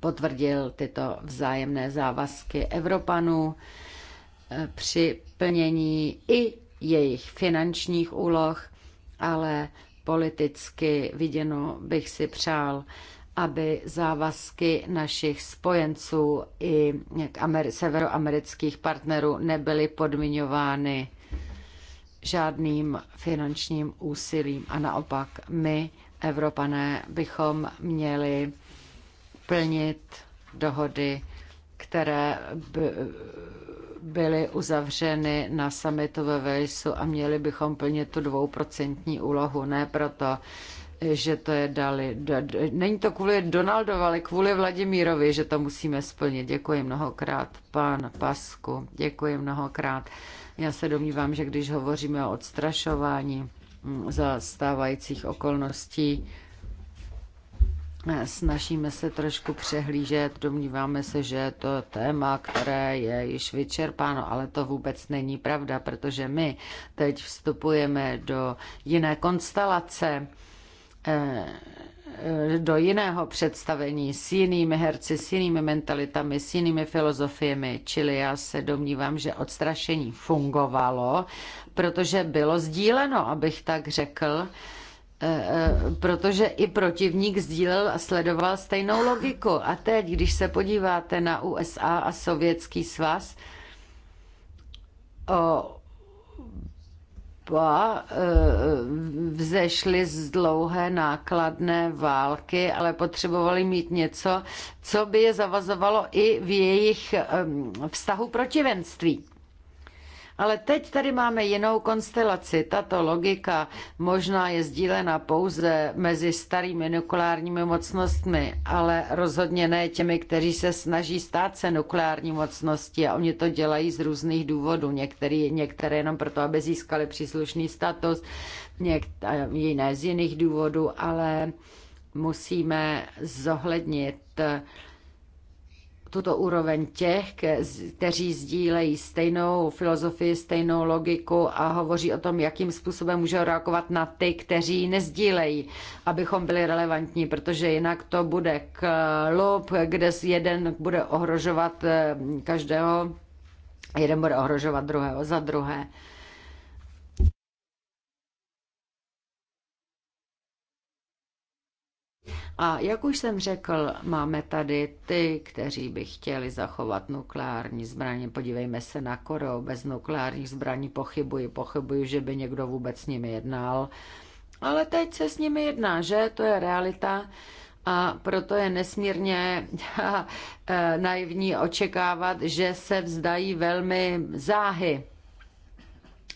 potvrdil tyto vzájemné závazky Evropanů eh, při plnění i jejich finančních úloh, ale Politicky viděno bych si přál, aby závazky našich spojenců i severoamerických partnerů nebyly podmiňovány žádným finančním úsilím. A naopak my, Evropané, bychom měli plnit dohody, které byly uzavřeny na summitu ve Walesu a měli bychom plnit tu dvouprocentní úlohu. Ne proto, že to je dali. Není to kvůli Donaldovi, ale kvůli Vladimírovi, že to musíme splnit. Děkuji mnohokrát, pan Pasku. Děkuji mnohokrát. Já se domnívám, že když hovoříme o odstrašování mm, za stávajících okolností, Snažíme se trošku přehlížet, domníváme se, že je to téma, které je již vyčerpáno, ale to vůbec není pravda, protože my teď vstupujeme do jiné konstelace, eh, do jiného představení s jinými herci, s jinými mentalitami, s jinými filozofiemi. Čili já se domnívám, že odstrašení fungovalo, protože bylo sdíleno, abych tak řekl Eh, eh, protože i protivník sdílel a sledoval stejnou logiku. A teď, když se podíváte na USA a Sovětský svaz, oba eh, vzešly z dlouhé nákladné války, ale potřebovali mít něco, co by je zavazovalo i v jejich vztahu protivenství. Ale teď tady máme jinou konstelaci. Tato logika možná je sdílena pouze mezi starými nukleárními mocnostmi, ale rozhodně ne těmi, kteří se snaží stát se nukleární mocnosti a oni to dělají z různých důvodů. Některý, některé jenom proto, aby získali příslušný status, některé, jiné z jiných důvodů, ale musíme zohlednit tuto úroveň těch, kteří sdílejí stejnou filozofii, stejnou logiku a hovoří o tom, jakým způsobem můžou reagovat na ty, kteří nezdílejí, abychom byli relevantní, protože jinak to bude klub, kde jeden bude ohrožovat eh, každého, jeden bude ohrožovat druhého za druhé. A jak už jsem řekl, máme tady ty, kteří by chtěli zachovat nukleární zbraně. Podívejme se na Koreu. Bez nukleárních zbraní pochybuji, pochybuji, že by někdo vůbec s nimi jednal. Ale teď se s nimi jedná, že? To je realita. A proto je nesmírně eh, naivní očekávat, že se vzdají velmi záhy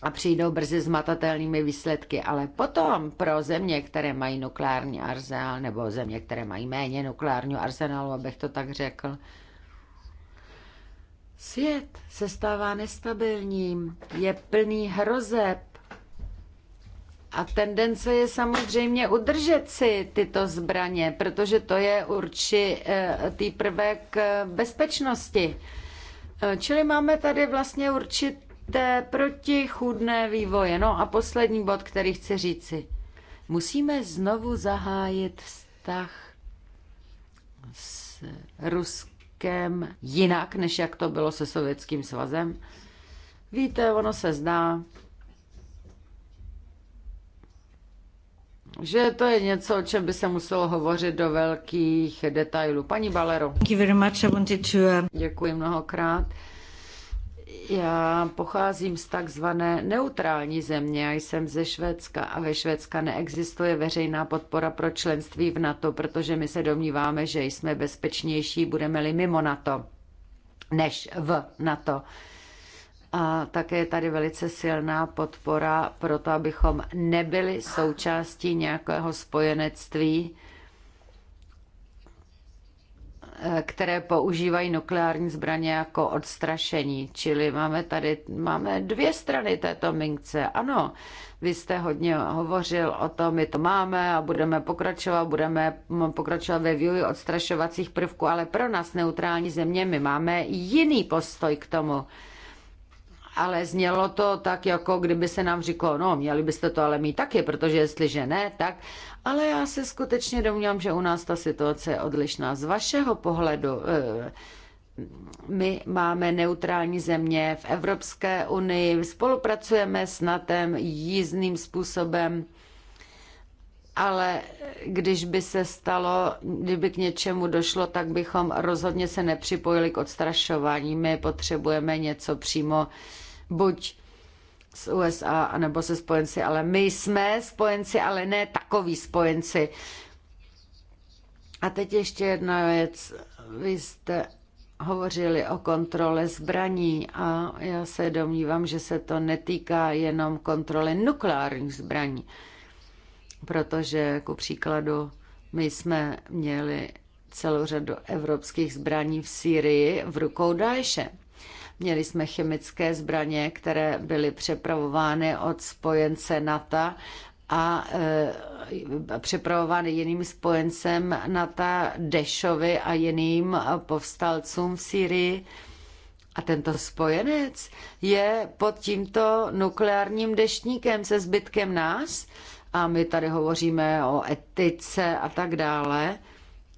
a přijdou brzy s matatelnými výsledky, ale potom pro země, které mají nukleární arzenál, nebo země, které mají méně nukleárního arzenálu, abych to tak řekl, svět se stává nestabilním, je plný hrozeb, a tendence je samozřejmě udržet si tyto zbraně, protože to je určitý eh, prvek eh, bezpečnosti. Eh, čili máme tady vlastně určit, té protichůdné vývoje. No a poslední bod, který chci říci. Musíme znovu zahájit vztah s Ruskem jinak, než jak to bylo se Sovětským svazem. Víte, ono se zdá, že to je něco, o čem by se muselo hovořit do velkých detailů. Paní Balero. Uh, Děkuji mnohokrát. Já pocházím z takzvané neutrální země, já jsem ze Švédska a ve Švédska neexistuje veřejná podpora pro členství v NATO, protože my se domníváme, že jsme bezpečnější, budeme-li mimo NATO, než v NATO. A také je tady velice silná podpora pro to, abychom nebyli součástí nějakého spojenectví, které používají nukleární zbraně jako odstrašení. Čili máme tady máme dvě strany této mince. Ano, vy jste hodně hovořil o tom, my to máme a budeme pokračovat, budeme pokračovat ve vývoji odstrašovacích prvků, ale pro nás neutrální země my máme jiný postoj k tomu ale znělo to tak, jako kdyby se nám říkalo, no měli byste to ale mít taky, protože jestliže ne, tak. Ale já se skutečně domnívám, že u nás ta situace je odlišná. Z vašeho pohledu, eh, my máme neutrální země v Evropské unii, spolupracujeme s NATEM jízdným způsobem, ale když by se stalo, kdyby k něčemu došlo, tak bychom rozhodně se nepřipojili k odstrašování. My potřebujeme něco přímo buď z USA, anebo se spojenci, ale my jsme spojenci, ale ne takový spojenci. A teď ještě jedna věc. Vy jste hovořili o kontrole zbraní a já se domnívám, že se to netýká jenom kontroly nukleárních zbraní, protože ku příkladu my jsme měli celou řadu evropských zbraní v Sýrii v rukou Daeše. Měli jsme chemické zbraně, které byly přepravovány od spojence NATO a e, přepravovány jiným spojencem NATO Dešovi a jiným povstalcům v Syrii. A tento spojenec je pod tímto nukleárním deštníkem se zbytkem nás. A my tady hovoříme o etice a tak dále.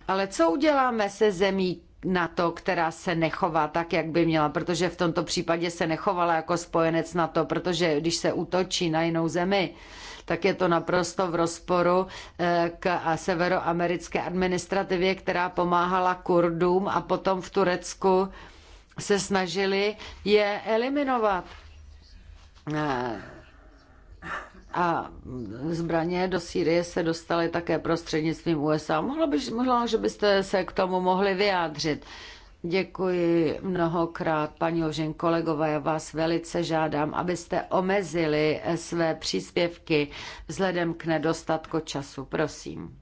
Ale co uděláme se zemí na to, která se nechová tak, jak by měla, protože v tomto případě se nechovala jako spojenec na to, protože když se útočí na jinou zemi, tak je to naprosto v rozporu eh, k severoamerické administrativě, která pomáhala Kurdům a potom v Turecku se snažili je eliminovat. Eh, a zbraně do Sýrie se dostaly také prostřednictvím USA. Mohla by, mohla, že byste se k tomu mohli vyjádřit. Děkuji mnohokrát, paní Ožen, kolegové, já vás velice žádám, abyste omezili své příspěvky vzhledem k nedostatku času. Prosím.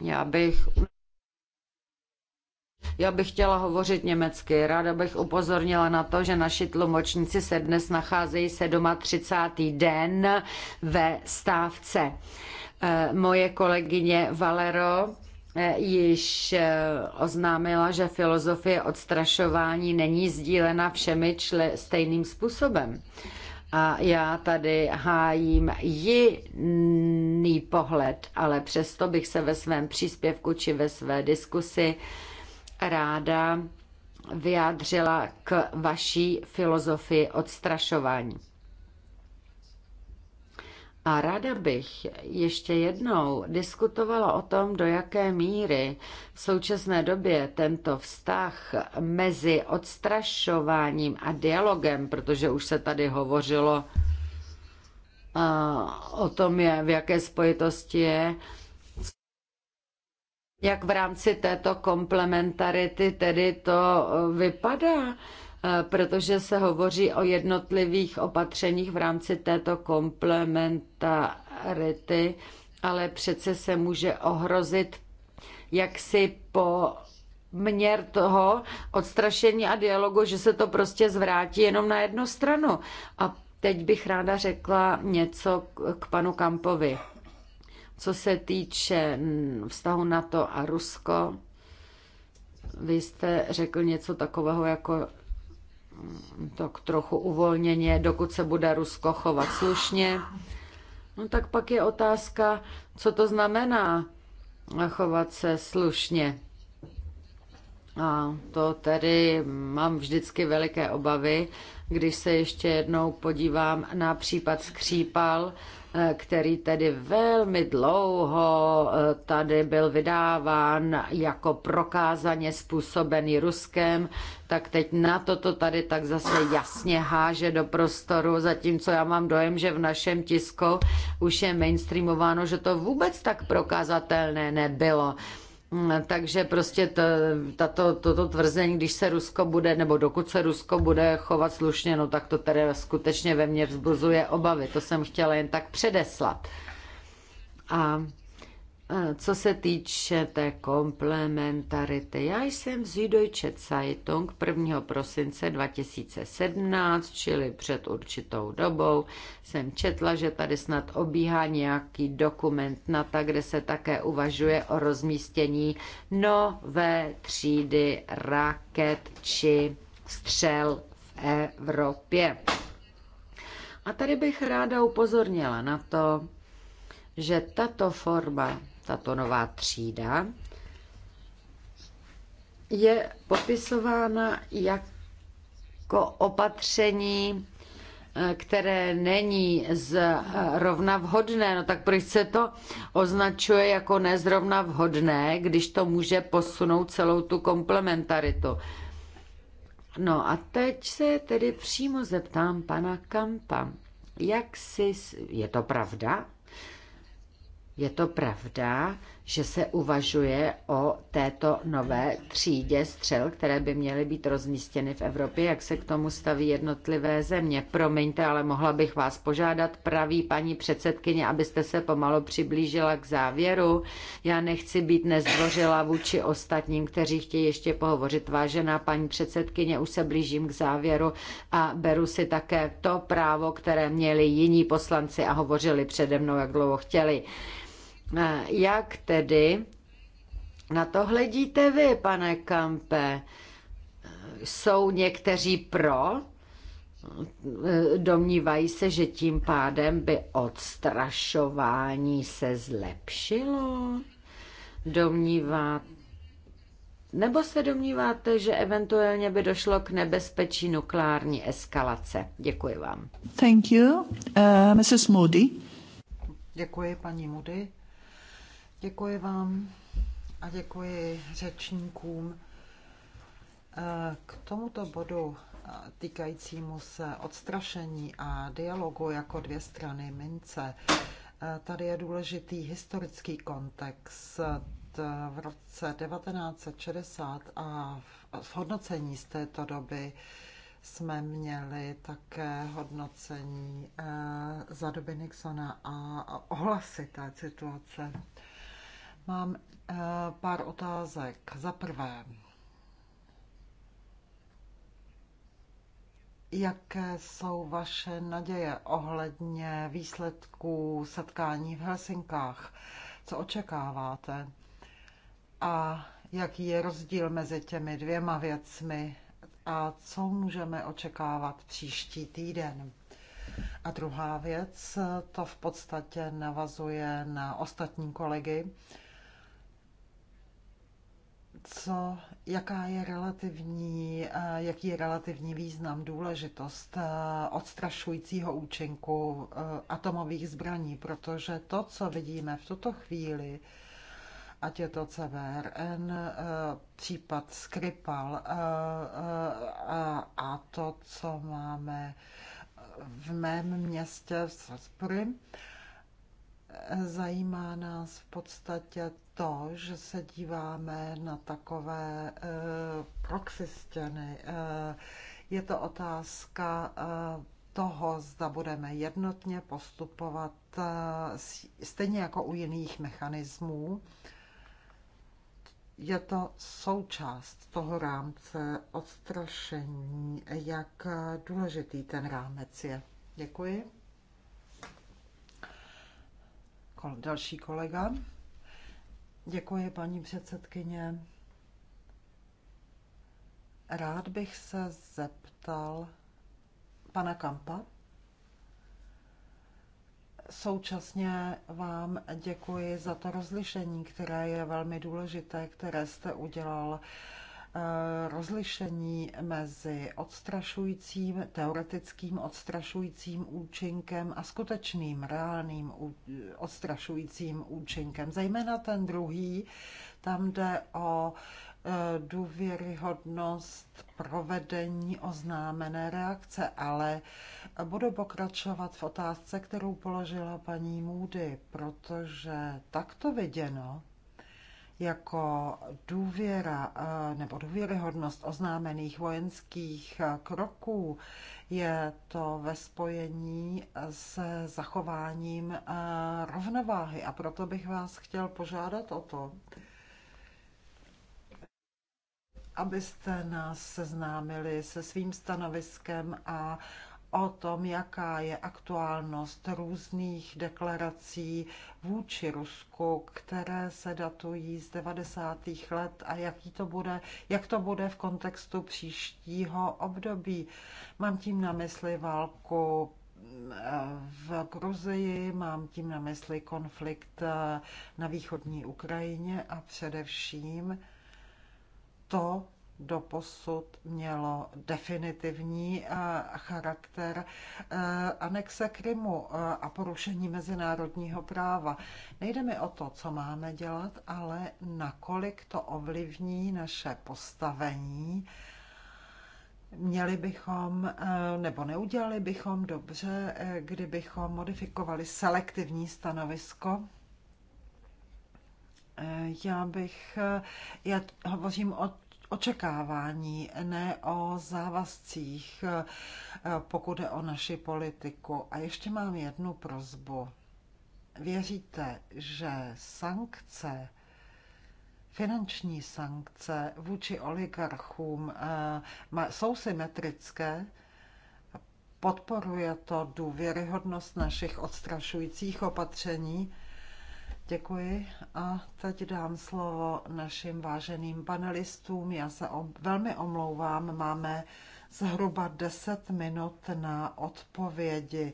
Já bych... Já bych chtěla hovořit německy. Ráda bych upozornila na to, že naši tlumočníci se dnes nacházejí 37. den ve stávce. Eh, moje kolegyně Valero eh, již eh, oznámila, že filozofie odstrašování není sdílena všemi čle stejným způsobem. A já tady hájím jiný pohled, ale přesto bych se ve svém příspěvku či ve své diskusi ráda vyjádřila k vaší filozofii odstrašování. A ráda bych ještě jednou diskutovala o tom, do jaké míry v současné době tento vztah mezi odstrašováním a dialogem, protože už se tady hovořilo o tom, je, v jaké spojitosti je, jak v rámci této komplementarity tedy to eh, vypadá? Eh, protože se hovoří o jednotlivých opatřeních v rámci této komplementarity, ale přece se může ohrozit jaksi po měr toho odstrašení a dialogu, že se to prostě zvrátí jenom na jednu stranu. A teď bych ráda řekla něco k panu Kampovi. Co se týče mm, vztahu NATO a Rusko, vy jste řekl něco takového jako mm, tak trochu uvolněně, dokud se bude Rusko chovat slušně. No tak pak je otázka, co to znamená chovat se slušně. A to tedy mám vždycky veliké obavy, když se ještě jednou podívám na případ Skřípal, který tedy velmi dlouho eh, tady byl vydáván jako prokázaně způsobený Ruskem, tak teď na toto tady tak zase jasně háže do prostoru, zatímco já mám dojem, že v našem tisku už je mainstreamováno, že to vůbec tak prokazatelné nebylo. Takže prostě tato, toto tvrzení, když se Rusko bude, nebo dokud se Rusko bude chovat slušně, no tak to tedy skutečně ve mně vzbuzuje obavy. To jsem chtěla jen tak předeslat. A co se týče té komplementarity, já jsem z Süddeutsche Zeitung 1. prosince 2017, čili před určitou dobou, jsem četla, že tady snad obíhá nějaký dokument na ta, kde se také uvažuje o rozmístění nové třídy raket či střel v Evropě. A tady bych ráda upozornila na to, že tato forma tato nová třída, je popisována jako opatření, eh, které není zrovna eh, vhodné, no tak proč se to označuje jako nezrovna vhodné, když to může posunout celou tu komplementaritu? No a teď se tedy přímo zeptám pana Kampa. Jak si, je to pravda, je to pravda, že se uvažuje o této nové třídě střel, které by měly být rozmístěny v Evropě, jak se k tomu staví jednotlivé země. Promiňte, ale mohla bych vás požádat, praví paní předsedkyně, abyste se pomalu přiblížila k závěru. Já nechci být nezdvořila vůči ostatním, kteří chtějí ještě pohovořit. Vážená paní předsedkyně, už se blížím k závěru a beru si také to právo, které měli jiní poslanci a hovořili přede mnou, jak dlouho chtěli. Jak tedy na to hledíte vy, pane Kampe? Jsou někteří pro? Domnívají se, že tím pádem by odstrašování se zlepšilo? Domníváte? Nebo se domníváte, že eventuálně by došlo k nebezpečí nukleární eskalace? Děkuji vám. Thank you, uh, Mrs. Moody. Děkuji, paní Moody. Děkuji vám a děkuji řečníkům. K tomuto bodu týkajícímu se odstrašení a dialogu jako dvě strany mince, tady je důležitý historický kontext. V roce 1960 a v hodnocení z této doby jsme měli také hodnocení e, za doby Nixona a ohlasy té situace. Mám eh, pár otázek. Za prvé, jaké jsou vaše naděje ohledně výsledků setkání v Helsinkách? Co očekáváte? A jaký je rozdíl mezi těmi dvěma věcmi a co můžeme očekávat příští týden? A druhá věc, to v podstatě navazuje na ostatní kolegy co, jaká je relativní, eh, jaký je relativní význam, důležitost eh, odstrašujícího účinku eh, atomových zbraní, protože to, co vidíme v tuto chvíli, ať je to CVRN, případ Skripal a to, co máme v mém městě v Salzburgu, zajímá nás v podstatě to, že se díváme na takové eh, proxystěny. Eh, je to otázka eh, toho, zda budeme jednotně postupovat stejně jako u jiných mechanismů. Je to součást toho rámce odstrašení, jak důležitý ten rámec je. Děkuji. Jako další kolega. Děkuji, paní předsedkyně. Rád bych se zeptal pana Kampa. Současně vám děkuji za to rozlišení, které je velmi důležité, které jste udělal Eh, rozlišení mezi odstrašujícím, teoretickým odstrašujícím účinkem a skutečným, reálným odstrašujícím účinkem. Zejména ten druhý, tam jde o eh, důvěryhodnost provedení oznámené reakce, ale budu pokračovat v otázce, kterou položila paní Moody, protože takto viděno jako důvěra eh, nebo důvěryhodnost oznámených vojenských eh, kroků, je to ve spojení se zachováním eh, rovnováhy. A proto bych vás chtěl požádat o to, abyste nás seznámili se svým stanoviskem a o tom, jaká je aktuálnost různých deklarací vůči Rusku, které se datují z 90. let a jaký to bude, jak to bude v kontextu příštího období. Mám tím na mysli válku eh, v Gruzii, mám tím na mysli konflikt eh, na východní Ukrajině a především to, doposud mělo definitivní eh, charakter eh, anexe Krymu eh, a porušení mezinárodního práva. Nejde mi o to, co máme dělat, ale nakolik to ovlivní naše postavení. Měli bychom, nebo neudělali bychom dobře, kdybychom modifikovali selektivní stanovisko já bych, já hovořím o očekávání, ne o závazcích, eh, pokud je o naši politiku. A ještě mám jednu prozbu. Věříte, že sankce, finanční sankce vůči oligarchům eh, jsou symetrické? Podporuje to důvěryhodnost našich odstrašujících opatření? Děkuji a teď dám slovo našim váženým panelistům. Já se velmi omlouvám, máme zhruba 10 minut na odpovědi,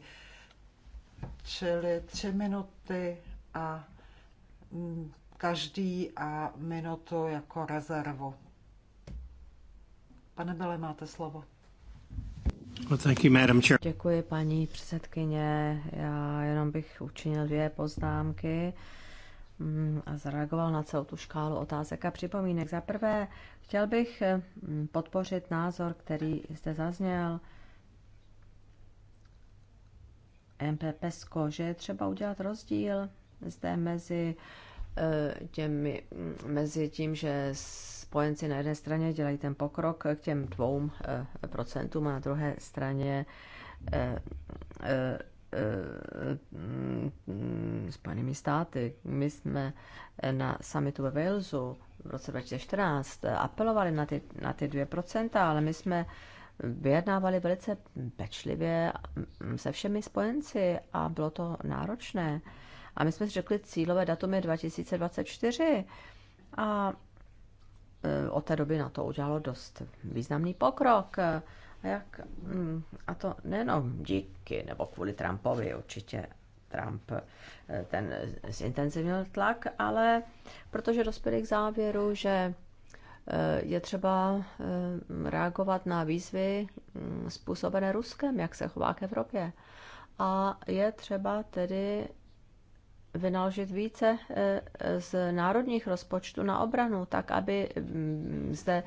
čili 3 minuty a mm, každý a minutu jako rezervu. Pane Bele, máte slovo. Děkuji, paní předsedkyně. Já jenom bych učinil dvě poznámky mm, a zareagoval na celou tu škálu otázek a připomínek. Za prvé, chtěl bych mm, podpořit názor, který zde zazněl, MP Pesko, že je třeba udělat rozdíl zde mezi, eh, těmi, mm, mezi tím, že spojenci na jedné straně dělají ten pokrok k těm dvou eh, procentům a na druhé straně eh, eh, mm, panými státy. My jsme na summitu ve Walesu v roce 2014 apelovali na ty, na ty 2%, ale my jsme vyjednávali velice pečlivě mm, se všemi spojenci a bylo to náročné. A my jsme si řekli, cílové datum je 2024. A Eh, od té doby na to udělalo dost významný pokrok. A, jak, mm, a to nejenom díky nebo kvůli Trumpovi určitě, Trump eh, ten zintenzivnil tlak, ale protože dospěli k závěru, že eh, je třeba reagovat na výzvy mm, způsobené Ruskem, jak se chová k Evropě. A je třeba tedy vynaložit více eh, z národních rozpočtů na obranu, tak aby mm, zde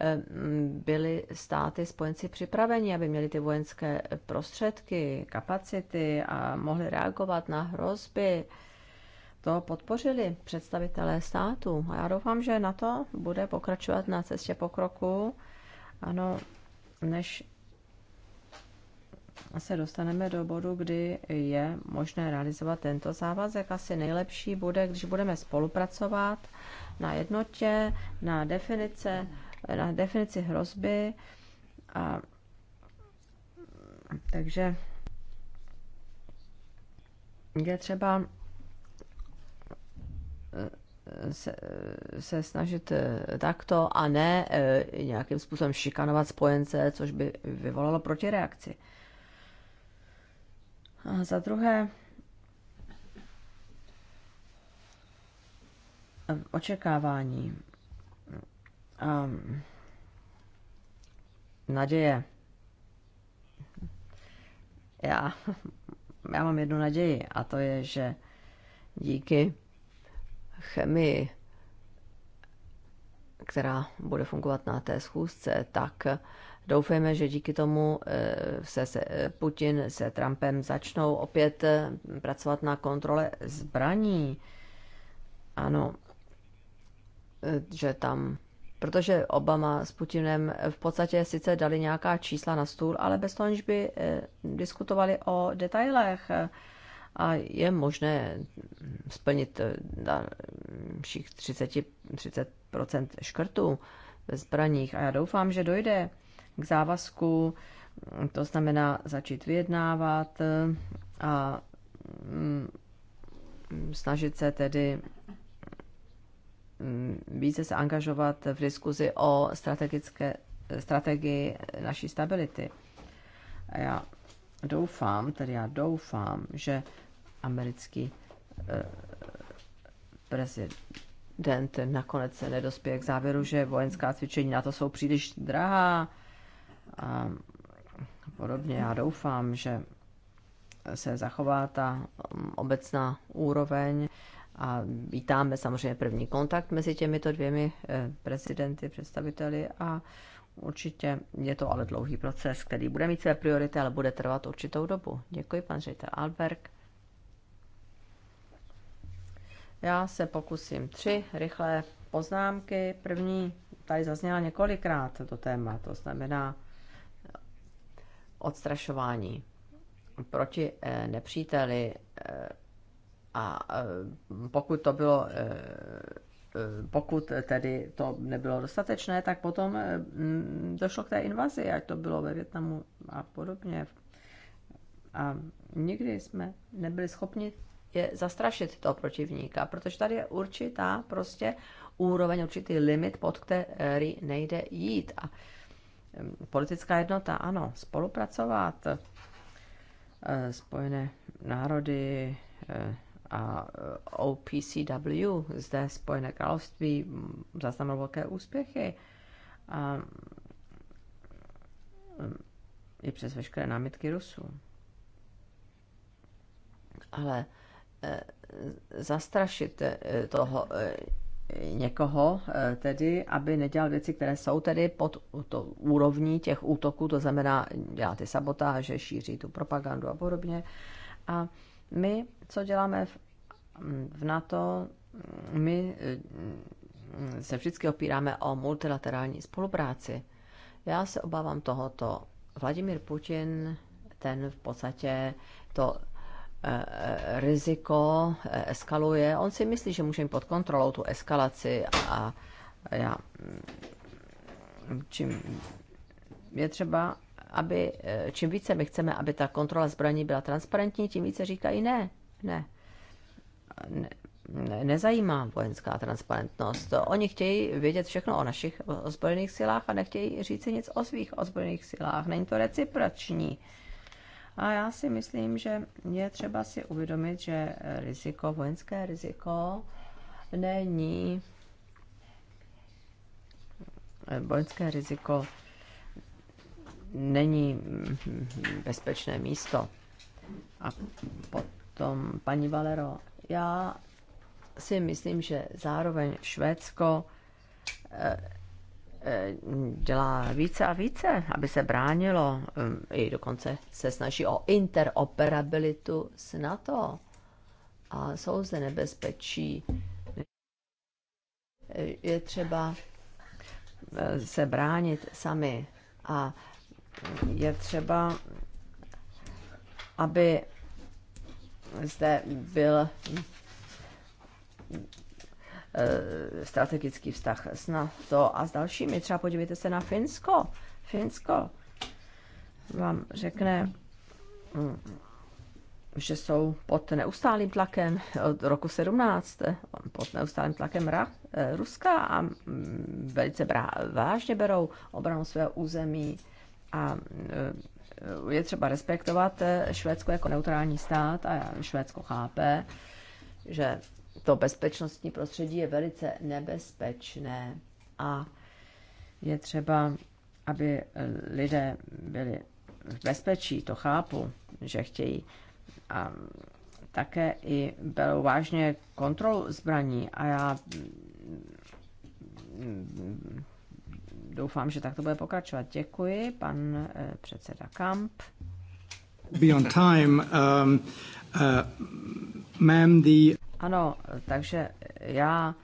eh, mm, byly státy spojenci připraveni, aby měli ty vojenské prostředky, kapacity a mohli reagovat na hrozby. To podpořili představitelé státu a já doufám, že na to bude pokračovat na cestě pokroku. Ano, než se dostaneme do bodu, kdy je možné realizovat tento závazek. Asi nejlepší bude, když budeme spolupracovat na jednotě, na, definice, na definici hrozby. A, takže je třeba eh, se, se snažit eh, takto a ne eh, nějakým způsobem šikanovat spojence, což by vyvolalo protireakci. reakci. A za druhé, očekávání a naděje. Já, já mám jednu naději a to je, že díky chemii, která bude fungovat na té schůzce, tak Doufejme, že díky tomu eh, se, se eh, Putin se Trumpem začnou opět eh, pracovat na kontrole zbraní. Ano, že tam protože Obama s Putinem v podstatě sice dali nějaká čísla na stůl, ale bez toho, by diskutovali o detailech. A je možné splnit dalších 30, 30% škrtů ve zbraních. A já doufám, že dojde k závazku, to znamená začít vyjednávat a mm, snažit se tedy mm, více se angažovat v diskuzi o strategické, strategii naší stability. A já doufám, tedy já doufám, že americký eh, prezident nakonec se nedospěje k závěru, že vojenská cvičení na to jsou příliš drahá a podobně. Já doufám, že se zachová ta mm, obecná úroveň a vítáme samozřejmě první kontakt mezi těmito dvěmi eh, prezidenty, představiteli a určitě je to ale dlouhý proces, který bude mít své priority, ale bude trvat určitou dobu. Děkuji, pan ředitel Alberg. Já se pokusím tři rychlé poznámky. První tady zazněla několikrát to téma, to znamená odstrašování proti eh, nepříteli eh, a eh, pokud to bylo pokud tedy to nebylo dostatečné, tak potom mm, došlo k té invazi, ať to bylo ve Větnamu a podobně. A nikdy jsme nebyli schopni je zastrašit toho protivníka, protože tady je určitá prostě úroveň, určitý limit, pod který nejde jít. A politická jednota, ano, spolupracovat. Eh, Spojené národy eh, a eh, OPCW, zde Spojené království, mm, zaznamenalo velké úspěchy. A mm, i přes veškeré námitky Rusů. Ale zastrašit toho někoho eh, tedy, aby nedělal věci, které jsou tedy pod to úrovní těch útoků, to znamená dělá ty sabotáže, šíří tu propagandu a podobně. A my, co děláme v, v NATO, my eh, se vždycky opíráme o multilaterální spolupráci. Já se obávám tohoto. Vladimír Putin, ten v podstatě to Eh, eh, riziko eh, eskaluje. On si myslí, že může mít pod kontrolou tu eskalaci a já, mm, čím je třeba, aby, čím více my chceme, aby ta kontrola zbraní byla transparentní, tím více říkají ne, ne, ne nezajímá vojenská transparentnost. Oni chtějí vědět všechno o našich ozbrojených silách a nechtějí říci nic o svých ozbrojených silách. Není to reciproční. A já si myslím, že je třeba si uvědomit, že riziko, vojenské riziko není vojenské riziko není bezpečné místo. A potom, paní Valero, já si myslím, že zároveň Švédsko eh, Eh, dělá více a více, aby se bránilo, eh, i dokonce se snaží o interoperabilitu s NATO. A jsou zde nebezpečí. Eh, je třeba se bránit sami a je třeba, aby zde byl Eh, strategický vztah s NATO a s dalšími. Třeba podívejte se na Finsko. Finsko vám řekne, mm, že jsou pod neustálým tlakem od roku 17, pod neustálým tlakem Ra, eh, Ruska a mm, velice brá, vážně berou obranu svého území a eh, je třeba respektovat Švédsko jako neutrální stát a Švédsko chápe, že to bezpečnostní prostředí je velice nebezpečné a je třeba, aby lidé byli v bezpečí, to chápu, že chtějí. A také i berou vážně kontrolu zbraní a já mm, doufám, že tak to bude pokračovat. Děkuji, pan eh, předseda Kamp. Be on time. Um, uh, ma'am, the... Ano, takže já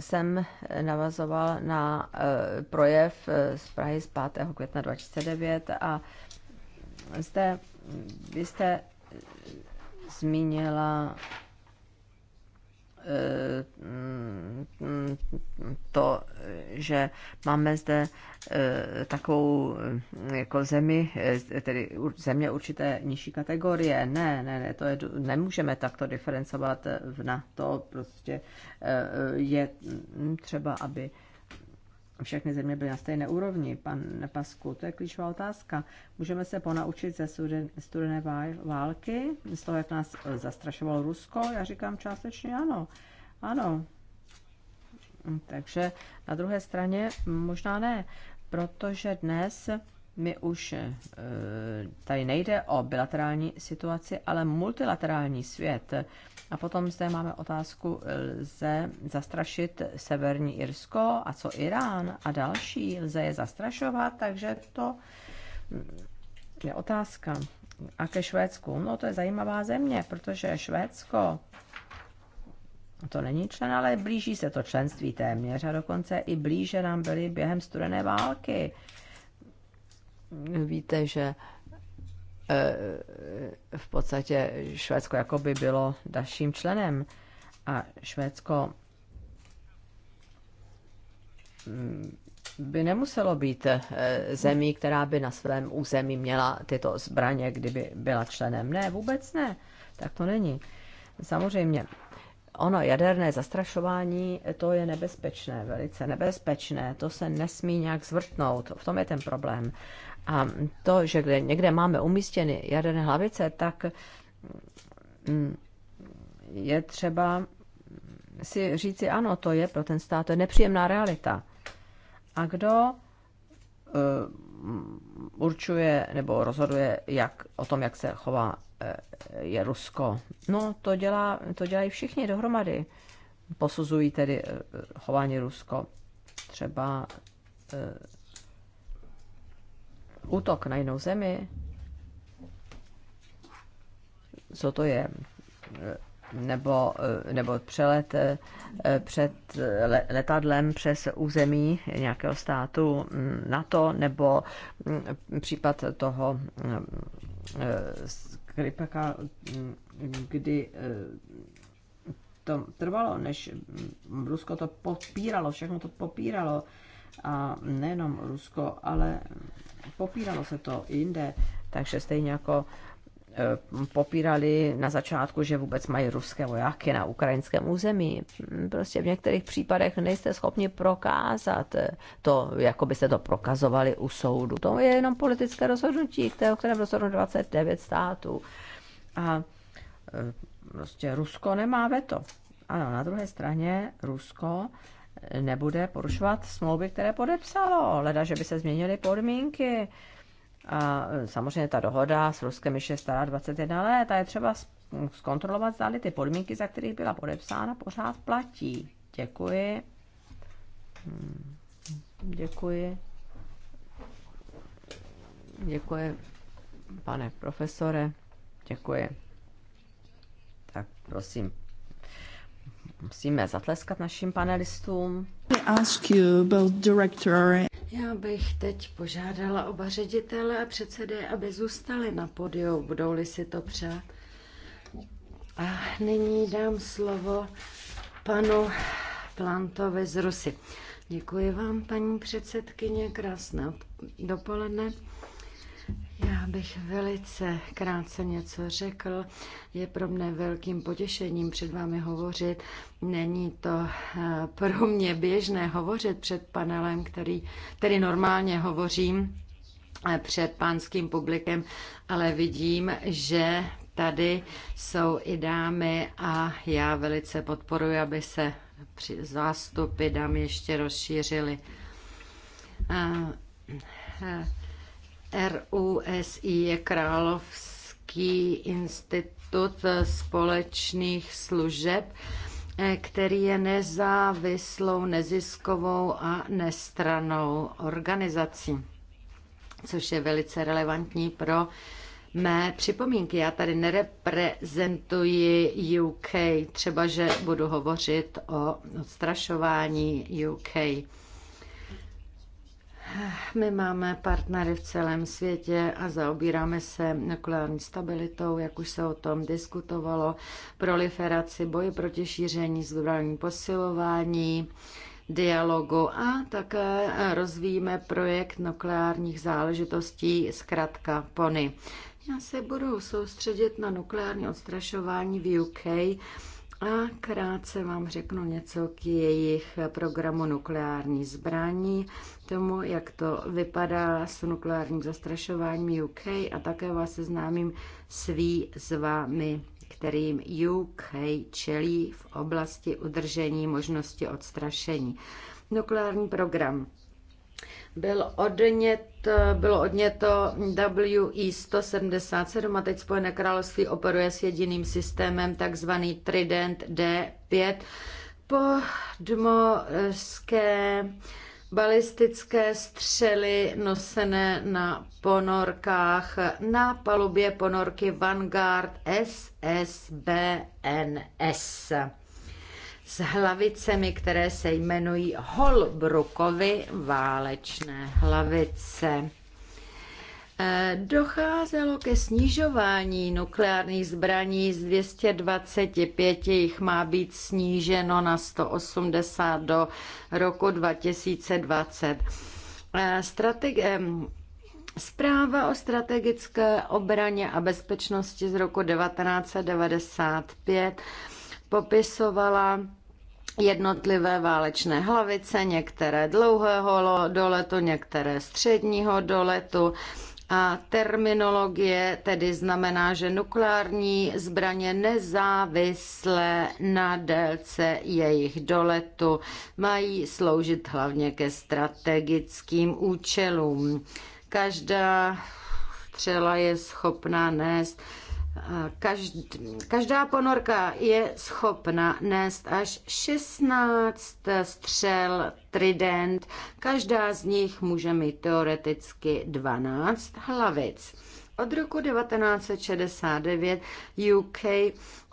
jsem navazoval na e, projev e, z Prahy z 5. května 2009 a zde byste jste e, zmínila to, že máme zde e, takovou e, jako zemi, e, tedy země určité nižší kategorie. Ne, ne, ne, to je, nemůžeme takto diferencovat v NATO. Prostě je třeba, aby všechny země byly na stejné úrovni. Pan Nepasku, to je klíčová otázka. Můžeme se ponaučit ze studené války, z toho, jak nás eh, zastrašovalo Rusko? Já říkám částečně ano. Ano. Takže na druhé straně možná ne, protože dnes my už eh, tady nejde o bilaterální situaci, ale multilaterální svět. A potom zde máme otázku, eh, lze zastrašit Severní Irsko a co Irán a další, lze je zastrašovat, takže to mm, je otázka. A ke Švédsku, no to je zajímavá země, protože Švédsko to není člen, ale blíží se to členství téměř a dokonce i blíže nám byli během studené války víte, že e, v podstatě Švédsko jako by bylo dalším členem a Švédsko mm, by nemuselo být e, zemí, která by na svém území měla tyto zbraně, kdyby byla členem. Ne, vůbec ne. Tak to není. Samozřejmě, ono jaderné zastrašování, to je nebezpečné, velice nebezpečné. To se nesmí nějak zvrtnout. V tom je ten problém. A to, že kde, někde máme umístěny jaderné hlavice, tak mm, je třeba si říci, ano, to je pro ten stát, to je nepříjemná realita. A kdo eh, určuje nebo rozhoduje jak, o tom, jak se chová eh, je Rusko. No, to, dělá, to dělají všichni dohromady. Posuzují tedy eh, chování Rusko. Třeba útok na jinou zemi, co to je, nebo, nebo přelet před letadlem přes území nějakého státu NATO, nebo případ toho Skripaka, kdy to trvalo, než Rusko to popíralo, všechno to popíralo. A nejenom Rusko, ale popíralo se to i jinde, takže stejně jako eh, popírali na začátku, že vůbec mají ruské vojáky na ukrajinském území. Prostě v některých případech nejste schopni prokázat eh, to, jako byste to prokazovali u soudu. To je jenom politické rozhodnutí, které, o kterém 29 států. A eh, prostě Rusko nemá veto. Ano, na druhé straně Rusko nebude porušovat smlouvy, které podepsalo, leda, že by se změnily podmínky. A e, samozřejmě ta dohoda s Ruskem ještě stará 21 let a je třeba zkontrolovat, zda ty podmínky, za kterých byla podepsána, pořád platí. Děkuji. Hmm, děkuji. Děkuji, pane profesore. Děkuji. Tak prosím, Musíme zatleskat našim panelistům. Já bych teď požádala oba ředitele a předsedy, aby zůstali na podiu, budou-li si to přát. A nyní dám slovo panu Plantovi z Rusy. Děkuji vám, paní předsedkyně, krásné dopoledne. Já bych velice krátce něco řekl. Je pro mne velkým potěšením před vámi hovořit. Není to eh, pro mě běžné hovořit před panelem, který, který normálně hovořím eh, před pánským publikem, ale vidím, že tady jsou i dámy a já velice podporuji, aby se při zástupy dám ještě rozšířily. Eh, RUSI je Královský institut společných služeb, který je nezávislou, neziskovou a nestranou organizací, což je velice relevantní pro mé připomínky. Já tady nereprezentuji UK, třeba že budu hovořit o odstrašování UK. My máme partnery v celém světě a zaobíráme se nukleární stabilitou, jak už se o tom diskutovalo, proliferaci, boji proti šíření zbraní, posilování, dialogu a také rozvíjíme projekt nukleárních záležitostí, zkrátka PONY. Já se budu soustředit na nukleární odstrašování v UK a krátce vám řeknu něco k jejich programu nukleární zbraní tomu, jak to vypadá s nukleárním zastrašováním UK a také vás seznámím s výzvami, kterým UK čelí v oblasti udržení možnosti odstrašení. Nukleární program byl odnět, bylo odněto WE 177 a teď Spojené království operuje s jediným systémem, takzvaný Trident D5 po podmořské balistické střely nosené na ponorkách na palubě ponorky Vanguard SSBNS s hlavicemi, které se jmenují Holbrookovy válečné hlavice. Eh, docházelo ke snižování nukleárních zbraní z 225, jich má být sníženo na 180 do roku 2020. Eh, Strategie Zpráva o strategické obraně a bezpečnosti z roku 1995 popisovala jednotlivé válečné hlavice, některé dlouhého doletu, některé středního doletu a terminologie tedy znamená, že nukleární zbraně nezávisle na délce jejich doletu mají sloužit hlavně ke strategickým účelům. Každá střela je schopná nést Každá ponorka je schopna nést až 16 střel trident. Každá z nich může mít teoreticky 12 hlavic. Od roku 1969 UK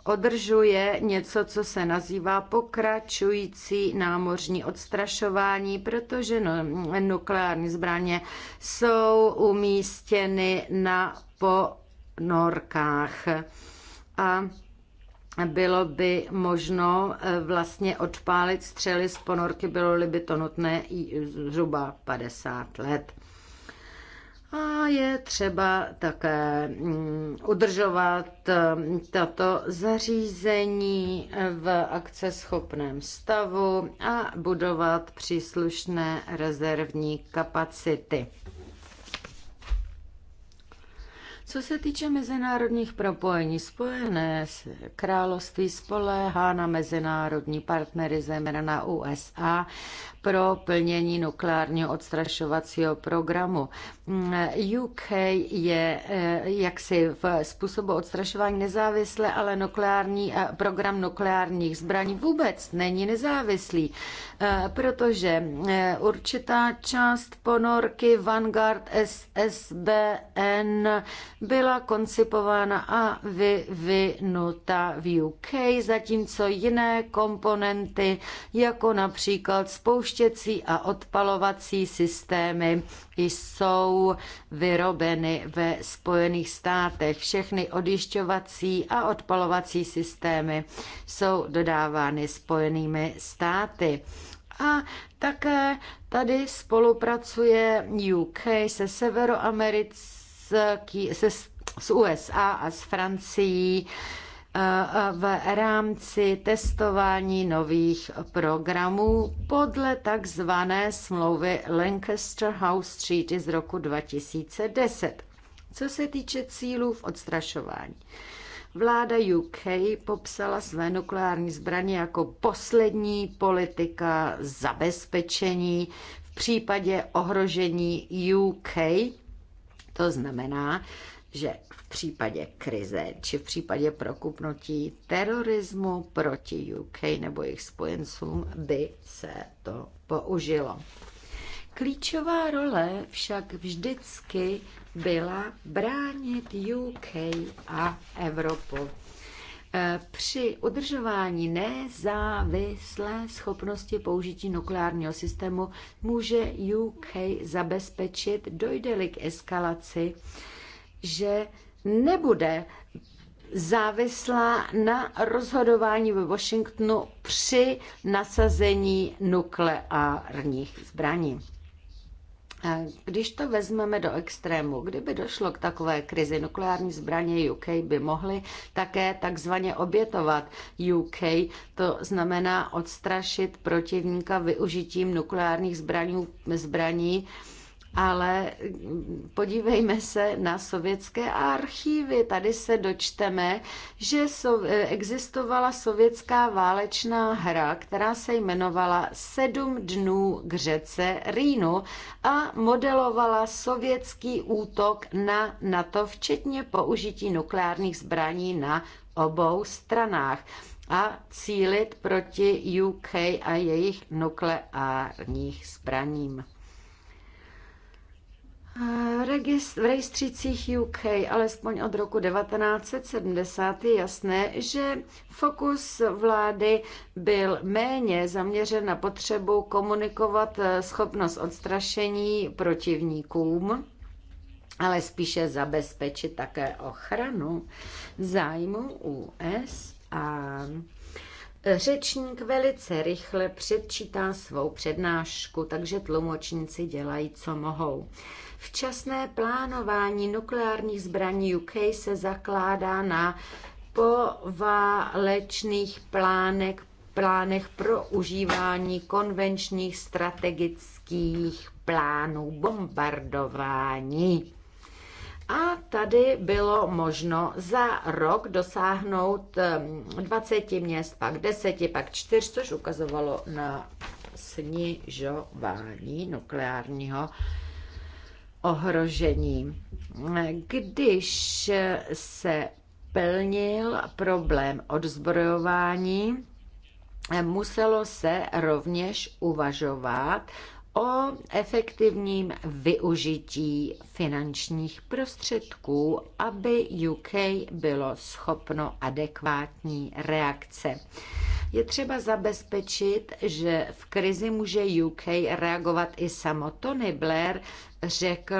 održuje něco, co se nazývá pokračující námořní odstrašování, protože no- nukleární zbraně jsou umístěny na po norkách. A bylo by možno eh, vlastně odpálit střely z ponorky, bylo by to nutné i zhruba 50 let. A je třeba také mm, udržovat eh, tato zařízení eh, v akceschopném stavu a budovat příslušné rezervní kapacity. Co se týče mezinárodních propojení, Spojené království spoléhá na mezinárodní partnery, zejména na USA, pro plnění nukleárního odstrašovacího programu. Mm, UK je eh, jaksi v způsobu odstrašování nezávislé, ale nukleární, eh, program nukleárních zbraní vůbec není nezávislý, eh, protože určitá část ponorky Vanguard SSBN byla koncipována a vyvinuta v UK, zatímco jiné komponenty, jako například spouštění spouštěcí a odpalovací systémy jsou vyrobeny ve Spojených státech. Všechny odjišťovací a odpalovací systémy jsou dodávány Spojenými státy. A také tady spolupracuje UK se Severoamerický, se, s USA a s Francií v rámci testování nových programů podle takzvané smlouvy Lancaster House Treaty z roku 2010. Co se týče cílů v odstrašování, vláda UK popsala své nukleární zbraně jako poslední politika zabezpečení v případě ohrožení UK. To znamená, že v případě krize či v případě prokupnutí terorismu proti UK nebo jejich spojencům by se to použilo. Klíčová role však vždycky byla bránit UK a Evropu e, při udržování nezávislé schopnosti použití nukleárního systému může UK zabezpečit, dojde-li k eskalaci že nebude závislá na rozhodování ve Washingtonu při nasazení nukleárních zbraní. Když to vezmeme do extrému, kdyby došlo k takové krizi nukleární zbraně UK by mohly také takzvaně obětovat UK, to znamená odstrašit protivníka využitím nukleárních zbraní, zbraní ale mm, podívejme se na sovětské archívy. Tady se dočteme, že eh, existovala sovětská válečná hra, která se jmenovala Sedm dnů k řece Rýnu a modelovala sovětský útok na NATO, včetně použití nukleárních zbraní na obou stranách a cílit proti UK a jejich nukleárních zbraním. Eh, v rejstřících UK, alespoň od roku 1970, je jasné, že fokus vlády byl méně zaměřen na potřebu komunikovat eh, schopnost odstrašení protivníkům, ale spíše zabezpečit také ochranu zájmu USA. Řečník velice rychle předčítá svou přednášku, takže tlumočníci dělají, co mohou. Včasné plánování nukleárních zbraní UK se zakládá na poválečných plánek, plánech pro užívání konvenčních strategických plánů bombardování. A tady bylo možno za rok dosáhnout 20 ehm, měst, pak 10, pak 4, což ukazovalo na snižování nukleárního ohrožení. Když se plnil problém odzbrojování, muselo se rovněž uvažovat o efektivním využití finančních prostředků, aby UK bylo schopno adekvátní reakce. Je třeba zabezpečit, že v krizi může UK reagovat i samo. Tony Blair řekl,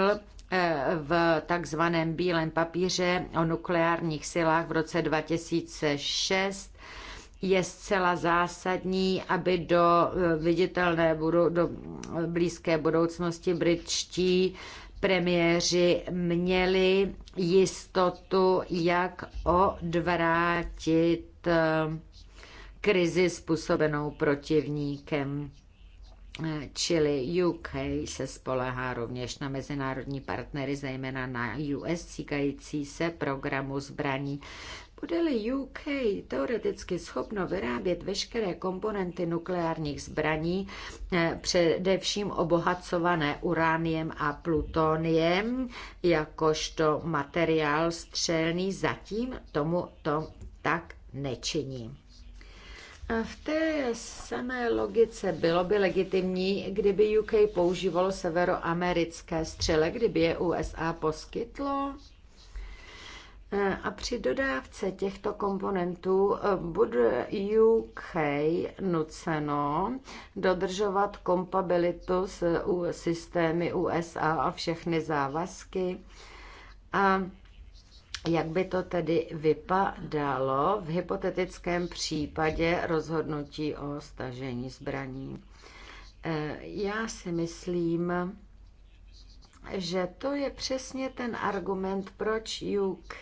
eh, v takzvaném bílém papíře o nukleárních silách v roce 2006 je zcela zásadní, aby do eh, viditelné budu, do eh, blízké budoucnosti britští premiéři měli jistotu, jak odvrátit krizi způsobenou protivníkem. Eh, čili UK se spolehá rovněž na mezinárodní partnery, zejména na US cíkající se programu zbraní. Bude-li UK teoreticky schopno vyrábět veškeré komponenty nukleárních zbraní, eh, především obohacované urániem a plutoniem, jakožto materiál střelný, zatím tomu to tak nečiní. V té samé logice bylo by legitimní, kdyby UK používalo severoamerické střele, kdyby je USA poskytlo. E, a při dodávce těchto komponentů e, bude UK nuceno dodržovat kompabilitu s systémy USA a všechny závazky. A jak by to tedy vypadalo v hypotetickém případě rozhodnutí o stažení zbraní? Eh, já si myslím, že to je přesně ten argument, proč UK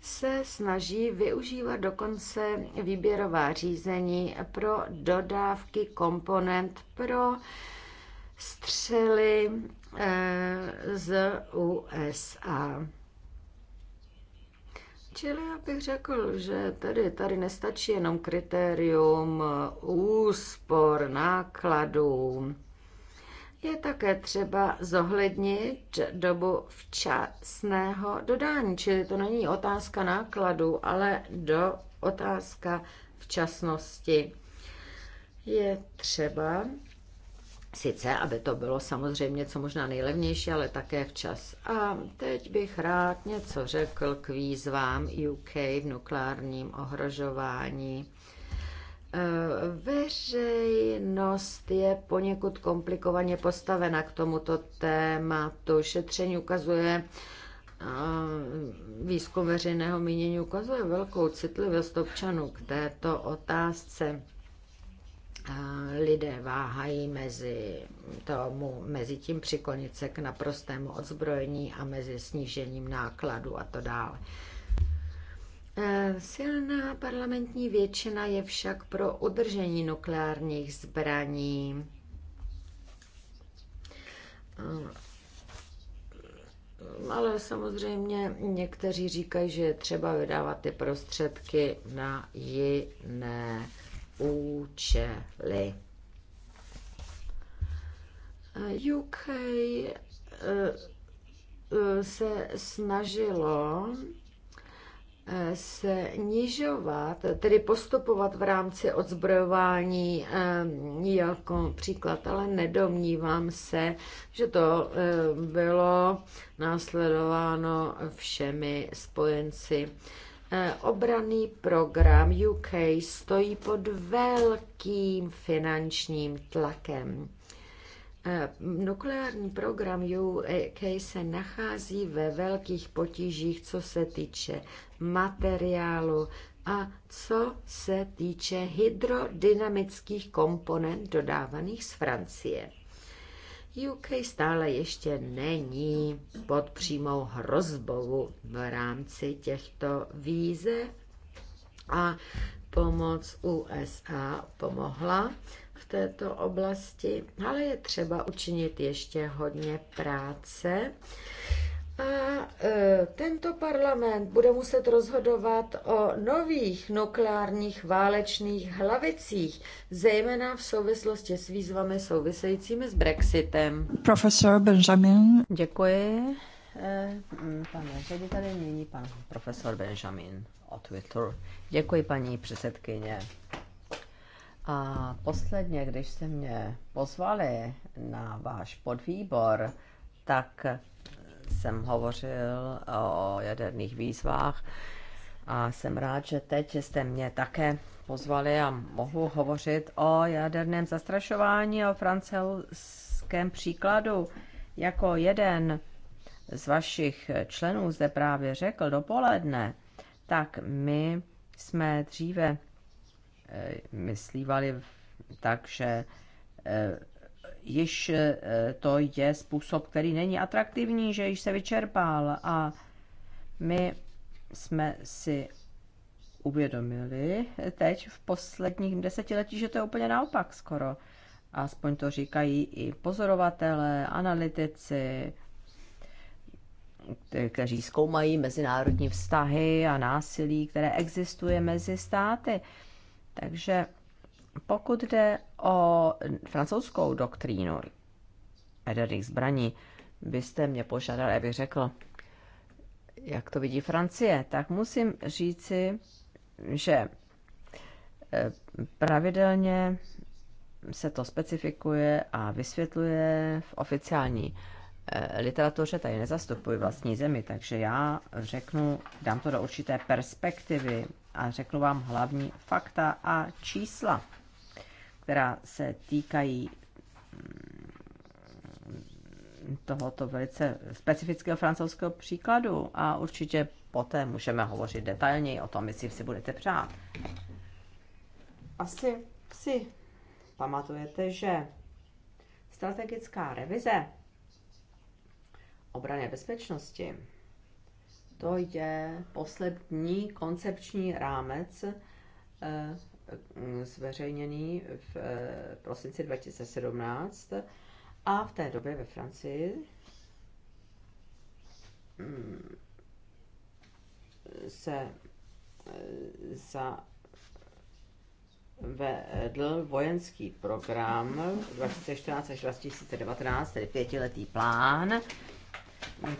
se snaží využívat dokonce výběrová řízení pro dodávky komponent pro střely eh, z USA. Čili já bych řekl, že tady, tady nestačí jenom kritérium úspor nákladů. Je také třeba zohlednit dobu včasného dodání, čili to není otázka nákladů, ale do otázka včasnosti. Je třeba Sice, aby to bylo samozřejmě co možná nejlevnější, ale také včas. A teď bych rád něco řekl k výzvám UK v nukleárním ohrožování. E, veřejnost je poněkud komplikovaně postavena k tomuto tématu. Šetření ukazuje, e, výzkum veřejného mínění ukazuje velkou citlivost občanů k této otázce lidé váhají mezi, tomu, mezi tím přiklonit se k naprostému odzbrojení a mezi snížením nákladu a to dále. E, silná parlamentní většina je však pro udržení nukleárních zbraní. E, ale samozřejmě někteří říkají, že je třeba vydávat ty prostředky na jiné účely. UK eh, eh, se snažilo eh, snižovat, tedy postupovat v rámci odzbrojování jako příklad, ale nedomnívám se, že to bylo následováno všemi spojenci Eh, Obraný program UK stojí pod velkým finančním tlakem. Eh, nukleární program UK se nachází ve velkých potížích, co se týče materiálu a co se týče hydrodynamických komponent dodávaných z Francie. UK stále ještě není pod přímou hrozbou v rámci těchto víze a pomoc USA pomohla v této oblasti, ale je třeba učinit ještě hodně práce a e, tento parlament bude muset rozhodovat o nových nukleárních válečných hlavicích, zejména v souvislosti s výzvami souvisejícími s Brexitem. Profesor Benjamin. Děkuji. E, Pane řediteli, nyní pan profesor Benjamin o Twitteru. Děkuji, paní předsedkyně. A posledně, když jste mě pozvali na váš podvýbor, tak jsem hovořil o jaderných výzvách a jsem rád, že teď jste mě také pozvali a mohu hovořit o jaderném zastrašování, o francouzském příkladu. Jako jeden z vašich členů zde právě řekl dopoledne, tak my jsme dříve eh, myslívali tak, že eh, již eh, to je způsob, který není atraktivní, že již se vyčerpal a my jsme si uvědomili teď v posledních desetiletí, že to je úplně naopak skoro. Aspoň to říkají i pozorovatelé, analytici, kteří zkoumají mezinárodní vztahy a násilí, které existuje mezi státy. Takže pokud jde o francouzskou doktrínu jaderných zbraní, byste mě požádal, abych řekl, jak to vidí Francie, tak musím říci, že e, pravidelně se to specifikuje a vysvětluje v oficiální e, literatuře, tady nezastupuji vlastní zemi, takže já řeknu, dám to do určité perspektivy a řeknu vám hlavní fakta a čísla která se týkají mm, tohoto velice specifického francouzského příkladu a určitě poté můžeme hovořit detailněji o tom, jestli si budete přát. Asi si pamatujete, že strategická revize obrany a bezpečnosti to je poslední koncepční rámec eh, Eh, zveřejněný v eh, prosinci 2017 a v té době ve Francii mm, se eh, za vedl vojenský program 2014 až 2019, tedy pětiletý plán,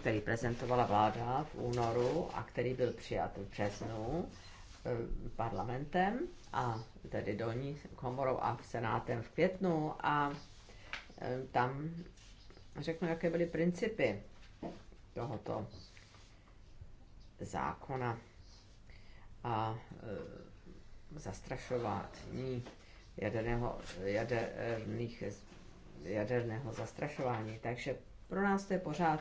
který prezentovala vláda v únoru a který byl přijat v březnu. Eh, parlamentem a tedy dolní komorou a senátem v květnu a eh, tam řeknu, jaké byly principy tohoto zákona a eh, zastrašování jaderného, jaderných, jaderného zastrašování. Takže pro nás to je pořád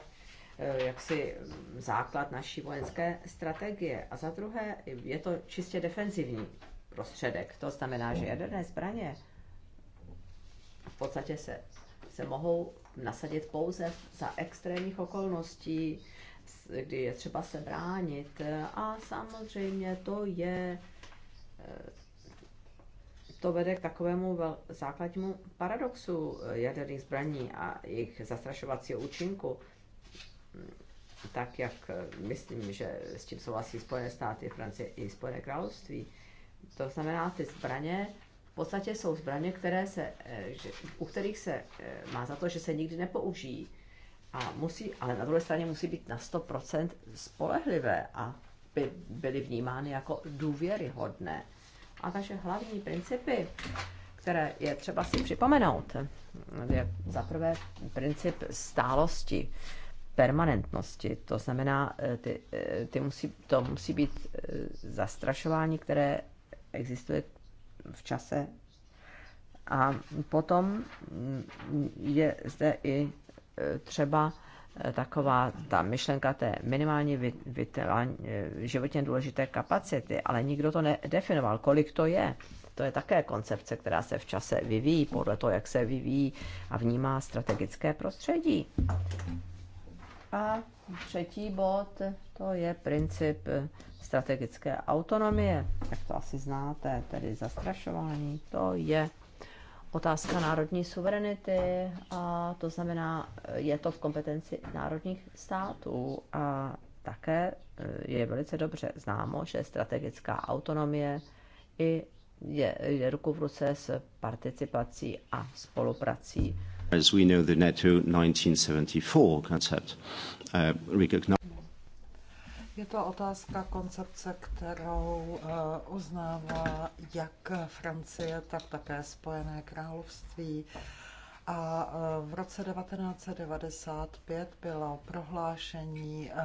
Eh, jaksi základ naší vojenské strategie. A za druhé, je to čistě defenzivní prostředek. To znamená, že jaderné zbraně v podstatě se, se mohou nasadit pouze za extrémních okolností, kdy je třeba se bránit. A samozřejmě to je eh, to vede k takovému vel- základnímu paradoxu eh, jaderných zbraní a jejich zastrašovacího účinku tak jak eh, myslím, že s tím souhlasí Spojené státy, Francie i Spojené království. To znamená, ty zbraně v podstatě jsou zbraně, které se, eh, že, u kterých se eh, má za to, že se nikdy nepoužijí. A musí, ale na druhé straně musí být na 100% spolehlivé a by byly vnímány jako důvěryhodné. A takže hlavní principy, které je třeba si připomenout, je za prvé princip stálosti permanentnosti. To znamená, eh, ty, eh, ty musí, to musí být eh, zastrašování, které existuje v čase. A potom mm, je zde i třeba taková ta myšlenka té minimální vytelání, životně důležité kapacity, ale nikdo to nedefinoval, kolik to je. To je také koncepce, která se v čase vyvíjí podle toho, jak se vyvíjí a vnímá strategické prostředí. A třetí bod, to je princip strategické autonomie, jak to asi znáte, tedy zastrašování. To je otázka národní suverenity a to znamená, je to v kompetenci národních států a také eh, je velice dobře známo, že strategická autonomie i je, jde ruku v ruce s participací a spoluprací as we know the NATO e 1974 concept. Uh, je to otázka koncepce, kterou uh, uznává jak Francie, tak také Spojené království. A uh, v roce 1995 bylo prohlášení uh,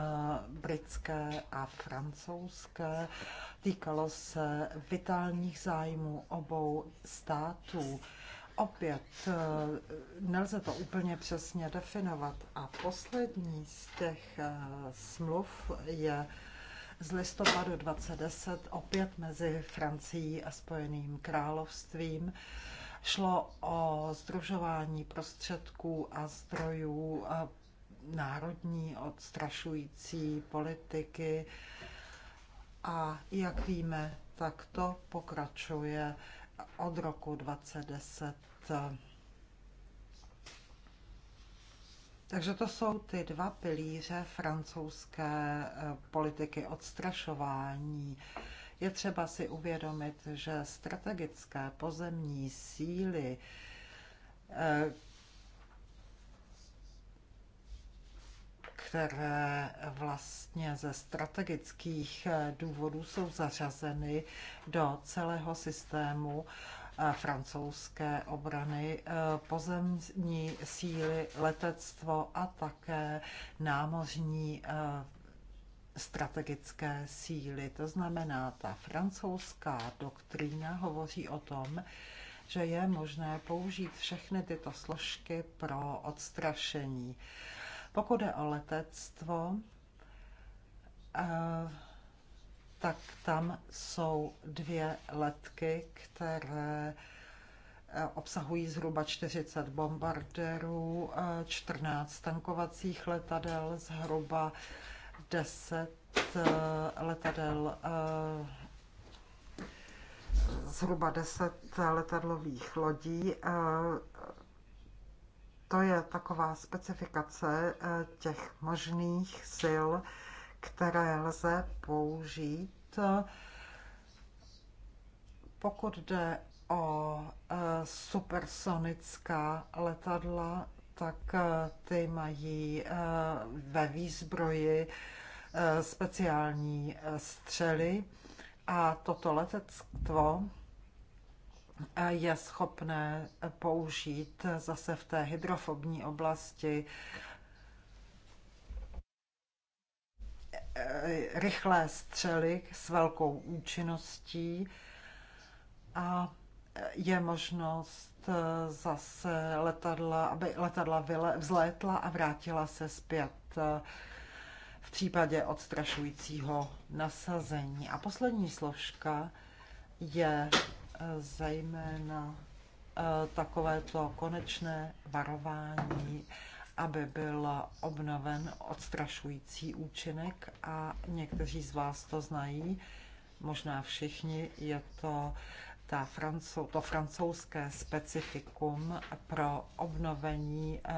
britské a francouzské. Týkalo se vitálních zájmů obou států opět eh, nelze to úplně přesně definovat. A poslední z těch eh, smluv je z listopadu 2010 opět mezi Francií a Spojeným královstvím. Šlo o združování prostředků a zdrojů a národní odstrašující politiky. A jak víme, tak to pokračuje od roku 2010 takže to jsou ty dva pilíře francouzské e, politiky odstrašování. Je třeba si uvědomit, že strategické pozemní síly, e, které vlastně ze strategických e, důvodů jsou zařazeny do celého systému francouzské obrany, eh, pozemní síly, letectvo a také námořní eh, strategické síly. To znamená, ta francouzská doktrína hovoří o tom, že je možné použít všechny tyto složky pro odstrašení. Pokud je o letectvo, eh, tak tam jsou dvě letky, které eh, obsahují zhruba 40 bombardérů, 14 eh, tankovacích letadel, zhruba 10 eh, letadel zhruba 10 letadlových lodí. To je taková specifikace těch možných sil, které lze použít. Pokud jde o eh, supersonická letadla, tak eh, ty mají eh, ve výzbroji speciální střely a toto letectvo je schopné použít zase v té hydrofobní oblasti Eh, rychlé střely s velkou účinností a je možnost eh, zase letadla, aby letadla vzlétla a vrátila se zpět eh, v případě odstrašujícího nasazení. A poslední složka je zejména takovéto konečné varování aby byl obnoven odstrašující účinek a někteří z vás to znají, možná všichni, je to ta francou, to francouzské specifikum pro obnovení eh,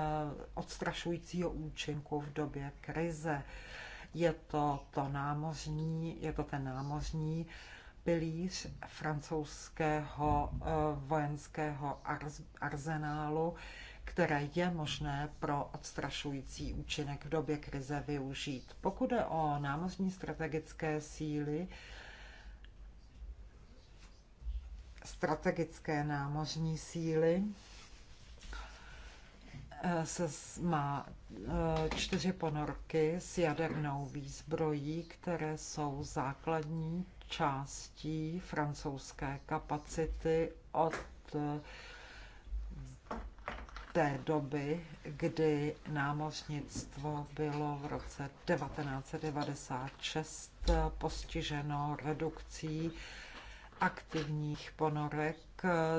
odstrašujícího účinku v době krize. Je to, to námořní, je to ten námořní pilíř francouzského eh, vojenského arzenálu, které je možné pro odstrašující účinek v době krize využít. Pokud je o námořní strategické síly, strategické námořní síly, eh, se má eh, čtyři ponorky s jadernou výzbrojí, které jsou základní částí francouzské kapacity od eh, té doby, kdy námořnictvo bylo v roce 1996 postiženo redukcí aktivních ponorek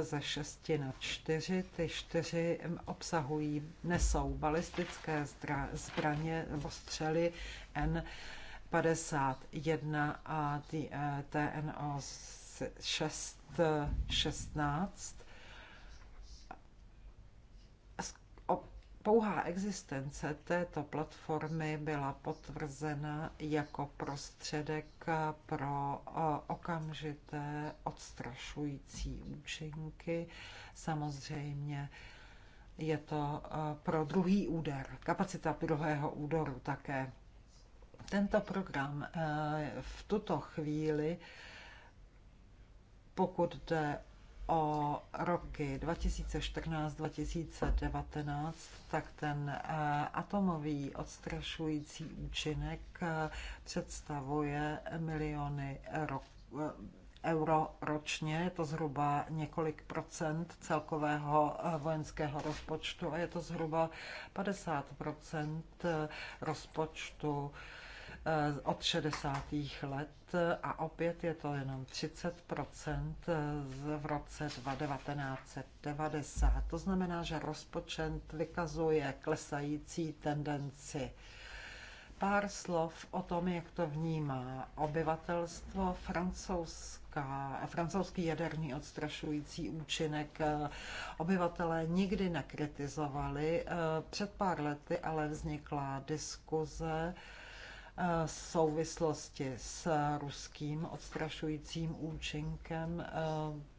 ze 6 na 4. Ty 4 obsahují, nesou balistické zbraně, ostřely N 51 a TNO 616 pouhá existence této platformy byla potvrzena jako prostředek pro eh, okamžité odstrašující účinky. Samozřejmě je to eh, pro druhý úder, kapacita druhého úderu také. Tento program eh, v tuto chvíli, pokud jde o roky 2014-2019, tak ten eh, atomový odstrašující účinek eh, představuje miliony ro- eh, euro ročně, je to zhruba několik procent celkového vojenského rozpočtu a je to zhruba 50 rozpočtu Eh, od 60. let a opět je to jenom 30 eh, v roce 1990. To znamená, že rozpočet vykazuje klesající tendenci. Pár slov o tom, jak to vnímá obyvatelstvo francouzská, francouzský jaderný odstrašující účinek. Eh, obyvatelé nikdy nekritizovali. Před pár lety ale vznikla diskuze, souvislosti s ruským odstrašujícím účinkem eh,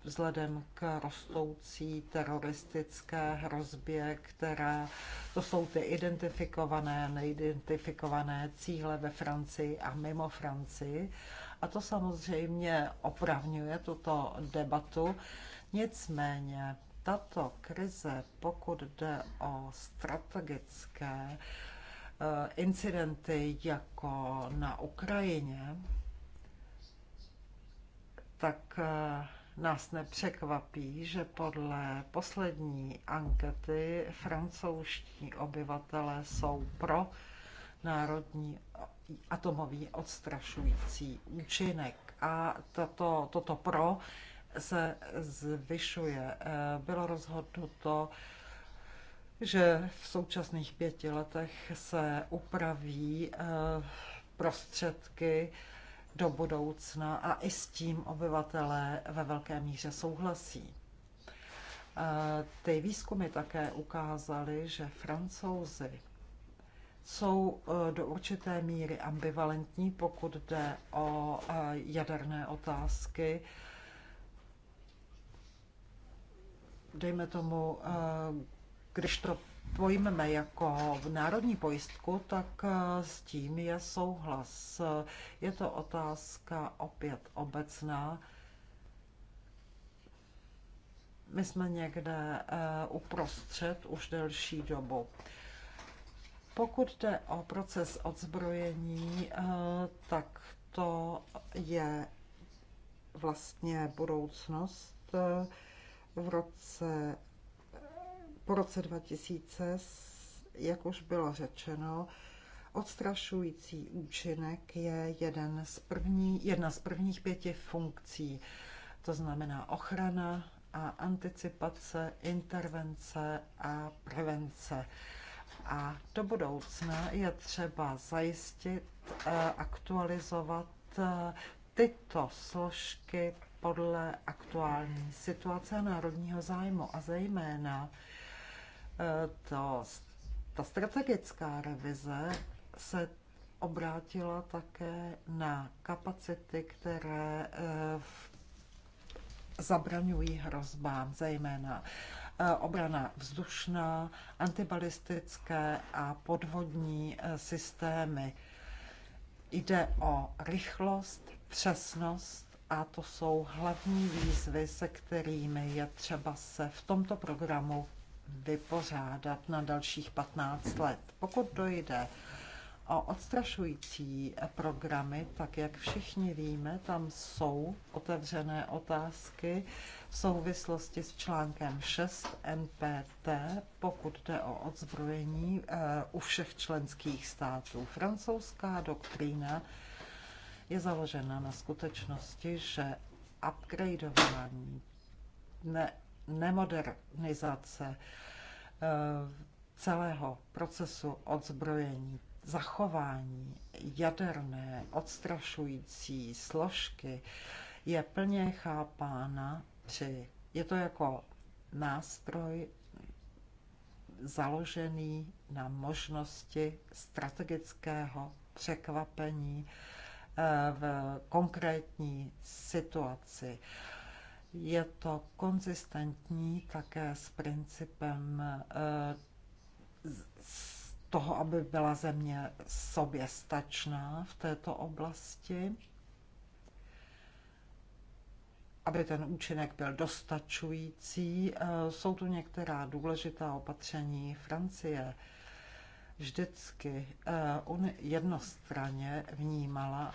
vzhledem k rostoucí teroristické hrozbě, která to jsou ty identifikované, neidentifikované cíle ve Francii a mimo Francii. A to samozřejmě opravňuje tuto debatu. Nicméně tato krize, pokud jde o strategické Eh, incidenty jako na Ukrajině, tak eh, nás nepřekvapí, že podle poslední ankety francouzští obyvatelé jsou pro národní atomový odstrašující účinek. A tato, toto pro se zvyšuje. Eh, bylo rozhodnuto že v současných pěti letech se upraví eh, prostředky do budoucna a i s tím obyvatelé ve velké míře souhlasí. Eh, ty výzkumy také ukázaly, že francouzi jsou eh, do určité míry ambivalentní, pokud jde o jaderné otázky. Dejme tomu, když to pojmeme jako v národní pojistku, tak eh, s tím je souhlas. Je to otázka opět obecná. My jsme někde eh, uprostřed už delší dobu. Pokud jde o proces odzbrojení, eh, tak to je vlastně budoucnost. V roce po roce 2000, jak už bylo řečeno, odstrašující účinek je jeden z první, jedna z prvních pěti funkcí, to znamená ochrana a anticipace, intervence a prevence. A do budoucna je třeba zajistit, eh, aktualizovat eh, tyto složky podle aktuální situace národního zájmu a zejména to, ta strategická revize se obrátila také na kapacity, které eh, zabraňují hrozbám, zejména eh, obrana vzdušná, antibalistické a podvodní eh, systémy. Jde o rychlost, přesnost a to jsou hlavní výzvy, se kterými je třeba se v tomto programu vypořádat na dalších 15 let. Pokud dojde o odstrašující programy, tak jak všichni víme, tam jsou otevřené otázky v souvislosti s článkem 6 NPT, pokud jde o odzbrojení eh, u všech členských států. Francouzská doktrína je založena na skutečnosti, že upgradeování ne, nemodernizace eh, celého procesu odzbrojení, zachování jaderné odstrašující složky je plně chápána při, je to jako nástroj založený na možnosti strategického překvapení eh, v konkrétní situaci. Je to konzistentní také s principem eh, z toho, aby byla země soběstačná v této oblasti, aby ten účinek byl dostačující. Eh, jsou tu některá důležitá opatření Francie, vždycky on eh, jednostranně vnímala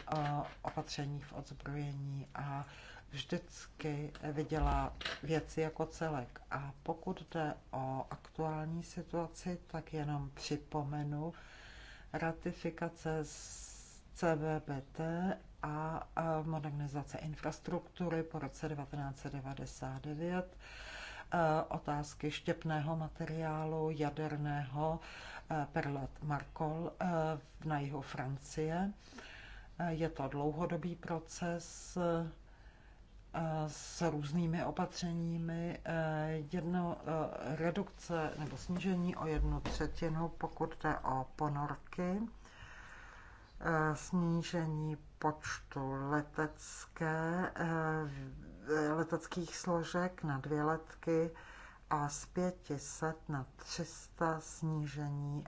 opatření v odzbrojení a vždycky eh, viděla věci jako celek. A pokud jde o aktuální situaci, tak jenom připomenu ratifikace z CVBT a modernizace infrastruktury po roce 1999, eh, otázky štěpného materiálu, jaderného, eh, Perlat Markol na jihu Francie. Je to dlouhodobý proces, s různými opatřeními eh, jedno eh, redukce nebo snížení o jednu třetinu, pokud jde o ponorky, eh, snížení počtu letecké, leteckých složek na dvě letky a z 500 na 300 snížení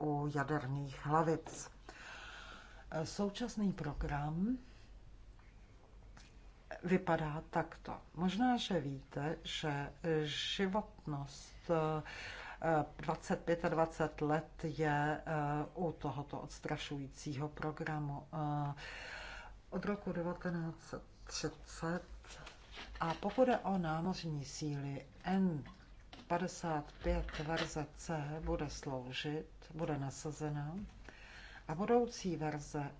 u jaderných hlavic. Současný program vypadá takto. Možná, že víte, že eh, životnost 25 eh, a 20 let je eh, u tohoto odstrašujícího programu od roku 1930. A pokud je o námořní síly N55 verze C bude sloužit, bude nasazena a budoucí verze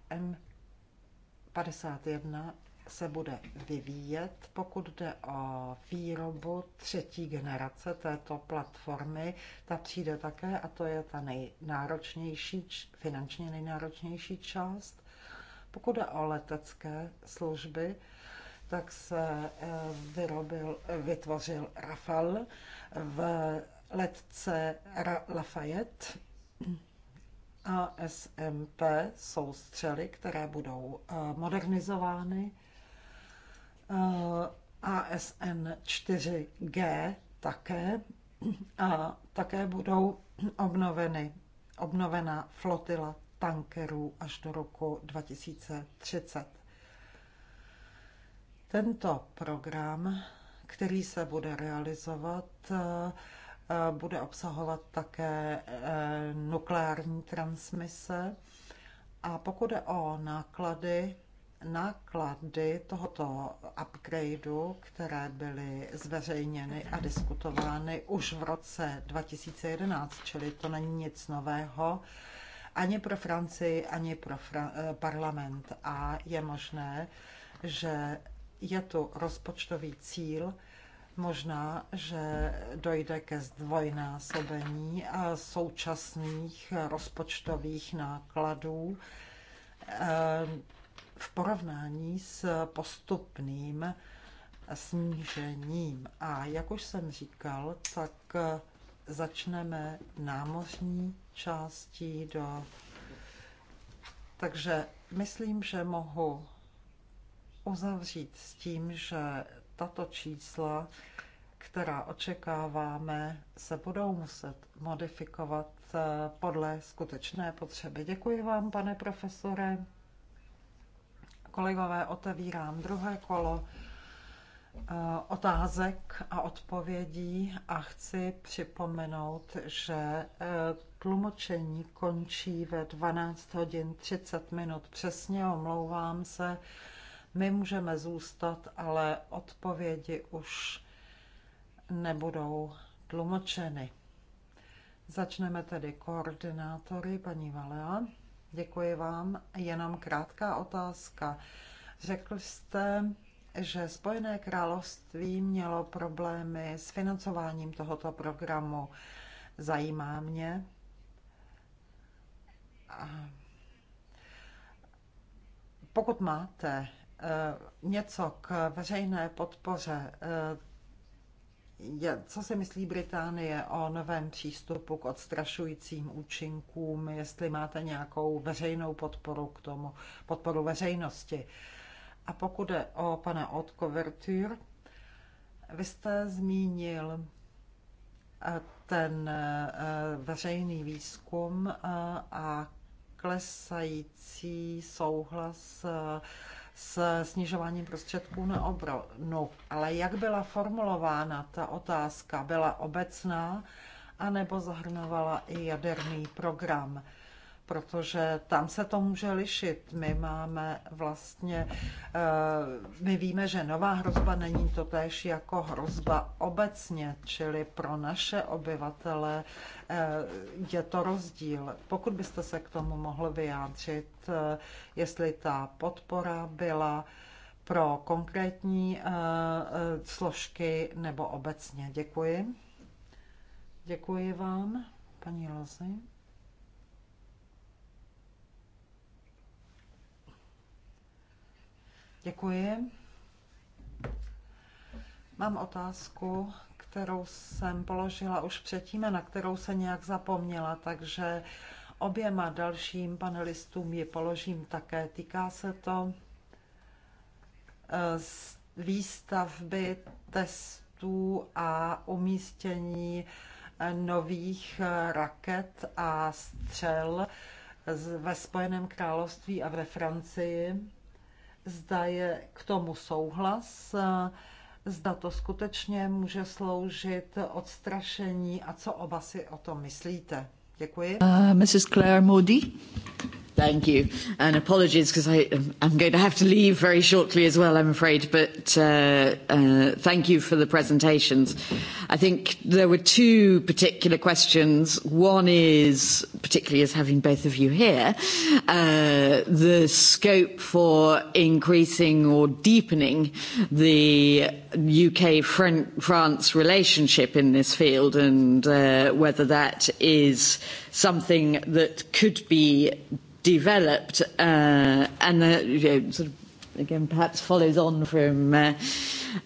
M51 se bude vyvíjet, pokud jde o výrobu třetí generace této platformy. Ta přijde také a to je ta nejnáročnější, finančně nejnáročnější část. Pokud jde o letecké služby, tak se eh, vyrobil, vytvořil Rafal v letce Lafayette a SMP jsou střely, které budou eh, modernizovány Eh, ASN 4G také a také budou obnoveny, obnovena flotila tankerů až do roku 2030. Tento program, který se bude realizovat, eh, bude obsahovat také eh, nukleární transmise. A pokud je o náklady, náklady tohoto upgradeu, které byly zveřejněny a diskutovány už v roce 2011, čili to není nic nového, ani pro Francii, ani pro Fra- eh, parlament. A je možné, že je tu rozpočtový cíl, možná, že dojde ke zdvojnásobení eh, současných rozpočtových nákladů eh, v porovnání s postupným snížením. A jak už jsem říkal, tak začneme námořní částí do... Takže myslím, že mohu uzavřít s tím, že tato čísla, která očekáváme, se budou muset modifikovat eh, podle skutečné potřeby. Děkuji vám, pane profesore. Kolegové, otevírám druhé kolo eh, otázek a odpovědí a chci připomenout, že eh, tlumočení končí ve 12 hodin 30 minut. Přesně omlouvám se, my můžeme zůstat, ale odpovědi už nebudou tlumočeny. Začneme tedy koordinátory, paní Valea. Děkuji vám. Jenom krátká otázka. Řekl jste, že Spojené království mělo problémy s financováním tohoto programu. Zajímá mě. Pokud máte eh, něco k veřejné podpoře eh, co si myslí Británie o novém přístupu k odstrašujícím účinkům, jestli máte nějakou veřejnou podporu k tomu, podporu veřejnosti. A pokud jde o pana Odkovertur, vy jste zmínil eh, ten eh, veřejný výzkum eh, a klesající souhlas s snižováním prostředků na obranu. Ale jak byla formulována ta otázka? Byla obecná anebo zahrnovala i jaderný program? protože tam se to může lišit. My máme vlastně, eh, my víme, že nová hrozba není to též jako hrozba obecně, čili pro naše obyvatele eh, je to rozdíl. Pokud byste se k tomu mohl vyjádřit, eh, jestli ta podpora byla pro konkrétní složky nebo obecně. Děkuji. Děkuji vám, paní Lozy. Děkuji. Mám otázku, kterou jsem položila už předtím a na kterou se nějak zapomněla, takže oběma dalším panelistům ji položím také. Týká se to eh, výstavby testů a umístění eh, nových eh, raket a střel ve Spojeném království a ve Francii zda je k tomu souhlas, zda to skutečně může sloužit odstrašení a co oba si o tom myslíte. Děkuji. Uh, Mrs. Claire Moody. Thank you. And apologies because I'm going to have to leave very shortly as well, I'm afraid. But uh, uh, thank you for the presentations. I think there were two particular questions. One is, particularly as having both of you here, uh, the scope for increasing or deepening the UK France relationship in this field and uh, whether that is something that could be developed, uh, and uh, you know, sort of again perhaps follows on from uh,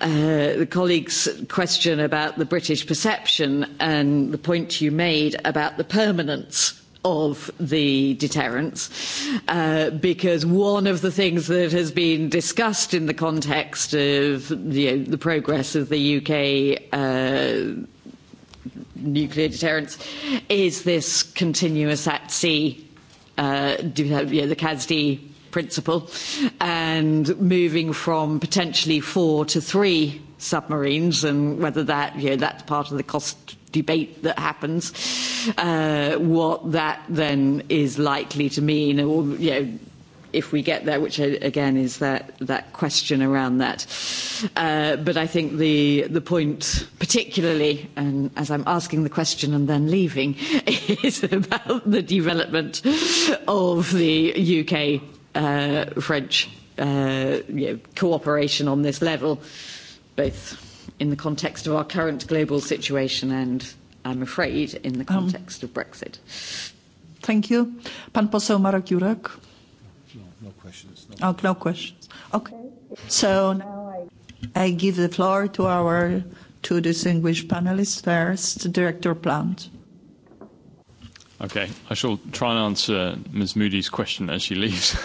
uh, the colleague's question about the British perception and the point you made about the permanence of the deterrence, uh, because one of the things that has been discussed in the context of you know, the progress of the UK uh, nuclear deterrence is this continuous at sea uh, the CASD principle, and moving from potentially four to three submarines, and whether that you know, that's part of the cost debate that happens, uh, what that then is likely to mean, or you know if we get there, which uh, again is that, that question around that. Uh, but I think the, the point, particularly, and as I'm asking the question and then leaving, is about the development of the UK uh, French uh, you know, cooperation on this level, both in the context of our current global situation and, I'm afraid, in the um, context um. of Brexit. Thank you. Pan poseł Marek Jurek. Oh, no questions. Okay. So now I give the floor to our two distinguished panelists. First, Director Plant. Okay. I shall try and answer Ms. Moody's question as she leaves.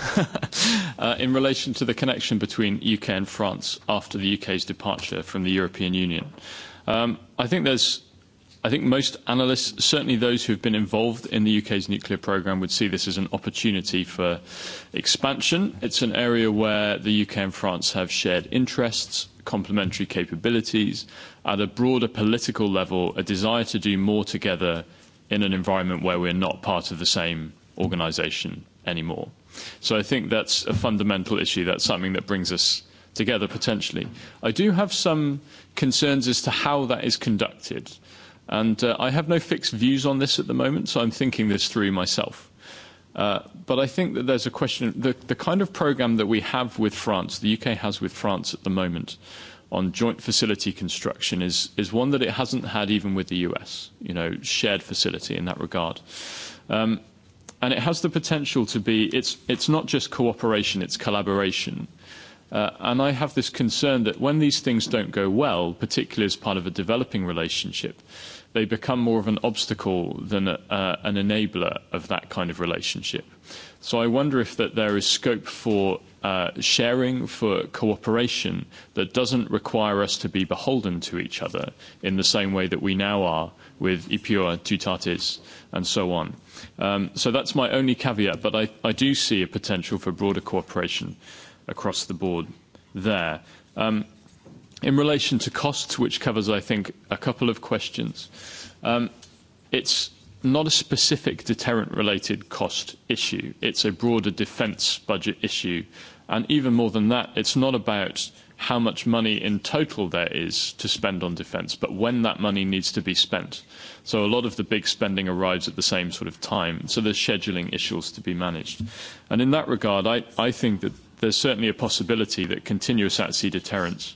uh, in relation to the connection between U.K. and France after the U.K.'s departure from the European Union, um, I think there's i think most analysts, certainly those who have been involved in the UK's nuclear programme, would see this as an opportunity for expansion. It's an area where the UK and France have shared interests, complementary capabilities, at a broader political level, a desire to do more together in an environment where we're not part of the same organisation anymore. So I think that's a fundamental issue. That's something that brings us together potentially. I do have some concerns as to how that is conducted. And uh, I have no fixed views on this at the moment, so I'm thinking this through myself. Uh, but I think that there's a question the, the kind of program that we have with France, the UK has with France at the moment, on joint facility construction is, is one that it hasn't had even with the US, you know, shared facility in that regard. Um, and it has the potential to be, it's, it's not just cooperation, it's collaboration. Uh, and I have this concern that when these things don't go well, particularly as part of a developing relationship, they become more of an obstacle than a, uh, an enabler of that kind of relationship. So I wonder if that there is scope for uh, sharing, for cooperation that doesn't require us to be beholden to each other in the same way that we now are with Ipua, Tutatis, and so on. Um, so that's my only caveat, but I, I do see a potential for broader cooperation across the board there. Um, In relation to costs, which covers, I think, a couple of questions, um, it's not a specific deterrent-related cost issue. It's a broader defence budget issue. And even more than that, it's not about how much money in total there is to spend on defence, but when that money needs to be spent. So a lot of the big spending arrives at the same sort of time. So there's scheduling issues to be managed. And in that regard, I, I think that there's certainly a possibility that continuous at-sea deterrence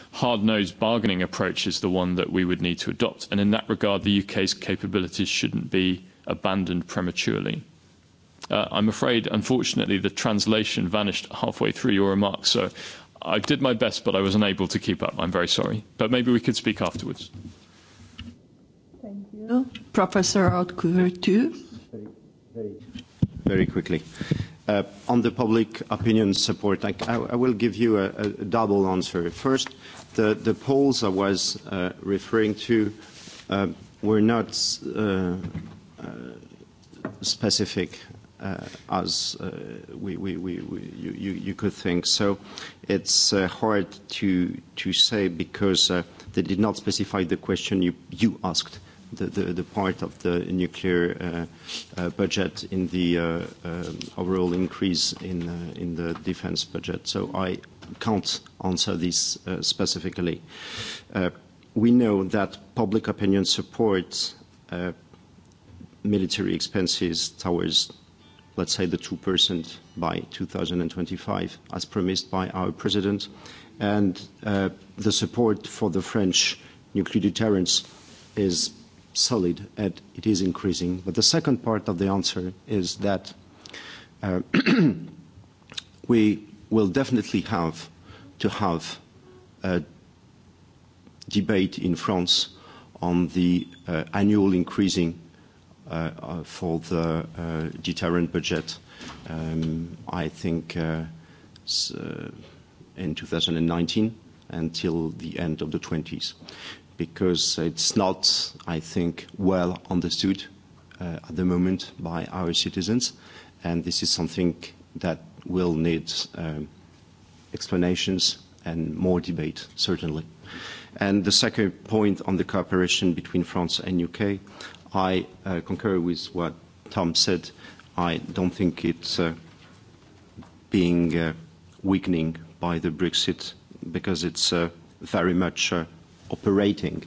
hard-nosed bargaining approach is the one that we would need to adopt. And in that regard, the UK's capabilities shouldn't be abandoned prematurely. Uh, I'm afraid, unfortunately, the translation vanished halfway through your remarks, so I did my best, but I was unable to keep up. I'm very sorry. But maybe we could speak afterwards. Thank you. Professor haute Very, very, very quickly. Uh, on the public opinion support, I, I, I will give you a, a double answer. First, the, polls I was uh, referring to uh, were not specific as you, could think. So it's uh, hard to, to say because they did not specify the question you, asked. The, part of the nuclear budget in the um, overall increase in, in the defense budget. So I, can't answer this uh, specifically. Uh, we know that public opinion supports uh, military expenses towards, let's say, the 2% by 2025, as promised by our president, and uh, the support for the French nuclear deterrence is solid and it is increasing. But the second part of the answer is that uh, we will definitely have to have a debate in France on the uh, annual increasing uh, uh for the uh, deterrent budget. Um, I think uh, uh in 2019 until the end of the 20s, because it's not, I think, well understood uh, at the moment by our citizens, and this is something that will need um, explanations and more debate, certainly. And the second point on the cooperation between France and UK, I uh, concur with what Tom said. I don't think it's uh, being uh, weakening by the Brexit because it's uh, very much uh, operating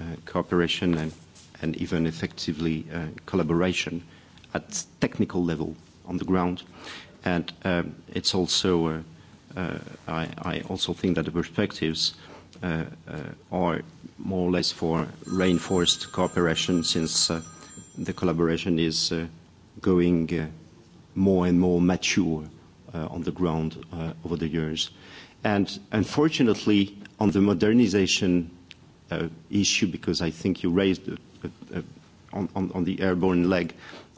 uh, cooperation and, and even effectively uh, collaboration at technical level on the ground. And um, it's also, uh, uh, I, I, also think that the perspectives are more or less for reinforced cooperation since the collaboration is going more and more mature on the ground over the years. And unfortunately, on the modernization uh, issue, because I think you raised uh, uh, on, on, on the airborne leg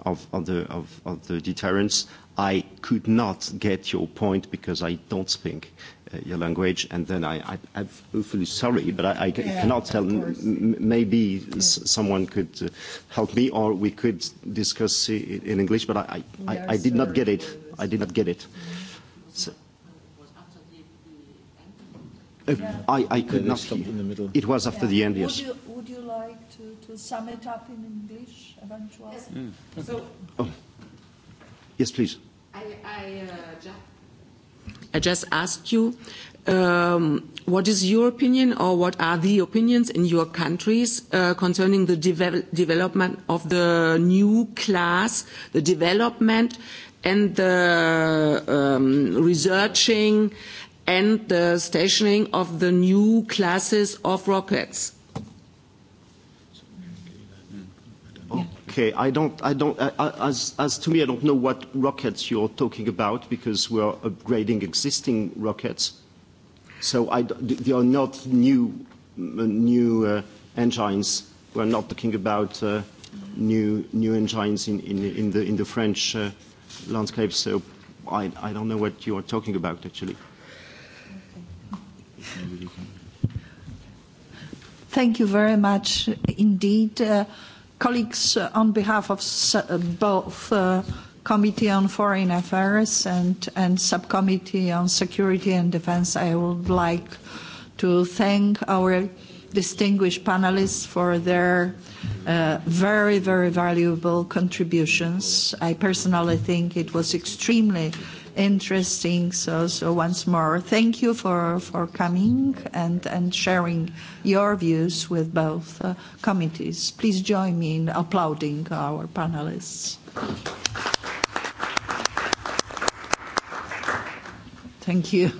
of, of, the, of, of the deterrence, i could not get your point because I don't speak uh, your language, and then I, I, I'm awfully sorry, but I, I yeah, cannot tell. M- maybe yeah. s- someone could uh, help me, or we could discuss it in English. But I, I, I, no, I did not get it. I did not get it. Mm-hmm. So, uh, I, I could not. Hear. In the middle. It was after yeah. the end. Yes. Would you, would you like to, to sum it up in English, eventually? Yes. Mm. So. Oh. Yes, please. Uh, I, just asked you, um, what is your opinion or what are the opinions in your countries uh, concerning the de development of the new class, the development and the um, researching and the stationing of the new classes of rockets? Okay, I don't, I don't, as, as to me, I don't know what rockets you're talking about because we're upgrading existing rockets. So I, they are not new, new uh, engines. We're not talking about uh, new, new engines in, in, in, the, in the French uh, landscape. So I, I don't know what you are talking about, actually. Thank you very much indeed. Uh, Colleagues, uh, on behalf of uh, both uh, Committee on Foreign Affairs and, and Subcommittee on Security and Defense, I would like to thank our distinguished panelists for their uh, very, very valuable contributions. I personally think it was extremely interesting. So, once more, thank you for, for coming and, and sharing your views with both uh, committees. Please join me in applauding our panelists. Thank you.